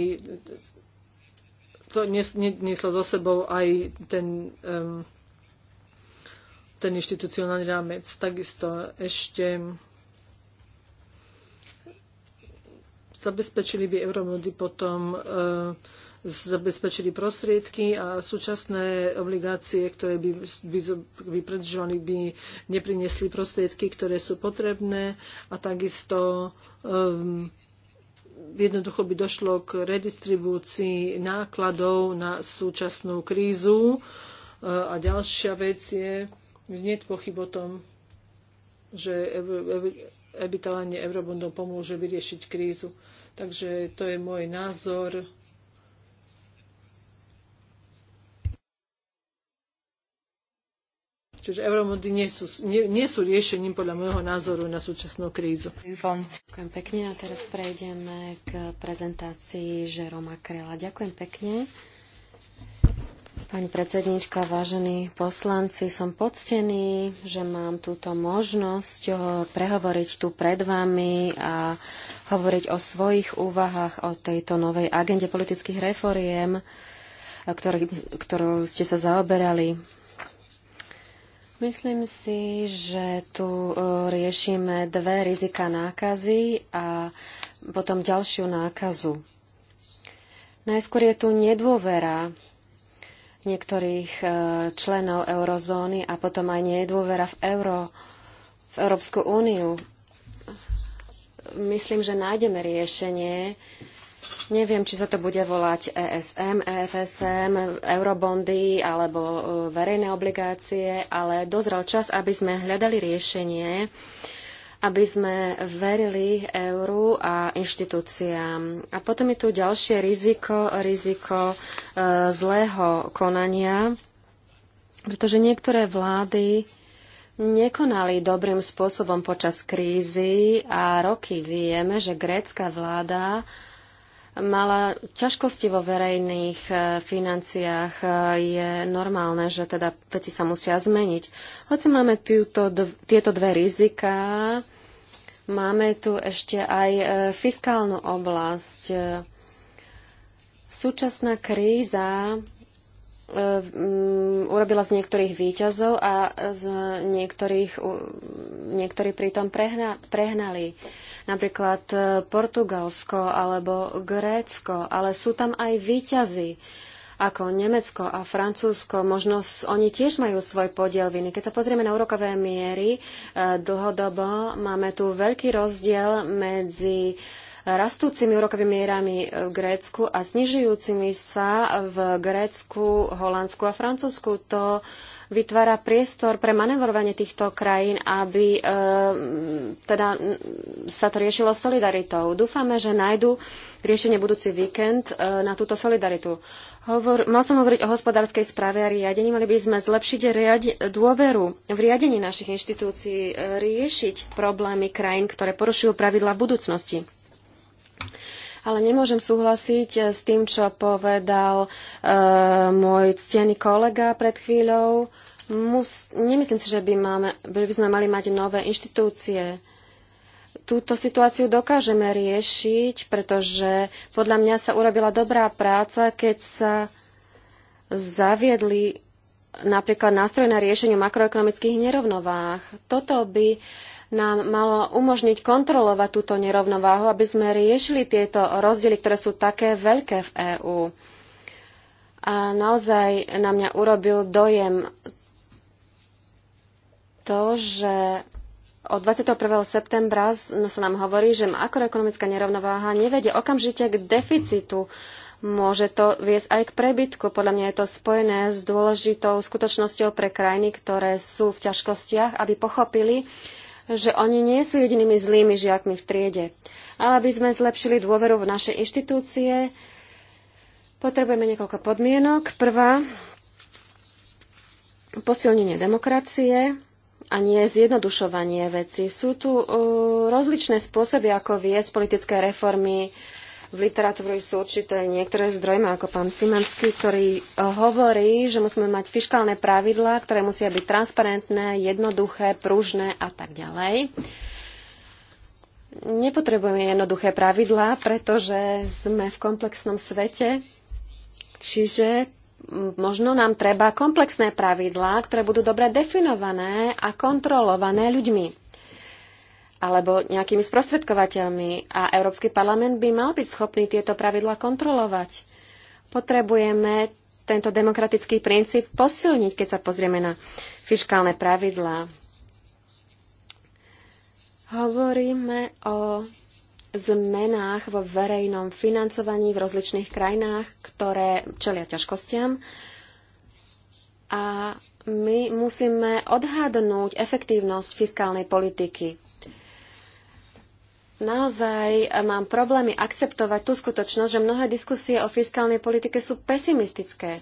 to nieslo so sebou aj ten, um, ten inštitucionálny rámec. Takisto ešte zabezpečili by euromody potom uh, zabezpečili prostriedky a súčasné obligácie, ktoré by, by, by predržovali, by neprinesli prostriedky, ktoré sú potrebné a takisto um, jednoducho by došlo k redistribúcii nákladov na súčasnú krízu. Eh, a ďalšia vec je, nie je pochyb o tom, že evitovanie eurobondov pomôže vyriešiť krízu. Takže to je môj názor. Čiže euromody nie sú, nie, nie sú riešením podľa môjho názoru na súčasnú krízu. Ďakujem pekne a teraz prejdeme k prezentácii Žeroma Krela. Ďakujem pekne. Pani predsedníčka, vážení poslanci, som poctený, že mám túto možnosť prehovoriť tu pred vami a hovoriť o svojich úvahách o tejto novej agende politických reforiem, ktorý, ktorú ste sa zaoberali Myslím si, že tu e, riešime dve rizika nákazy a potom ďalšiu nákazu. Najskôr je tu nedôvera niektorých e, členov eurozóny a potom aj nedôvera v euro, v Európsku úniu. Myslím, že nájdeme riešenie, Neviem, či sa to bude volať ESM, EFSM, eurobondy alebo e, verejné obligácie, ale dozrel čas, aby sme hľadali riešenie, aby sme verili euru a inštitúciám. A potom je tu ďalšie riziko, riziko e, zlého konania, pretože niektoré vlády nekonali dobrým spôsobom počas krízy a roky vieme, že grécka vláda mala ťažkosti vo verejných e, financiách. E, je normálne, že teda veci sa musia zmeniť. Hoci máme týto, tieto dve rizika, máme tu ešte aj e, fiskálnu oblasť. Súčasná kríza urobila z niektorých výťazov a z niektorých, niektorí pritom prehna, prehnali napríklad e, Portugalsko alebo Grécko, ale sú tam aj výťazy ako Nemecko a Francúzsko, možno oni tiež majú svoj podiel viny. Keď sa pozrieme na úrokové miery, e, dlhodobo máme tu veľký rozdiel medzi e, rastúcimi úrokovými mierami v Grécku a znižujúcimi sa v Grécku, Holandsku a Francúzsku. To uh, vytvára priestor pre manevrovanie týchto krajín, aby e, teda sa to riešilo solidaritou. Dúfame, že nájdu riešenie budúci víkend e, na túto solidaritu. Hovor, mal som hovoriť o hospodárskej správe a riadení. Mali by sme zlepšiť riade, dôveru v riadení našich inštitúcií, e, riešiť problémy krajín, ktoré porušujú pravidla v budúcnosti ale nemôžem súhlasiť eh, s tým, čo povedal e, môj ctený kolega pred chvíľou. Mus, nemyslím si, že by, máme, by sme mali mať nové inštitúcie. Túto situáciu dokážeme riešiť, pretože podľa mňa sa urobila dobrá práca, keď sa zaviedli napríklad nástroj na riešenie makroekonomických nerovnovách. Toto by uh, nám malo umožniť kontrolovať túto nerovnováhu, aby sme riešili tieto rozdiely, ktoré sú také veľké v EÚ. A naozaj na mňa urobil dojem to, že od 21. septembra sa nám hovorí, že makroekonomická nerovnováha nevedie okamžite k deficitu. Môže to viesť aj k prebytku. Podľa mňa je to spojené s dôležitou skutočnosťou pre krajiny, ktoré sú v ťažkostiach, aby pochopili, že oni nie sú jedinými zlými žiakmi v triede. Ale aby sme zlepšili dôveru v naše inštitúcie, potrebujeme niekoľko podmienok. Prvá, posilnenie demokracie a nie zjednodušovanie veci. Sú tu uh, rozličné spôsoby, ako viesť politické reformy, uh, v literatúre sú určité niektoré zdroje, ako pán Simanský, ktorý eh, hovorí, že musíme mať fiskálne pravidlá, ktoré musia byť transparentné, jednoduché, pružné a tak ďalej. Nepotrebujeme jednoduché pravidlá, pretože sme v komplexnom svete, čiže možno nám treba komplexné pravidlá, ktoré budú dobre definované a kontrolované ľuďmi alebo nejakými sprostredkovateľmi. A Európsky parlament by mal byť schopný tieto pravidlá kontrolovať. Potrebujeme tento demokratický princíp posilniť, keď sa pozrieme na fiskálne pravidlá. Hovoríme o zmenách vo verejnom financovaní v rozličných krajinách, ktoré čelia ťažkostiam. A my musíme odhadnúť efektívnosť fiskálnej politiky naozaj eh, mám problémy akceptovať tú skutočnosť, že mnohé diskusie o fiskálnej politike sú pesimistické.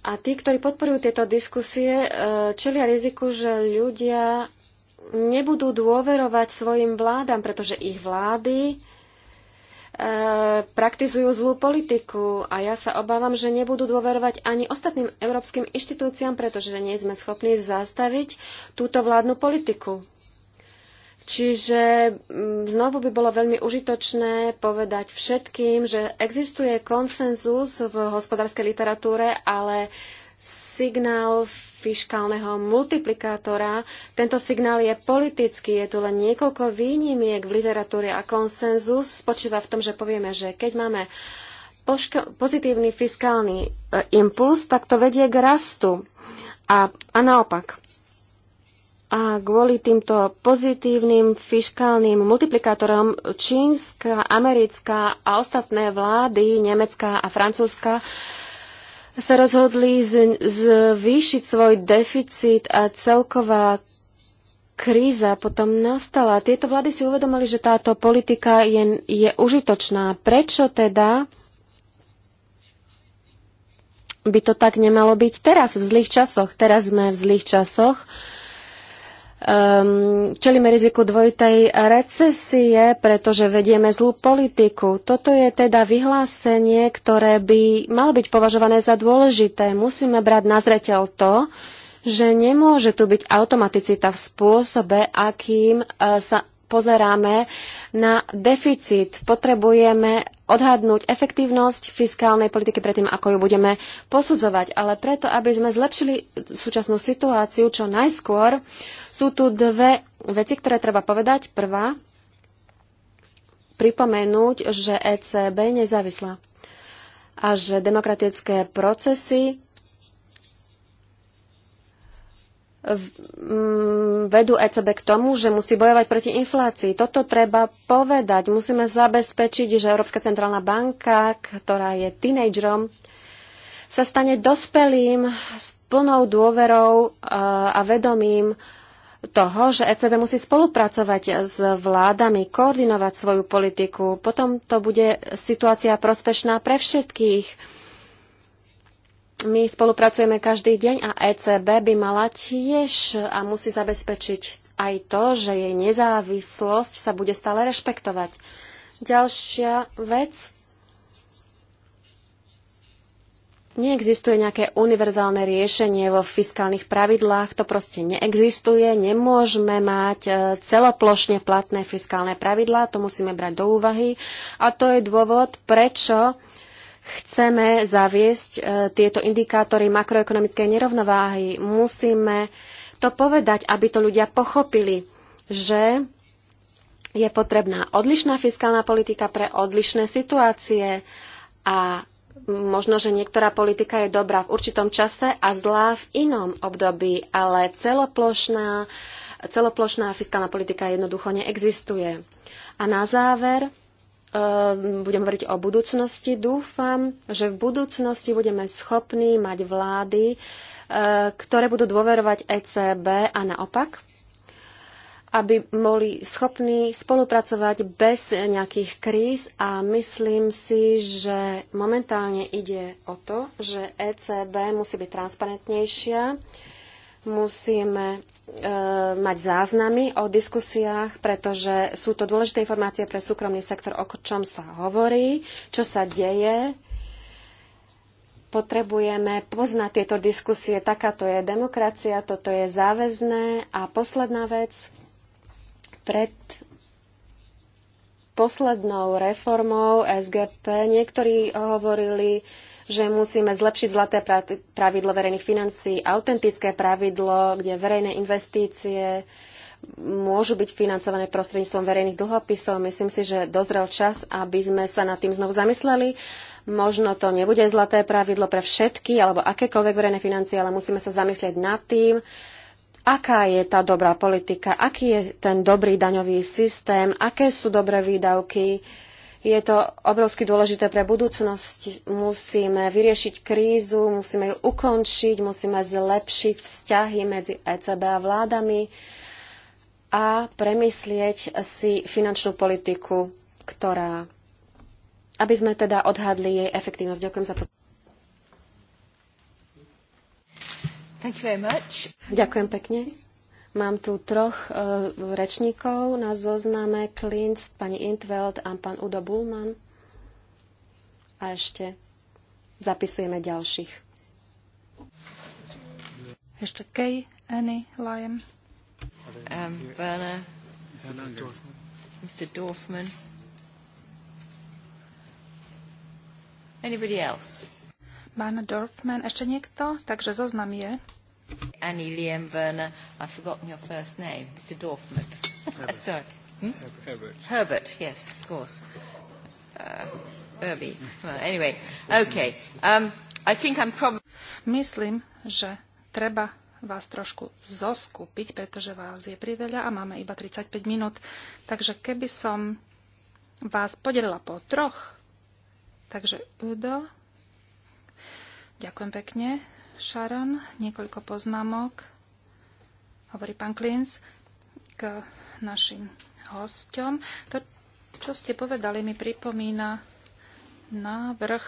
A tí, ktorí podporujú tieto diskusie, eh, čelia riziku, že ľudia nebudú dôverovať svojim vládam, pretože ich vlády eh, praktizujú zlú politiku a ja sa obávam, že nebudú dôverovať ani ostatným európskym inštitúciám, pretože nie sme schopní zastaviť túto vládnu politiku. Čiže mm, znovu by bolo veľmi užitočné povedať všetkým, že existuje konsenzus v hospodárskej literatúre, ale signál fiškálneho multiplikátora. Tento signál je politický, je tu len niekoľko výnimiek v literatúre a konsenzus spočíva v tom, že povieme, že keď máme pozitívny fiskálny e, impuls, tak to vedie k rastu. A, a naopak, a kvôli týmto pozitívnym fiškálnym multiplikátorom čínska, americká a ostatné vlády, nemecká a francúzska, sa rozhodli zvýšiť svoj deficit a celková kríza potom nastala. Tieto vlády si uvedomili, že táto politika je, je užitočná. Prečo teda by to tak nemalo byť teraz v zlých časoch? Teraz sme v zlých časoch um, čelíme riziku dvojitej recesie, pretože vedieme zlú politiku. Toto je teda vyhlásenie, ktoré by malo byť považované za dôležité. Musíme brať na zreteľ to, že nemôže tu byť automaticita v spôsobe, akým e, sa pozeráme na deficit. Potrebujeme odhadnúť efektívnosť fiskálnej politiky predtým, ako ju budeme posudzovať. Ale preto, aby sme zlepšili súčasnú situáciu čo najskôr, uh, sú tu dve veci, ktoré treba povedať. Prvá, pripomenúť, že ECB je nezávislá a že demokratické procesy vedú ECB k tomu, že musí bojovať proti inflácii. Toto treba povedať. Musíme zabezpečiť, že Európska centrálna banka, ktorá je tínejdžerom, sa stane dospelým s plnou dôverou e, a vedomím toho, že ECB musí spolupracovať s vládami, koordinovať svoju politiku. Potom to bude situácia prospešná pre všetkých. My spolupracujeme každý deň a ECB by mala tiež a musí zabezpečiť aj to, že jej nezávislosť sa bude stále rešpektovať. Ďalšia vec, Neexistuje nejaké univerzálne riešenie vo fiskálnych pravidlách, to proste neexistuje. Nemôžeme mať e, celoplošne platné fiskálne pravidlá, to musíme brať do úvahy. A to je dôvod, prečo chceme zaviesť e, tieto indikátory makroekonomickej nerovnováhy. Musíme to povedať, aby to ľudia pochopili, že je potrebná odlišná fiskálna politika pre odlišné situácie a Možno, že niektorá politika je dobrá v určitom čase a zlá v inom období, ale celoplošná, celoplošná fiskálna politika jednoducho neexistuje. A na záver, e, budem hovoriť o budúcnosti. Dúfam, že v budúcnosti budeme schopní mať vlády, e, ktoré budú dôverovať ECB a naopak aby boli schopní spolupracovať bez nejakých kríz a myslím si, že momentálne ide o to, že ECB musí byť transparentnejšia, musíme e, mať záznamy o diskusiách, pretože sú to dôležité informácie pre súkromný sektor, o čom sa hovorí, čo sa deje. Potrebujeme poznať tieto diskusie. Takáto je demokracia, toto je záväzné. A posledná vec, pred poslednou reformou SGP niektorí hovorili, že musíme zlepšiť zlaté pravidlo verejných financií, autentické pravidlo, kde verejné investície môžu byť financované prostredníctvom verejných dlhopisov. Myslím si, že dozrel čas, aby sme sa nad tým znovu zamysleli. Možno to nebude zlaté pravidlo pre všetky alebo akékoľvek verejné financie, ale musíme sa zamyslieť nad tým, aká je tá dobrá politika, aký je ten dobrý daňový systém, aké sú dobré výdavky. Je to obrovsky dôležité pre budúcnosť. Musíme vyriešiť krízu, musíme ju ukončiť, musíme zlepšiť vzťahy medzi ECB a vládami a premyslieť si finančnú politiku, ktorá, aby sme teda odhadli jej efektívnosť. Ďakujem za pozornosť. Thank you very much. Ďakujem pekne. Mám tu troch uh, rečníkov na zozname Klinc, pani Intveld a pán Udo Bullman. A ešte zapisujeme ďalších. Ešte Kay, Annie, Liam. Um, Werner. Mr. Dorfman. Anybody else? Pán Dorfman, ešte niekto? Takže zoznam je. Annie, Liam, Werner, I've forgotten your first name, Mr. Dorfman. Herbert. *laughs* Sorry. Hm? Herbert. Herbert, yes, of course. Uh, Irby. *laughs* Well, anyway, okay. Um, I think I'm probably... Myslím, že treba vás trošku zoskupiť, pretože vás je priveľa a máme iba 35 minút. Takže keby som vás podelila po troch, takže Udo, Ďakujem pekne. Sharon, niekoľko poznámok, hovorí pán Klins, k našim hosťom. To, čo ste povedali, mi pripomína návrh,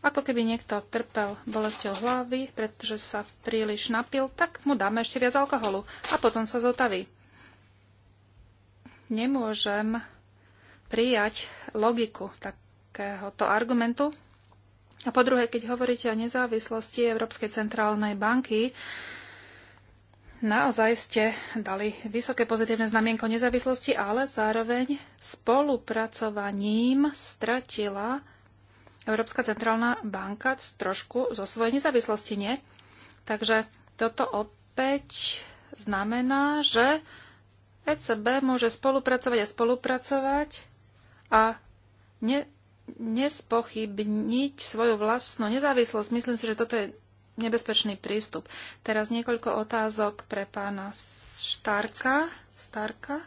ako keby niekto trpel bolestou hlavy, pretože sa príliš napil, tak mu dáme ešte viac alkoholu a potom sa zotaví. Nemôžem prijať logiku takéhoto argumentu, a po druhé, keď hovoríte o nezávislosti Európskej centrálnej banky, naozaj ste dali vysoké pozitívne znamienko nezávislosti, ale zároveň spolupracovaním stratila Európska centrálna banka trošku zo svojej nezávislosti, nie? Takže toto opäť znamená, že ECB môže spolupracovať a spolupracovať a ne, nespochybniť svoju vlastnú nezávislosť. Myslím si, že toto je nebezpečný prístup. Teraz niekoľko otázok pre pána Štárka. Starka.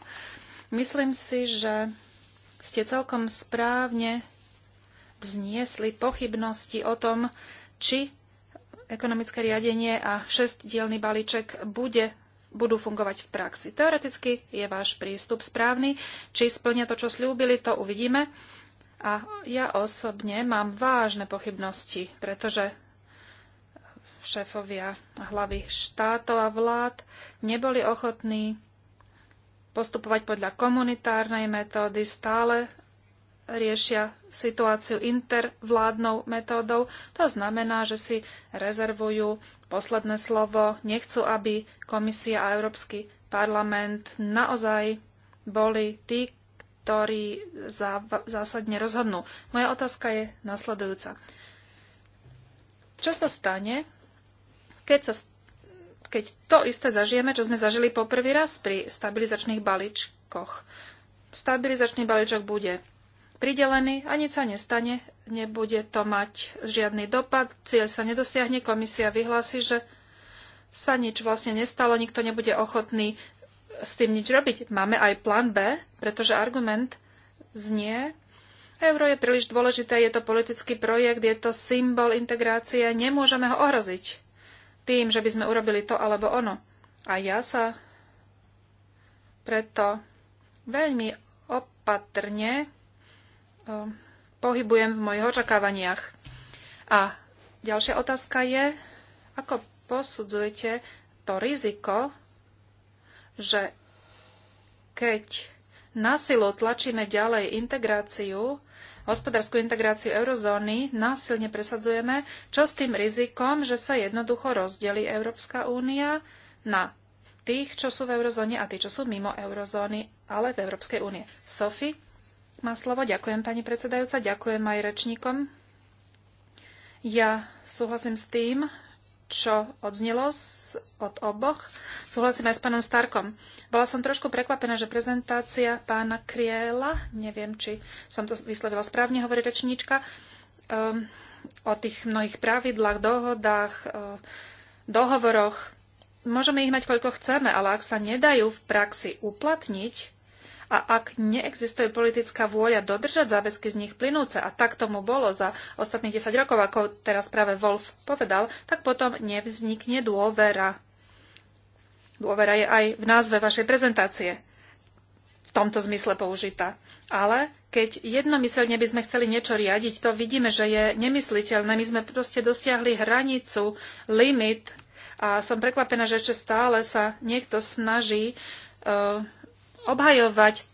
Myslím si, že ste celkom správne vzniesli pochybnosti o tom, či ekonomické riadenie a šestdielný balíček bude budú fungovať v praxi. Teoreticky je váš prístup správny. Či splnia to, čo slúbili, to uvidíme. A ja osobne mám vážne pochybnosti, pretože šéfovia hlavy štátov a vlád neboli ochotní postupovať podľa komunitárnej metódy, stále riešia situáciu intervládnou metódou. To znamená, že si rezervujú posledné slovo, nechcú, aby komisia a Európsky parlament naozaj boli tí, ktorí zásadne rozhodnú. Moja otázka je nasledujúca. Čo sa stane, keď, sa, keď to isté zažijeme, čo sme zažili poprvý raz pri stabilizačných balíčkoch? Stabilizačný balíčok bude pridelený a nič sa nestane, nebude to mať žiadny dopad, cieľ sa nedosiahne, komisia vyhlási, že sa nič vlastne nestalo, nikto nebude ochotný s tým nič robiť. Máme aj plán B, pretože argument znie, euro je príliš dôležité, je to politický projekt, je to symbol integrácie, nemôžeme ho ohroziť tým, že by sme urobili to alebo ono. A ja sa preto veľmi opatrne pohybujem v mojich očakávaniach. A ďalšia otázka je, ako posudzujete to riziko, že keď násilu tlačíme ďalej integráciu, hospodárskú integráciu eurozóny, násilne presadzujeme, čo s tým rizikom, že sa jednoducho rozdelí Európska únia na tých, čo sú v eurozóne a tí, čo sú mimo eurozóny, ale v Európskej únie. Sofi má slovo. Ďakujem, pani predsedajúca. Ďakujem aj rečníkom. Ja súhlasím s tým, čo odznelo od oboch. Súhlasím aj s pánom Starkom. Bola som trošku prekvapená, že prezentácia pána Kriela, neviem, či som to vyslovila správne, hovorí rečníčka, um, o tých mnohých pravidlách, dohodách, um, dohovoroch. Môžeme ich mať, koľko chceme, ale ak sa nedajú v praxi uplatniť, a ak neexistuje politická vôľa dodržať záväzky z nich plynúce, a tak tomu bolo za ostatných 10 rokov, ako teraz práve Wolf povedal, tak potom nevznikne dôvera. Dôvera je aj v názve vašej prezentácie v tomto zmysle použitá. Ale keď jednomyselne by sme chceli niečo riadiť, to vidíme, že je nemysliteľné. My sme proste dosiahli hranicu, limit a som prekvapená, že ešte stále sa niekto snaží uh, obhajovať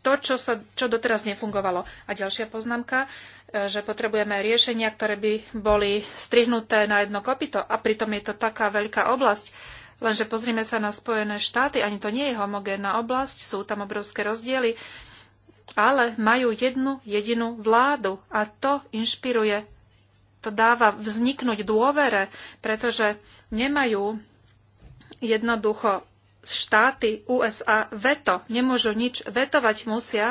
to, čo, sa, čo doteraz nefungovalo. A ďalšia poznámka, e, že potrebujeme riešenia, ktoré by boli strihnuté na jedno kopito a pritom je to taká veľká oblasť. Lenže pozrime sa na Spojené štáty, ani to nie je homogénna oblasť, sú tam obrovské rozdiely, ale majú jednu jedinú vládu a to inšpiruje, to dáva vzniknúť dôvere, pretože nemajú jednoducho štáty USA veto. Nemôžu nič vetovať, musia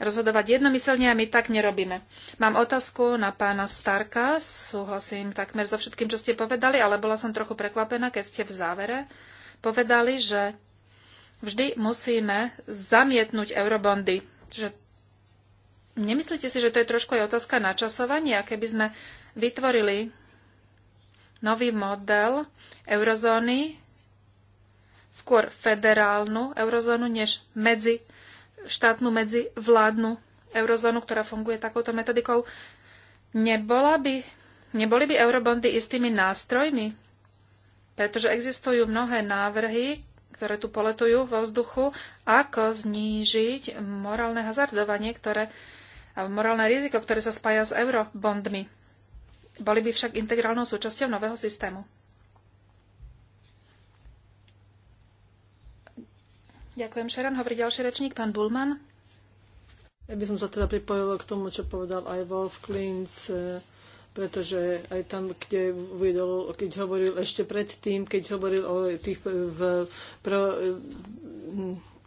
rozhodovať jednomyselne a my tak nerobíme. Mám otázku na pána Starka. Súhlasím takmer so všetkým, čo ste povedali, ale bola som trochu prekvapená, keď ste v závere povedali, že vždy musíme zamietnúť eurobondy. Že nemyslíte si, že to je trošku aj otázka načasovania? Keby sme vytvorili nový model eurozóny, skôr federálnu eurozónu, než medzi štátnu medzi vládnu eurozónu, ktorá funguje takouto metodikou. Nebola by, neboli by eurobondy istými nástrojmi? Pretože existujú mnohé návrhy, ktoré tu poletujú vo vzduchu, ako znížiť morálne hazardovanie, ktoré, a morálne riziko, ktoré sa spája s eurobondmi. Boli by však integrálnou súčasťou nového systému. Ďakujem, Šeran. Hovorí ďalší rečník, pán Bulman. Ja by som sa teda pripojila k tomu, čo povedal aj Wolf Klintz, e, pretože aj tam, kde uvedol, keď hovoril ešte predtým, keď hovoril o tých e, v, pro, e,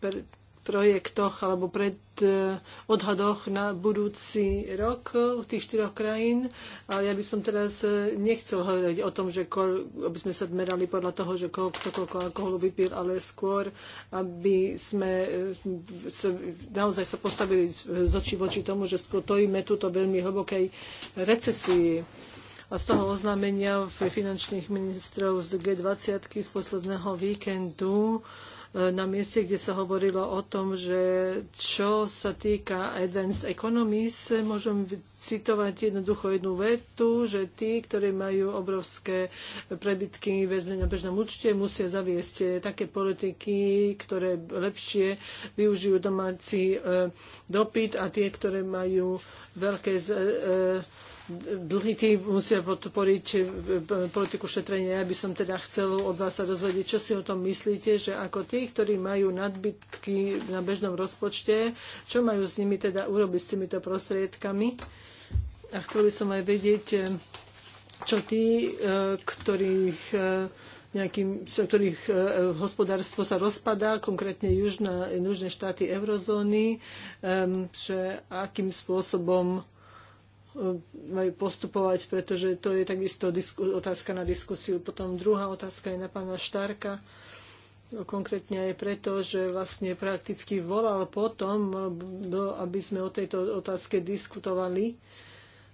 per, projektoch alebo pred e, odhadoch na budúci rok tých štyroch krajín. a ja by som teraz e, nechcel hovoriť o tom, že kol, aby sme sa merali podľa toho, že kol, kto koľko alkoholu vypil, ale skôr, aby sme e, sa, naozaj sa postavili z očí voči tomu, že stojíme túto veľmi hlbokej recesii. A z toho oznámenia finančných ministrov z G20 z posledného víkendu na mieste, kde sa hovorilo o tom, že čo sa týka advanced economies, môžem citovať jednoducho jednu vetu, že tí, ktorí majú obrovské prebytky väzme na bežnom účte, musia zaviesť také politiky, ktoré lepšie využijú domáci e, dopyt a tie, ktoré majú veľké e, dlhý tí musia podporiť e, e, politiku šetrenia. Ja by som teda chcel od vás sa dozvedieť, čo si o tom myslíte, že ako tí, ktorí majú nadbytky na bežnom rozpočte, čo majú s nimi teda urobiť s týmito prostriedkami. A chcel by som aj vedieť, e, čo tí, ktorých nejakým, z ktorých e, hospodárstvo sa rozpadá, konkrétne južná, južné štáty eurozóny, e, že akým spôsobom E, majú postupovať, pretože to je takisto otázka na diskusiu. Potom druhá otázka je na pána Štárka. No, konkrétne aj preto, že vlastne prakticky volal potom, e, aby sme o tejto otázke diskutovali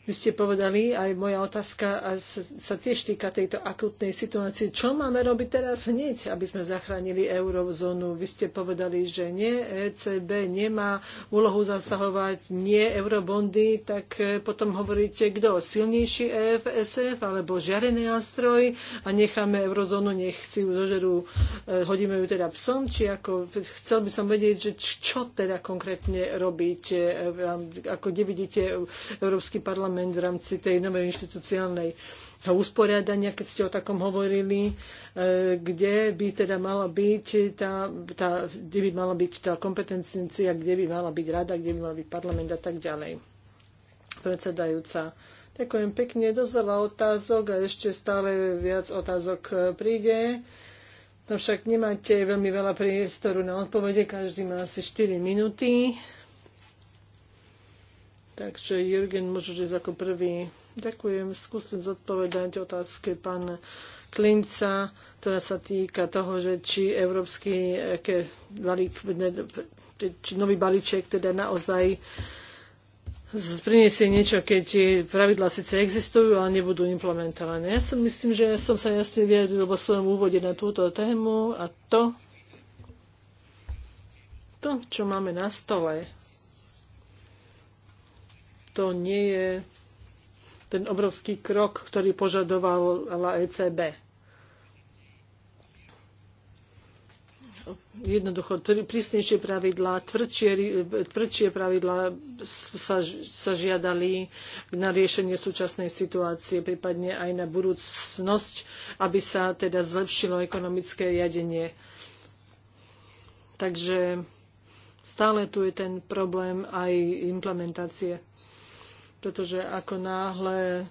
vy ste povedali, aj moja otázka a sa tiež týka tejto akutnej situácie. Čo máme robiť teraz hneď, aby sme zachránili eurozónu? Vy ste povedali, že nie, ECB nemá úlohu zasahovať, nie eurobondy, tak e, potom hovoríte, kto? Silnejší EFSF alebo žiarený nástroj a necháme eurozónu, nech si ju zožerú, e, hodíme ju teda psom, či ako, chcel by som vedieť, že čo teda konkrétne robíte, e, ako kde vidíte Európsky parlament parlament v rámci tej novej inštitucionálnej usporiadania, keď ste o takom hovorili, e, kde by teda mala byť tá, tá, kde by mala byť tá kompetencia, kde by mala byť rada, kde by mal byť parlament a tak ďalej. Predsedajúca. Ďakujem pekne, dosť veľa otázok a ešte stále viac otázok príde. Avšak no však nemáte veľmi veľa priestoru na odpovede, každý má asi 4 minúty. Takže Jürgen, môžeš ako prvý. Ďakujem, skúsim zodpovedať otázke pána Klinca, ktorá sa týka toho, že či európsky ke, balík, ne, či nový balíček teda naozaj priniesie niečo, keď pravidlá síce existujú, ale nebudú implementované. Ja si myslím, že ja som sa jasne vyjadril vo svojom úvode na túto tému a to, to, čo máme na stole, to nie je ten obrovský krok, ktorý požadovala ECB. Jednoducho, prísnejšie pravidlá, tvrdšie, tvrdšie pravidlá sa, sa žiadali na riešenie súčasnej situácie, prípadne aj na budúcnosť, aby sa teda zlepšilo ekonomické riadenie. Takže stále tu je ten problém aj implementácie pretože ako náhle e,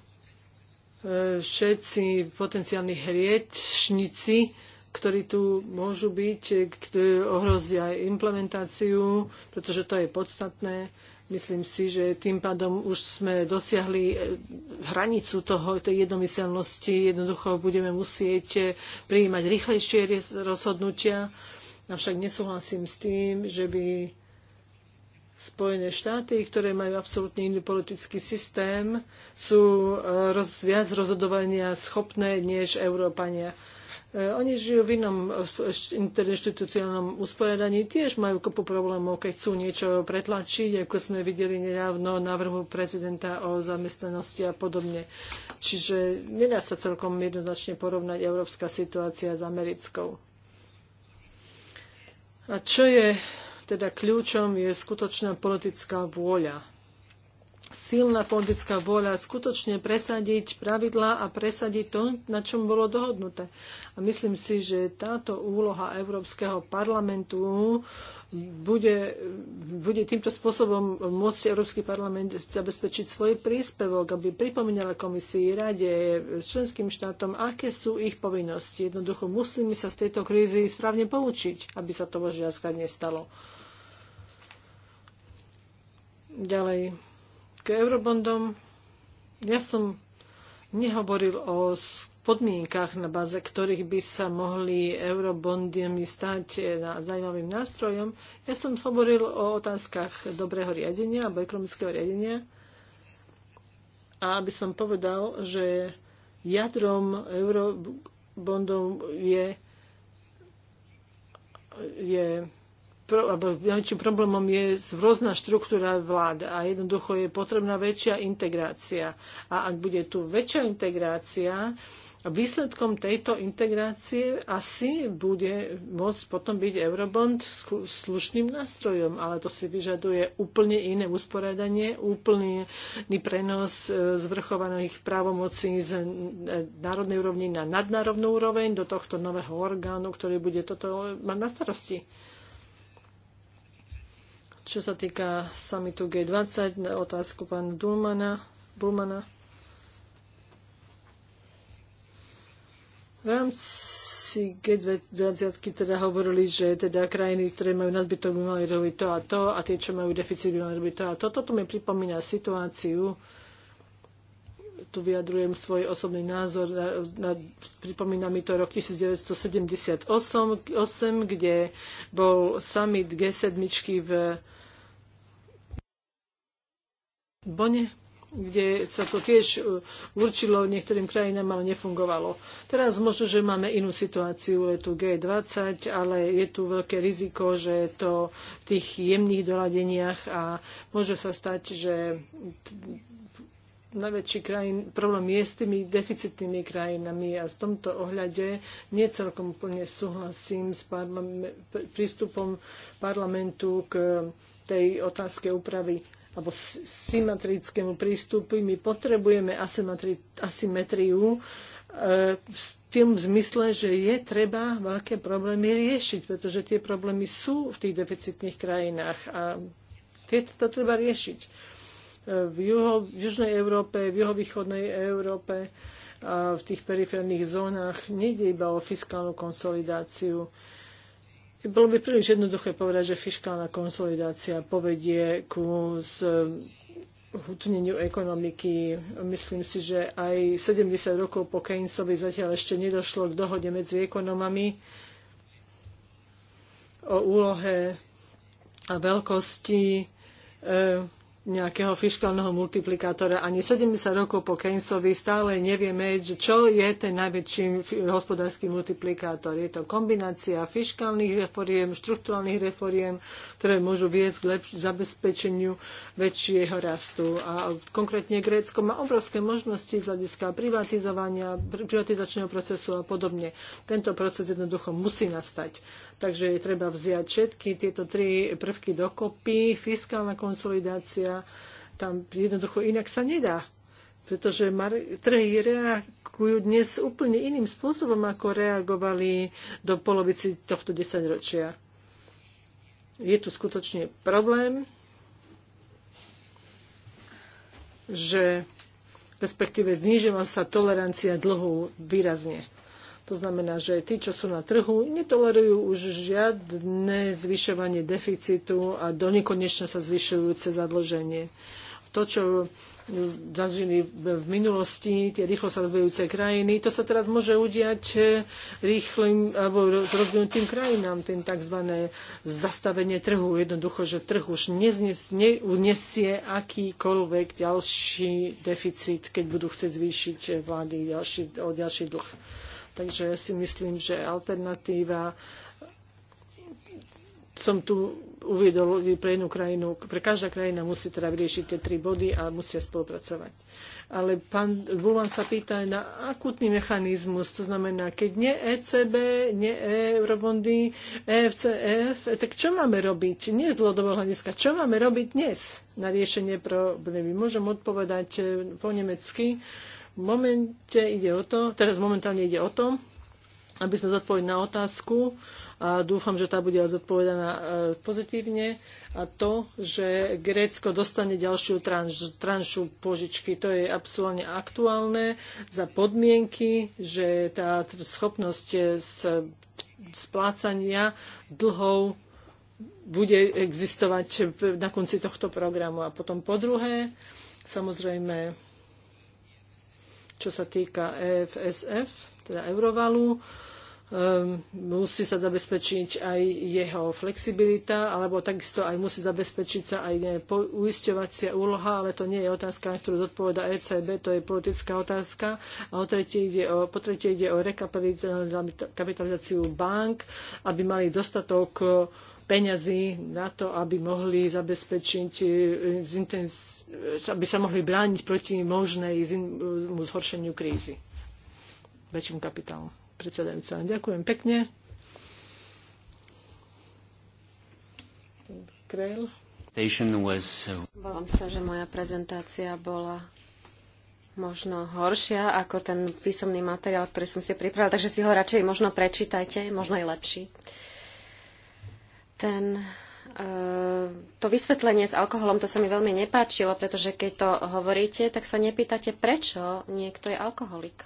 všetci potenciálni hriečnici, ktorí tu môžu byť, e, ohrozia implementáciu, pretože to je podstatné. Myslím si, že tým pádom už sme dosiahli e, hranicu toho, tej jednomyselnosti. Jednoducho budeme musieť prijímať rýchlejšie rozhodnutia. Avšak nesúhlasím s tým, že by Spojené štáty, ktoré majú absolútne iný politický systém, sú e, roz, viac rozhodovania schopné než Európania. E, oni žijú v inom e, interinstitucionálnom usporiadaní, tiež majú kopu problémov, keď chcú niečo pretlačiť, ako sme videli nedávno návrhu prezidenta o zamestnanosti a podobne. Čiže nedá sa celkom jednoznačne porovnať európska situácia s americkou. A čo je teda kľúčom je skutočná politická vôľa. Silná politická vôľa skutočne presadiť pravidlá a presadiť to, na čom bolo dohodnuté. A myslím si, že táto úloha Európskeho parlamentu bude, bude týmto spôsobom môcť Európsky parlament zabezpečiť svoj príspevok, aby pripomínala komisii, rade, členským štátom, aké sú ich povinnosti. Jednoducho musíme sa z tejto krízy správne poučiť, aby sa to božiaska nestalo. Ďalej, k eurobondom. Ja som nehovoril o podmienkach, na báze ktorých by sa mohli eurobondiami stať e, na zaujímavým nástrojom. Ja som hovoril o otázkach dobrého riadenia alebo ekonomického riadenia. A aby som povedal, že jadrom eurobondov je, je pro, alebo najväčším problémom je rôzna štruktúra vlád a jednoducho je potrebná väčšia integrácia. A ak bude tu väčšia integrácia, výsledkom tejto integrácie asi bude môcť potom byť Eurobond slušným nástrojom, ale to si vyžaduje úplne iné usporiadanie, úplný prenos e, zvrchovaných právomocí z e, národnej úrovni na nadnárodnú úroveň do tohto nového orgánu, ktorý bude toto e, mať na starosti. Čo sa týka samitu G20, na otázku pána Dulmana, Bulmana. V rámci G20 teda hovorili, že teda krajiny, ktoré majú nadbytok, by mali robiť to a to a tie, čo majú deficit, by mali robiť to a to. Toto mi pripomína situáciu, tu vyjadrujem svoj osobný názor. Na, na, pripomína mi to rok 1978, 8, kde bol summit G7 v Bone, kde sa to tiež určilo e, niektorým krajinám, ale nefungovalo. Teraz možno, že máme inú situáciu, je tu G20, ale je tu veľké riziko, že to v tých jemných doladeniach a môže sa stať, že najväčší krajín, problém je s tými deficitnými krajinami a v tomto ohľade necelkom úplne súhlasím s parlam- prístupom parlamentu k tej otázke úpravy alebo symetrickému prístupu. My potrebujeme asymetriu e, v tým zmysle, že je treba veľké problémy riešiť, pretože tie problémy sú v tých deficitných krajinách a to treba riešiť. E, v, juho, v južnej Európe, v juhovýchodnej Európe a v tých periférnych zónach nejde iba o fiskálnu konsolidáciu bolo by príliš jednoduché povedať, že fiskálna konsolidácia povedie ku z eh, hutneniu ekonomiky. Myslím si, že aj 70 rokov po Keynesovi zatiaľ ešte nedošlo k dohode medzi ekonomami o úlohe a veľkosti eh, nejakého fiskálneho multiplikátora. Ani 70 rokov po Keynesovi stále nevieme, čo je ten najväčší hospodársky multiplikátor. Je to kombinácia fiskálnych reforiem, štruktúrálnych reforiem, ktoré môžu viesť k lepš- zabezpečeniu väčšieho rastu. A konkrétne Grécko má obrovské možnosti z hľadiska privatizovania, privatizačného procesu a podobne. Tento proces jednoducho musí nastať. Takže je treba vziať všetky tieto tri prvky dokopy. Fiskálna konsolidácia, tam jednoducho inak sa nedá. Pretože trhy reagujú dnes úplne iným spôsobom, ako reagovali do polovici tohto desaťročia. Je tu skutočne problém, že respektíve znižila sa tolerancia dlhu výrazne. To znamená, že tí, čo sú na trhu, netolerujú už žiadne zvyšovanie deficitu a do sa zvyšujúce zadlženie. To, čo zažili v minulosti, tie rýchlo sa rozvíjajúce krajiny. To sa teraz môže udiať e, rýchlym alebo rozvinutým krajinám, ten tzv. zastavenie trhu. Jednoducho, že trh už neuniesie akýkoľvek ďalší deficit, keď budú chcieť zvýšiť vlády ďalší, o ďalší dlh. Takže ja si myslím, že alternatíva som tu uviedol pre jednu krajinu, pre každá krajina musí teda vyriešiť tie tri body a musia spolupracovať. Ale pán Bulvan sa pýta aj na akutný mechanizmus, to znamená, keď nie ECB, nie eurobondy, EFCF, e tak čo máme robiť? Nie z dlhodobého hľadiska, čo máme robiť dnes na riešenie problémy? Môžem odpovedať po nemecky. Uh, v momente ide o to, teraz momentálne ide o to, aby sme zodpovedali na otázku a dúfam, že tá bude zodpovedaná e, pozitívne a to, že Grécko dostane ďalšiu tranš, tranšu požičky. To je absolútne aktuálne za podmienky, že tá schopnosť e, splácania dlhov bude existovať na konci tohto programu. A potom po druhé, samozrejme, čo sa týka EFSF, teda Eurovalu. Um, musí sa zabezpečiť aj jeho flexibilita, alebo takisto aj musí zabezpečiť sa aj uisťovacia úloha, ale to nie je otázka, na ktorú zodpoveda ECB, to je politická otázka. A o tretie ide o, po tretie ide o rekapitalizáciu bank, aby mali dostatok peňazí na to, aby mohli zabezpečiť, eh, aby sa mohli brániť proti možnej eh, zhoršeniu krízy. Väčším kapitálom. Predsedajúca, ďakujem pekne. Krell. Uh, Bávam sa, že moja prezentácia bola možno horšia ako ten písomný materiál, ktorý som si pripravila, takže si ho radšej možno prečítajte, možno aj lepší. Ten, eh, to vysvetlenie s alkoholom, to sa mi veľmi nepáčilo, pretože keď to hovoríte, tak sa nepýtate, prečo niekto je alkoholik.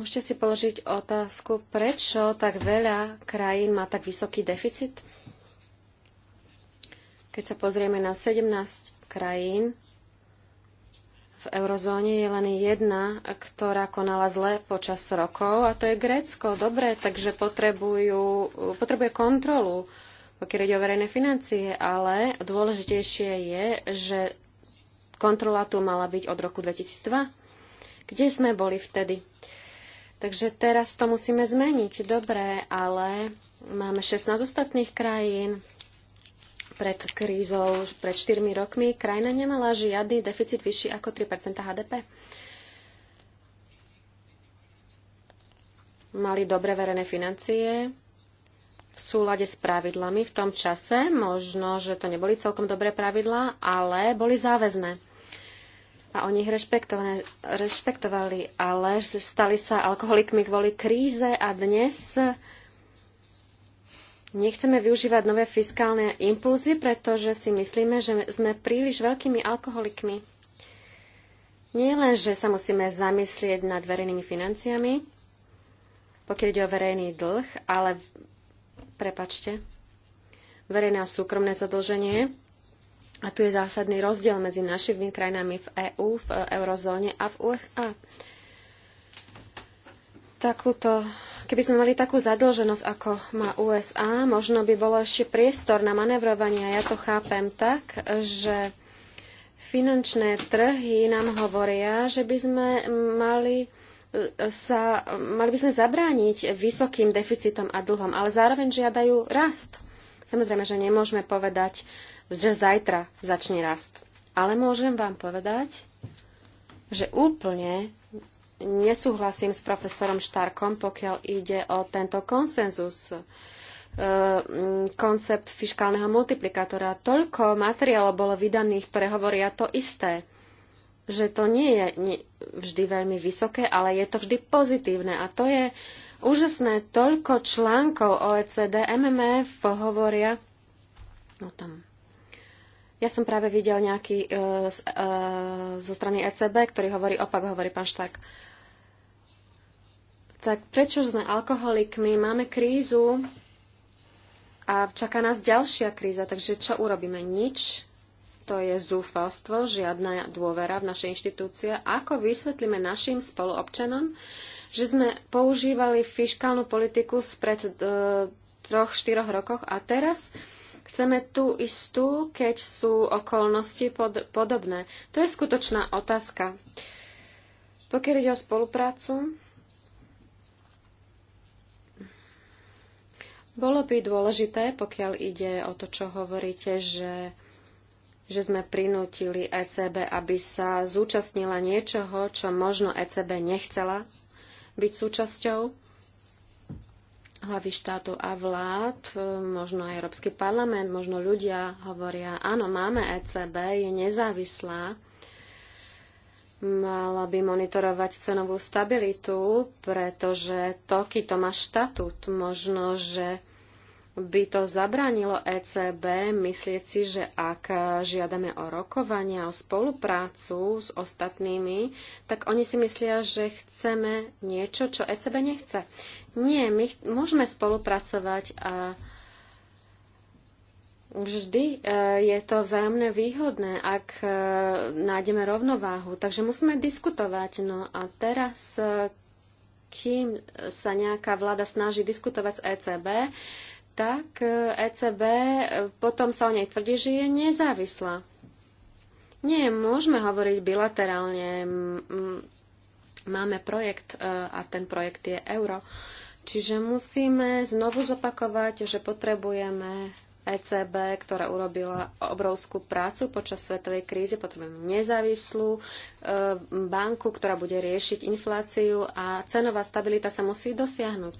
Môžete si položiť otázku, prečo tak veľa krajín má tak vysoký deficit? Keď sa pozrieme na 17 krajín, v eurozóne je len jedna, ktorá konala zle počas rokov a to je Grécko. Dobre, takže potrebujú, potrebuje kontrolu, pokiaľ ide o verejné financie, ale dôležitejšie je, že kontrola tu mala byť od roku 2002. Kde sme boli vtedy? Takže teraz to musíme zmeniť. Dobre, ale máme 16 ostatných krajín, pred krízou, pred 4 rokmi, krajina nemala žiadny deficit vyšší ako 3 HDP. Mali dobre verejné financie v súlade s pravidlami v tom čase. Možno, že to neboli celkom dobré pravidlá, ale boli záväzné. A oni ich rešpektovali, ale stali sa alkoholikmi kvôli kríze a dnes Nechceme využívať nové fiskálne impulzy, pretože si myslíme, že sme príliš veľkými alkoholikmi. Nie len, že sa musíme zamyslieť nad verejnými financiami, pokiaľ ide o verejný dlh, ale, prepačte, verejné a súkromné zadlženie. A tu je zásadný rozdiel medzi našimi krajinami v EÚ, EU, v eurozóne a v USA. Takúto Keby sme mali takú zadlženosť, ako má USA, možno by bolo ešte priestor na manevrovanie. Ja to chápem tak, že finančné trhy nám hovoria, že by sme mali e, sa, mali by sme zabrániť vysokým deficitom a dlhom, ale zároveň žiadajú rast. Samozrejme, že nemôžeme povedať, že zajtra začne rast. Ale môžem vám povedať, že úplne nesúhlasím s profesorom Štarkom, pokiaľ ide o tento konsenzus e, koncept fiskálneho multiplikátora. Toľko materiálov bolo vydaných, ktoré hovoria to isté, že to nie je vždy veľmi vysoké, ale je to vždy pozitívne. A to je úžasné. Toľko článkov OECD, MMF hovoria o tom. Ja som práve videl nejaký e, e, zo strany ECB, ktorý hovorí opak, hovorí pán Štark tak prečo sme alkoholikmi, máme krízu a čaká nás ďalšia kríza, takže čo urobíme? Nič. To je zúfalstvo, žiadna dôvera v naše inštitúcie. Ako vysvetlíme našim spoluobčanom, že sme používali fiskálnu politiku spred e, troch, štyroch rokoch a teraz chceme tú istú, keď sú okolnosti pod, podobné? To je skutočná otázka. Pokiaľ ide o spoluprácu, Bolo by dôležité, pokiaľ ide o to, čo hovoríte, že, že sme prinútili ECB, aby sa zúčastnila niečoho, čo možno ECB nechcela byť súčasťou hlavy štátu a vlád, e, možno aj Európsky parlament, možno ľudia hovoria, áno, máme ECB, je nezávislá, mala by monitorovať cenovú stabilitu, pretože toky to má štatút. Možno, že by to zabránilo ECB myslieť si, že ak žiadame o rokovania, o spoluprácu s ostatnými, tak oni si myslia, že chceme niečo, čo ECB nechce. Nie, my môžeme spolupracovať a Vždy e, je to vzájomne výhodné, ak e, nájdeme rovnováhu. Takže musíme diskutovať. No a teraz, e, kým sa nejaká vláda snaží diskutovať s ECB, tak ECB potom sa o nej tvrdí, že je nezávislá. Nie, môžeme hovoriť bilaterálne. Máme projekt a ten projekt je euro. Čiže musíme znovu zopakovať, že potrebujeme ECB, ktorá urobila obrovskú prácu počas svetovej krízy. Potrebujeme nezávislú e, banku, ktorá bude riešiť infláciu a cenová stabilita sa musí dosiahnuť.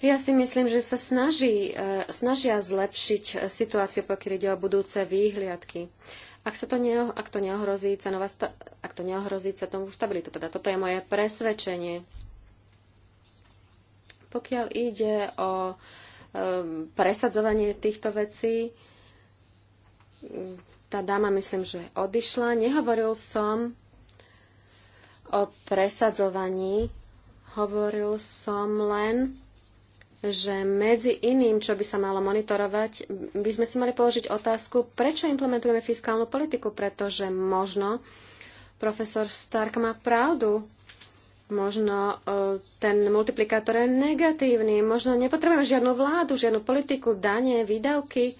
Ja si myslím, že sa snaží, e, snažia zlepšiť situáciu, pokiaľ ide o budúce výhliadky. Ak, sa to, ne, ak to neohrozí cenová sta, ak to neohrozí cenovú stabilitu, teda toto je moje presvedčenie. Pokiaľ ide o e, Ehm, presadzovanie týchto vecí. Tá dáma myslím, že odišla. Nehovoril som o presadzovaní, hovoril som len, že medzi iným, čo by sa malo monitorovať, by sme si mali položiť otázku, prečo implementujeme fiskálnu politiku, pretože možno profesor Stark má pravdu, Možno e, ten multiplikátor je negatívny, možno nepotrebujeme žiadnu vládu, žiadnu politiku, dane, výdavky.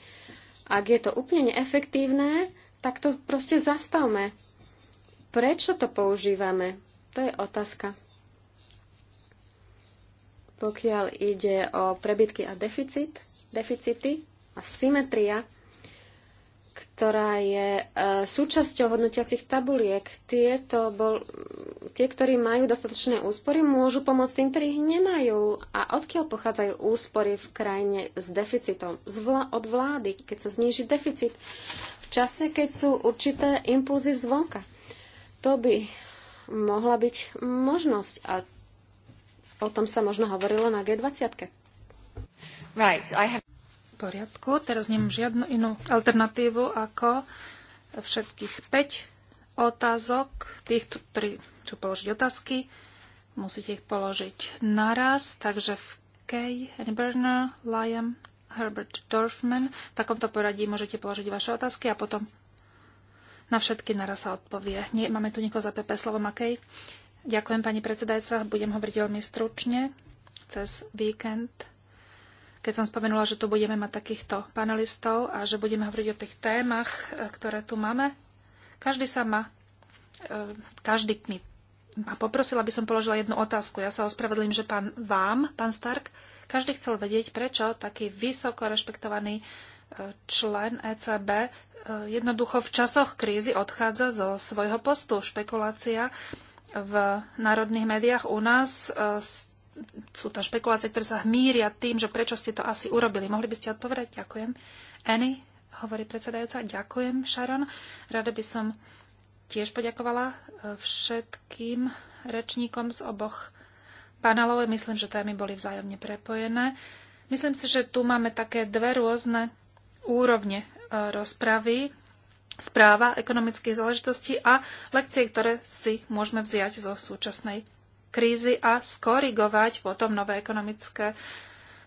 Ak je to úplne neefektívne, tak to proste zastavme. Prečo to používame? To je otázka. Pokiaľ ide o prebytky a deficit, deficity a symetria, ktorá je e, súčasťou hodnotiacich tabuliek. Tieto bol, tie, ktorí majú dostatočné úspory, môžu pomôcť tým, ktorí ich nemajú. A odkiaľ pochádzajú úspory v krajine s deficitom? Zvla, od vlády, keď sa zníži deficit. V čase, keď sú určité impulzy zvonka. To by mohla byť možnosť. A o tom sa možno hovorilo na G20. Right, I have poriadku. Teraz nemám žiadnu inú alternatívu ako všetkých 5 otázok. Tých, ktorí chcú položiť otázky, musíte ich položiť naraz. Takže v K. Berner, Liam, Herbert Dorfman. V takomto poradí môžete položiť vaše otázky a potom na všetky naraz sa odpovie. Nie, máme tu niekoho za PP slovo Makej. Ďakujem, pani predsedajca. Budem hovoriť veľmi stručne. Cez víkend keď som spomenula, že tu budeme mať takýchto panelistov a že budeme hovoriť o tých témach, e, ktoré tu máme. Každý sa ma, e, každý mi ma poprosil, aby som položila jednu otázku. Ja sa ospravedlím, že pán vám, pán Stark, každý chcel vedieť, prečo taký vysoko rešpektovaný e, člen ECB jednoducho v časoch krízy odchádza zo svojho postu. Špekulácia v národných médiách u nás sú tam špekulácie, ktoré sa hmíria tým, že prečo ste to asi urobili. Mohli by ste odpovedať? Ďakujem. Annie, hovorí predsedajúca. Ďakujem, Sharon. Rada by som tiež poďakovala eh, všetkým rečníkom z oboch panelov. Myslím, že témy boli vzájomne prepojené. Myslím si, že tu máme také dve rôzne úrovne eh, rozpravy. Správa ekonomických záležitostí a lekcie, ktoré si môžeme vziať zo súčasnej krízy a skorigovať potom nové ekonomické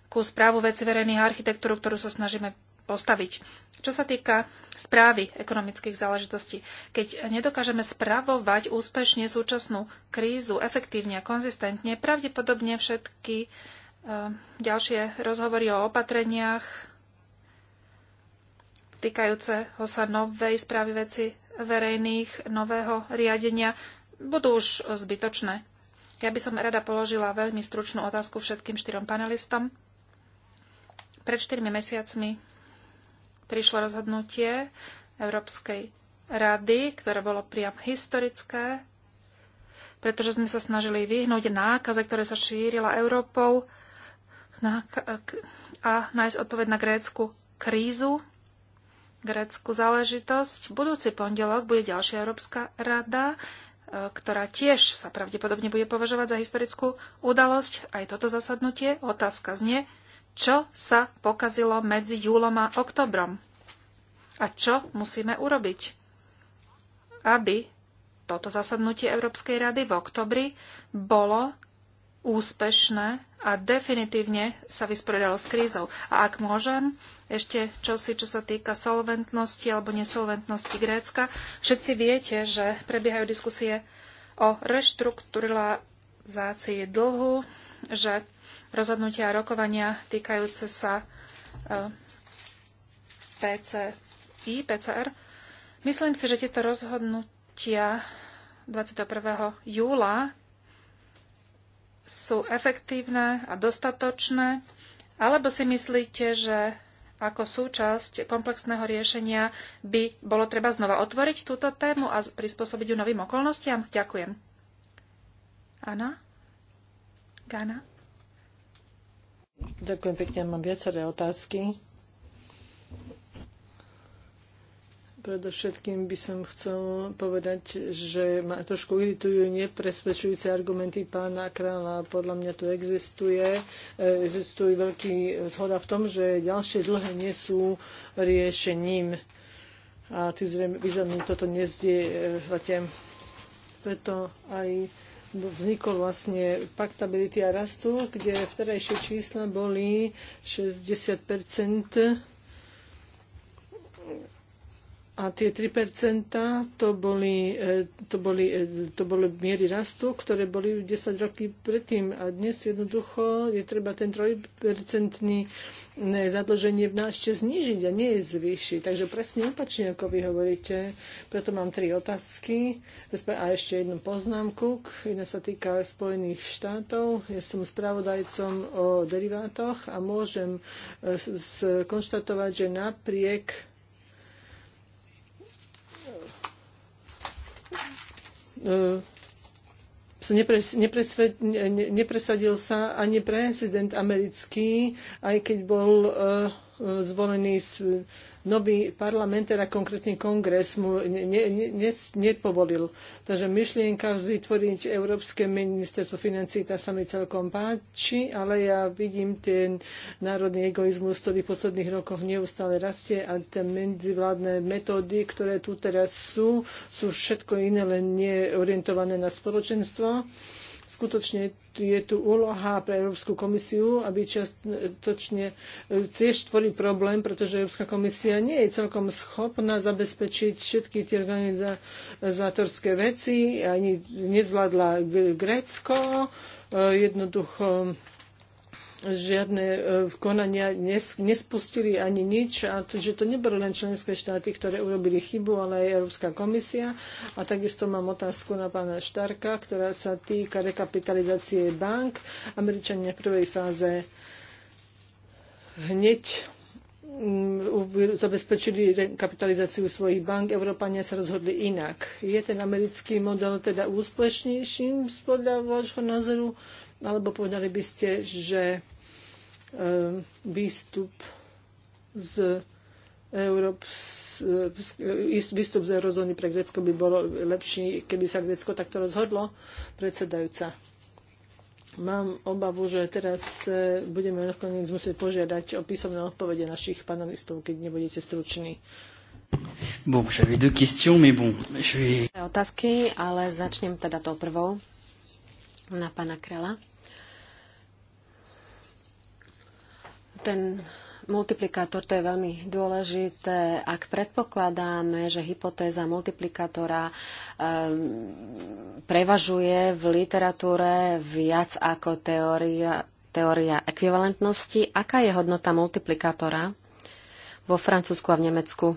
ku správu veci verejných a architektúru, ktorú sa snažíme postaviť. Čo sa týka správy ekonomických záležitostí, keď nedokážeme spravovať úspešne súčasnú krízu efektívne a konzistentne, pravdepodobne všetky e, ďalšie rozhovory o opatreniach týkajúceho sa novej správy veci verejných, nového riadenia budú už zbytočné. Ja by som rada položila veľmi stručnú otázku všetkým štyrom panelistom. Pred štyrmi mesiacmi prišlo rozhodnutie Európskej rady, ktoré bolo priam historické, pretože sme sa snažili vyhnúť nákaze, ktoré sa šírila Európou a nájsť odpoveď na grécku krízu, grécku záležitosť. Budúci pondelok bude ďalšia Európska rada. E, ktorá tiež sa pravdepodobne bude považovať za historickú udalosť. Aj toto zasadnutie. Otázka znie, čo sa pokazilo medzi júlom a oktobrom a čo musíme urobiť, aby toto zasadnutie Európskej rady v oktobri bolo úspešné a definitívne sa vysporiadalo s krízou. A ak môžem, ešte čosi, čo sa týka solventnosti alebo nesolventnosti Grécka. Všetci viete, že prebiehajú diskusie o reštrukturalizácii dlhu, že rozhodnutia a rokovania týkajúce sa eh, PCI, PCR. Myslím si, že tieto rozhodnutia 21. júla sú efektívne a dostatočné, alebo si myslíte, že ako súčasť komplexného riešenia by bolo treba znova otvoriť túto tému a prispôsobiť ju novým okolnostiam? Ďakujem. Anna? Gana? Ďakujem pekne, mám viaceré otázky. Predovšetkým by som chcel povedať, že ma trošku iritujú nepresvedčujúce argumenty pána kráľa. Podľa mňa tu existuje, existuje veľký zhoda v tom, že ďalšie dlhé nie sú riešením. A ty zrejme významne toto nezdie. Preto aj vznikol vlastne pakt stability a rastu, kde vterejšie čísla boli 60 a tie 3% to boli, e, to, boli, e, to boli miery rastu, ktoré boli 10 roky predtým. A dnes jednoducho je treba ten 3% zadlženie v ešte znižiť a nie je zvýšiť. Takže presne opačne, ako vy hovoríte. Preto mám tri otázky a ešte jednu poznámku. Jedna sa týka Spojených štátov. Ja som spravodajcom o derivátoch a môžem e, skonštatovať, že napriek E, nepres, nepresadil sa ani prezident americký, aj keď bol e, e, zvolený s nový parlament, teda konkrétny kongres mu ne, ne, ne, nepovolil. Takže myšlienka vytvoriť Európske ministerstvo financí, tá sa mi celkom páči, ale ja vidím ten národný egoizmus, ktorý v posledných rokoch neustále rastie a tie medzivládne metódy, ktoré tu teraz sú, sú všetko iné, len neorientované na spoločenstvo. Skutočne je tu úloha pre Európsku komisiu, aby čiastočne e, tiež tvorí problém, pretože Európska komisia nie je celkom schopná zabezpečiť všetky tie organizátorské veci, ani nezvládla Grécko, e, jednoducho žiadne e, konania nespustili ani nič, a to, že to neboli len členské štáty, ktoré urobili chybu, ale aj Európska komisia. A takisto mám otázku na pána Štarka, ktorá sa týka rekapitalizácie bank. Američania v prvej fáze hneď mm, zabezpečili rekapitalizáciu svojich bank, Európania sa rozhodli inak. Je ten americký model teda úspešnejším podľa vášho názoru? Alebo povedali by ste, že Ehm, výstup z Európs, e, výstup z eurozóny pre Grécko by bolo lepší, keby sa Grécko takto rozhodlo, predsedajúca. Mám obavu, že teraz e, budeme nakoniec musieť požiadať o písomné odpovede našich panelistov, keď nebudete struční. Bon, j'avais deux questions, mais bon, je vais... Otázky, ale začnem teda tou prvou na pana Krela. Ten multiplikátor to je veľmi dôležité. Ak predpokladáme, že hypotéza multiplikátora um, prevažuje v literatúre viac ako teória, teória ekvivalentnosti, aká je hodnota multiplikátora vo Francúzsku a v Nemecku?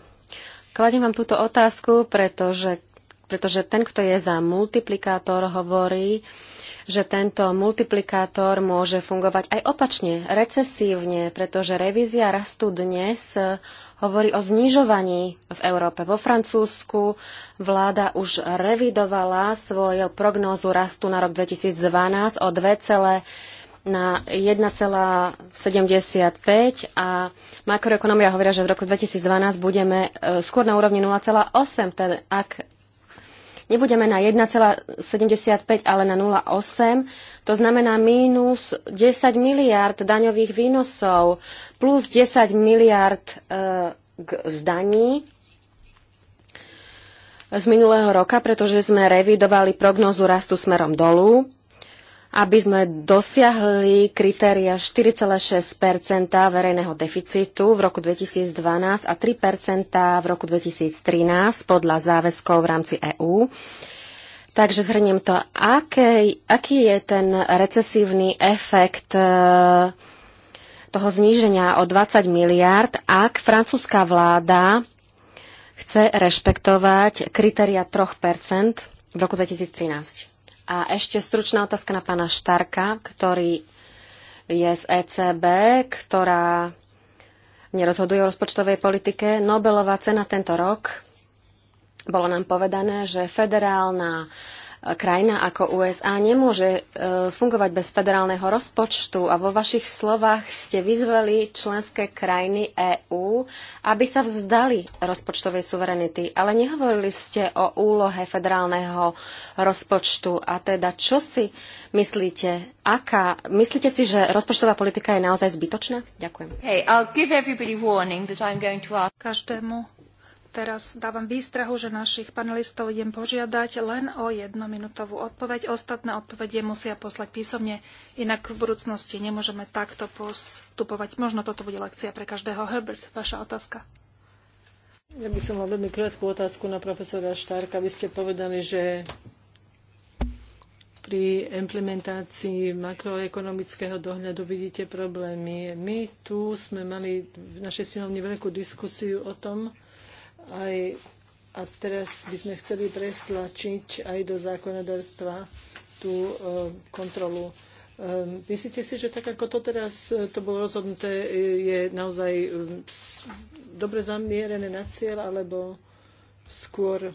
Kladím vám túto otázku, pretože, pretože ten, kto je za multiplikátor, hovorí, uh, že tento multiplikátor môže fungovať aj opačne, recesívne, pretože revízia rastu dnes hovorí o znižovaní v Európe. Vo Francúzsku vláda už revidovala svoju prognózu rastu na rok 2012 o 2, na 1,75 a makroekonomia hovoria, že v roku 2012 budeme e, skôr na úrovni 0,8, teda ak nebudeme na 1,75, ale na 0,8. To znamená mínus 10 miliard daňových výnosov plus 10 miliard e, k zdaní z minulého roka, pretože sme revidovali prognozu rastu smerom dolu aby sme dosiahli kritéria 4,6 verejného deficitu v roku 2012 a 3 v roku 2013 podľa záväzkov v rámci EÚ. Takže zhrniem to, aké, aký je ten recesívny efekt e, toho zníženia o 20 miliard, ak francúzska vláda chce rešpektovať kritéria 3 v roku 2013. A ešte stručná otázka na pána Štarka, ktorý je z ECB, ktorá nerozhoduje o rozpočtovej politike. Nobelová cena tento rok. Bolo nám povedané, že federálna krajina ako USA nemôže e, fungovať bez federálneho rozpočtu a vo vašich slovách ste vyzvali členské krajiny EÚ, aby sa vzdali rozpočtovej suverenity, ale nehovorili ste o úlohe federálneho rozpočtu a teda čo si myslíte, aká, myslíte si, že rozpočtová politika je naozaj zbytočná? Ďakujem. Hey, I'll give everybody warning that I'm going to ask... Každému Teraz dávam výstrahu, že našich panelistov idem požiadať len o jednominútovú odpoveď. Ostatné odpovede musia poslať písomne, inak v budúcnosti nemôžeme takto postupovať. Možno toto bude lekcia pre každého. Herbert, vaša otázka. Ja by som mal veľmi krátku otázku na profesora Štárka. Vy ste povedali, že pri implementácii makroekonomického dohľadu vidíte problémy. My tu sme mali v našej synovni veľkú diskusiu o tom, aj a teraz by sme chceli prestlačiť aj do zákonodárstva tú e, kontrolu. E, myslíte si, že tak ako to teraz e, to bolo rozhodnuté, je naozaj dobre zamierené na cieľ, alebo skôr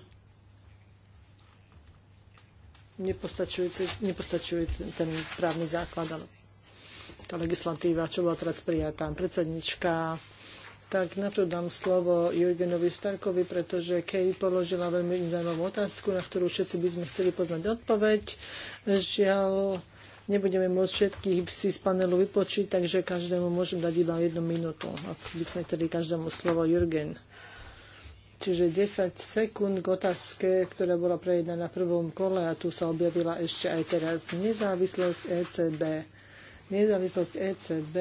nepostačuje ten právny základ, ale tá legislatíva, čo bola teraz prijatá, predsednička, tak na to dám slovo Jurgenovi Starkovi, pretože Kej položila veľmi zaujímavú otázku, na ktorú všetci by sme chceli poznať odpoveď. Žiaľ, nebudeme môcť všetkých si z panelu vypočiť, takže každému môžem dať iba jednu minútu, ak by sme chceli každému slovo Jurgen. Čiže 10 sekúnd k otázke, ktorá bola prejednaná na prvom kole a tu sa objavila ešte aj teraz nezávislosť ECB. Nezávislosť ECB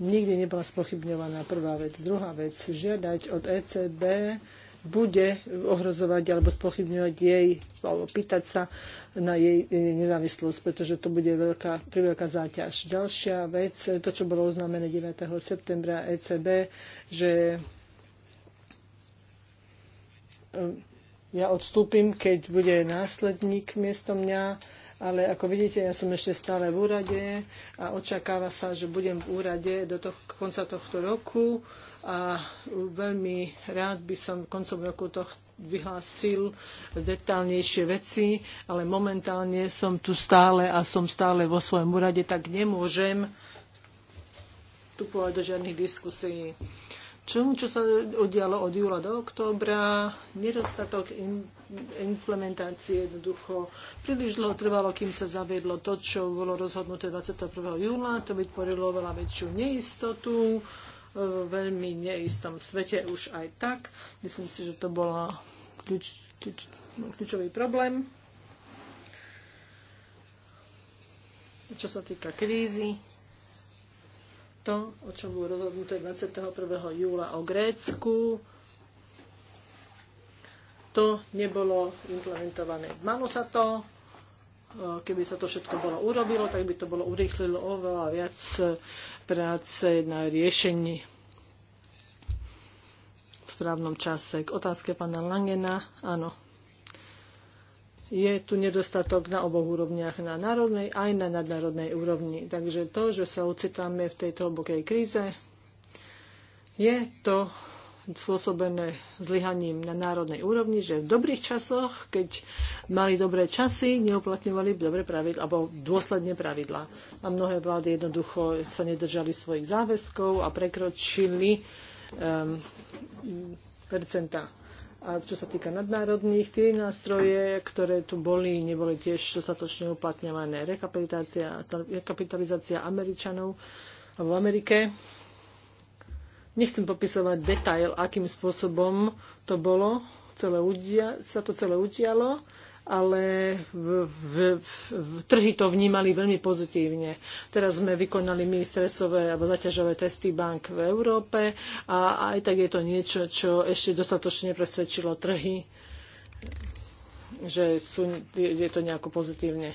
nikdy nebola spochybňovaná prvá vec. Druhá vec, žiadať od ECB bude ohrozovať alebo spochybňovať jej, alebo pýtať sa na jej nezávislosť, pretože to bude veľká, priveľká záťaž. Ďalšia vec, to, čo bolo oznámené 9. septembra ECB, že ehm, ja odstúpim, keď bude následník miesto mňa, ale ako vidíte, ja som ešte stále v úrade a očakáva sa, že budem v úrade do toho, konca tohto roku a veľmi rád by som koncom roku tohto vyhlásil detálnejšie veci, ale momentálne som tu stále a som stále vo svojom úrade, tak nemôžem vstupovať do žiadnych diskusí. Čo, čo sa udialo od júla do októbra, nedostatok in, implementácie jednoducho príliš dlho trvalo, kým sa zaviedlo to, čo bolo rozhodnuté 21. júla. To vytvorilo veľa väčšiu neistotu v e, veľmi neistom svete už aj tak. Myslím si, že to bol kľúč, kľúč, no, kľúčový problém. Čo sa týka krízy, to, o čom bolo rozhodnuté 21. júla o Grécku, to nebolo implementované. Malo sa to, e, keby sa to všetko bolo urobilo, tak by to bolo urýchlilo oveľa viac e, práce na riešení v právnom čase. K otázke pána Langena, áno. Je tu nedostatok na oboch úrovniach, na národnej aj na nadnárodnej úrovni. Takže to, že sa ocitáme v tejto hlbokej kríze, je to spôsobené zlyhaním na národnej úrovni, že v dobrých časoch, keď mali dobré časy, neuplatňovali dobre pravidla, alebo dôsledne pravidla. A mnohé vlády jednoducho sa nedržali svojich záväzkov a prekročili um, ehm, percenta. A čo sa týka nadnárodných, tie nástroje, ktoré tu boli, neboli tiež dostatočne uplatňované. Rekapitalizácia, rekapitalizácia Američanov v Amerike Nechcem popisovať detail, akým spôsobom to bolo, celé udia, sa to celé udialo, ale v, v, v, trhy to vnímali veľmi pozitívne. Teraz sme vykonali my stresové alebo zaťažové testy bank v Európe a aj tak je to niečo, čo ešte dostatočne presvedčilo trhy, že sú, je, je to nejako pozitívne.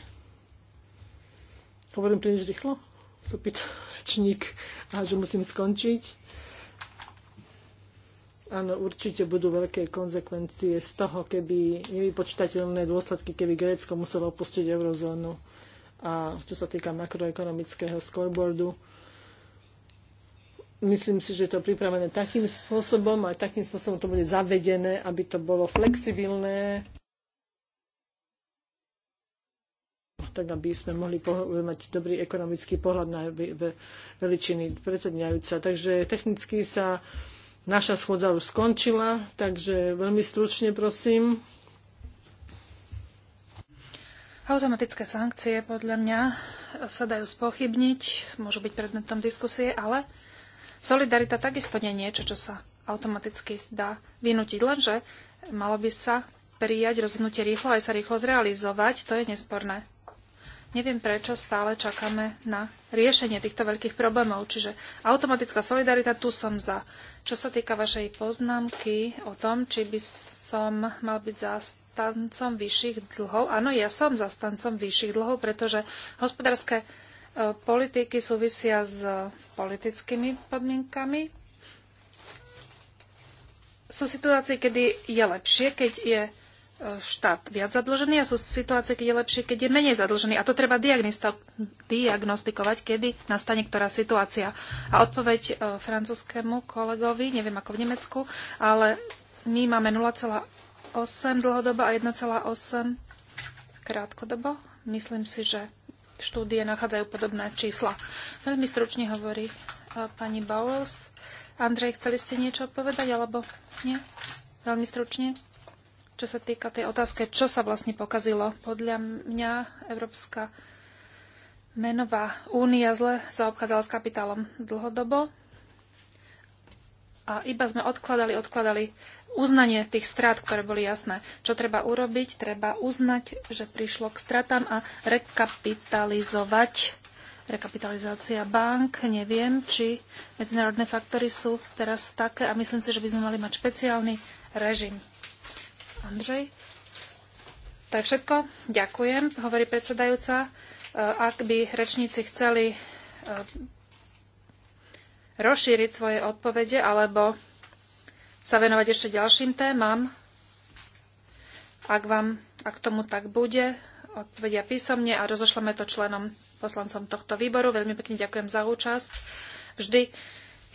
Hovorím príliš rýchlo? Sa pýta *laughs* rečník a že musím skončiť. Áno, určite budú veľké konzekvencie z toho, keby nevypočítateľné dôsledky, keby Grécko muselo opustiť eurozónu. A čo sa týka makroekonomického scoreboardu, myslím si, že je to pripravené takým spôsobom a takým spôsobom to bude zavedené, aby to bolo flexibilné, tak aby sme mohli mať dobrý ekonomický pohľad na veličiny predsedňajúca. Takže technicky sa Naša schôdza už skončila, takže veľmi stručne prosím. Automatické sankcie podľa mňa sa dajú spochybniť, môžu byť predmetom diskusie, ale solidarita takisto nie je niečo, čo sa automaticky dá vynútiť. Lenže malo by sa prijať rozhodnutie rýchlo aj sa rýchlo zrealizovať, to je nesporné. Neviem, prečo stále čakáme na riešenie týchto veľkých problémov. Čiže automatická solidarita, tu som za. Čo sa týka vašej poznámky o tom, či by som mal byť zastancom vyšších dlhov, áno, ja som zastancom vyšších dlhov, pretože hospodárske e, politiky súvisia s politickými podmienkami. Sú situácie, kedy je lepšie, keď je E, štát viac zadlžený a sú situácie, keď je lepšie, keď je menej zadlžený. A to treba diagnostikovať, kedy nastane ktorá situácia. A odpoveď e, francúzskému kolegovi, neviem ako v Nemecku, ale my máme 0,8 dlhodobo a 1,8 krátkodobo. Myslím si, že štúdie nachádzajú podobné čísla. Veľmi stručne hovorí e, pani Bowles. Andrej, chceli ste niečo povedať, alebo nie? Veľmi stručne čo sa týka tej otázke, čo sa vlastne pokazilo. Podľa mňa Európska menová únia zle zaobchádzala s kapitálom dlhodobo a iba sme odkladali, odkladali uznanie tých strát, ktoré boli jasné. Čo treba urobiť? Treba uznať, že prišlo k stratám a rekapitalizovať. Rekapitalizácia bank, neviem, či medzinárodné faktory sú teraz také a myslím si, že by sme mali mať špeciálny režim Andrej. To je všetko. Ďakujem, hovorí predsedajúca. E, ak by rečníci chceli e, rozšíriť svoje odpovede alebo sa venovať ešte ďalším témam, ak, vám, ak tomu tak bude, odpovedia písomne a rozošleme to členom poslancom tohto výboru. Veľmi pekne ďakujem za účasť. Vždy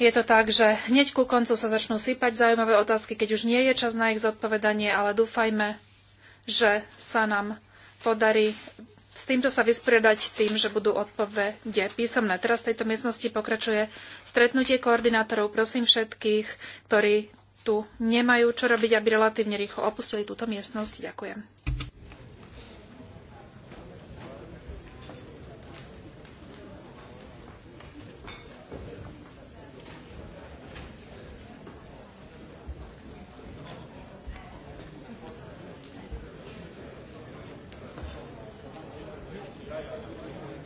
je to tak, že hneď ku koncu sa začnú sypať zaujímavé otázky, keď už nie je čas na ich zodpovedanie, ale dúfajme, že sa nám podarí s týmto sa vysporiadať tým, že budú odpovede písomné. Teraz v tejto miestnosti pokračuje stretnutie koordinátorov. Prosím všetkých, ktorí tu nemajú čo robiť, aby relatívne rýchlo opustili túto miestnosť. Ďakujem.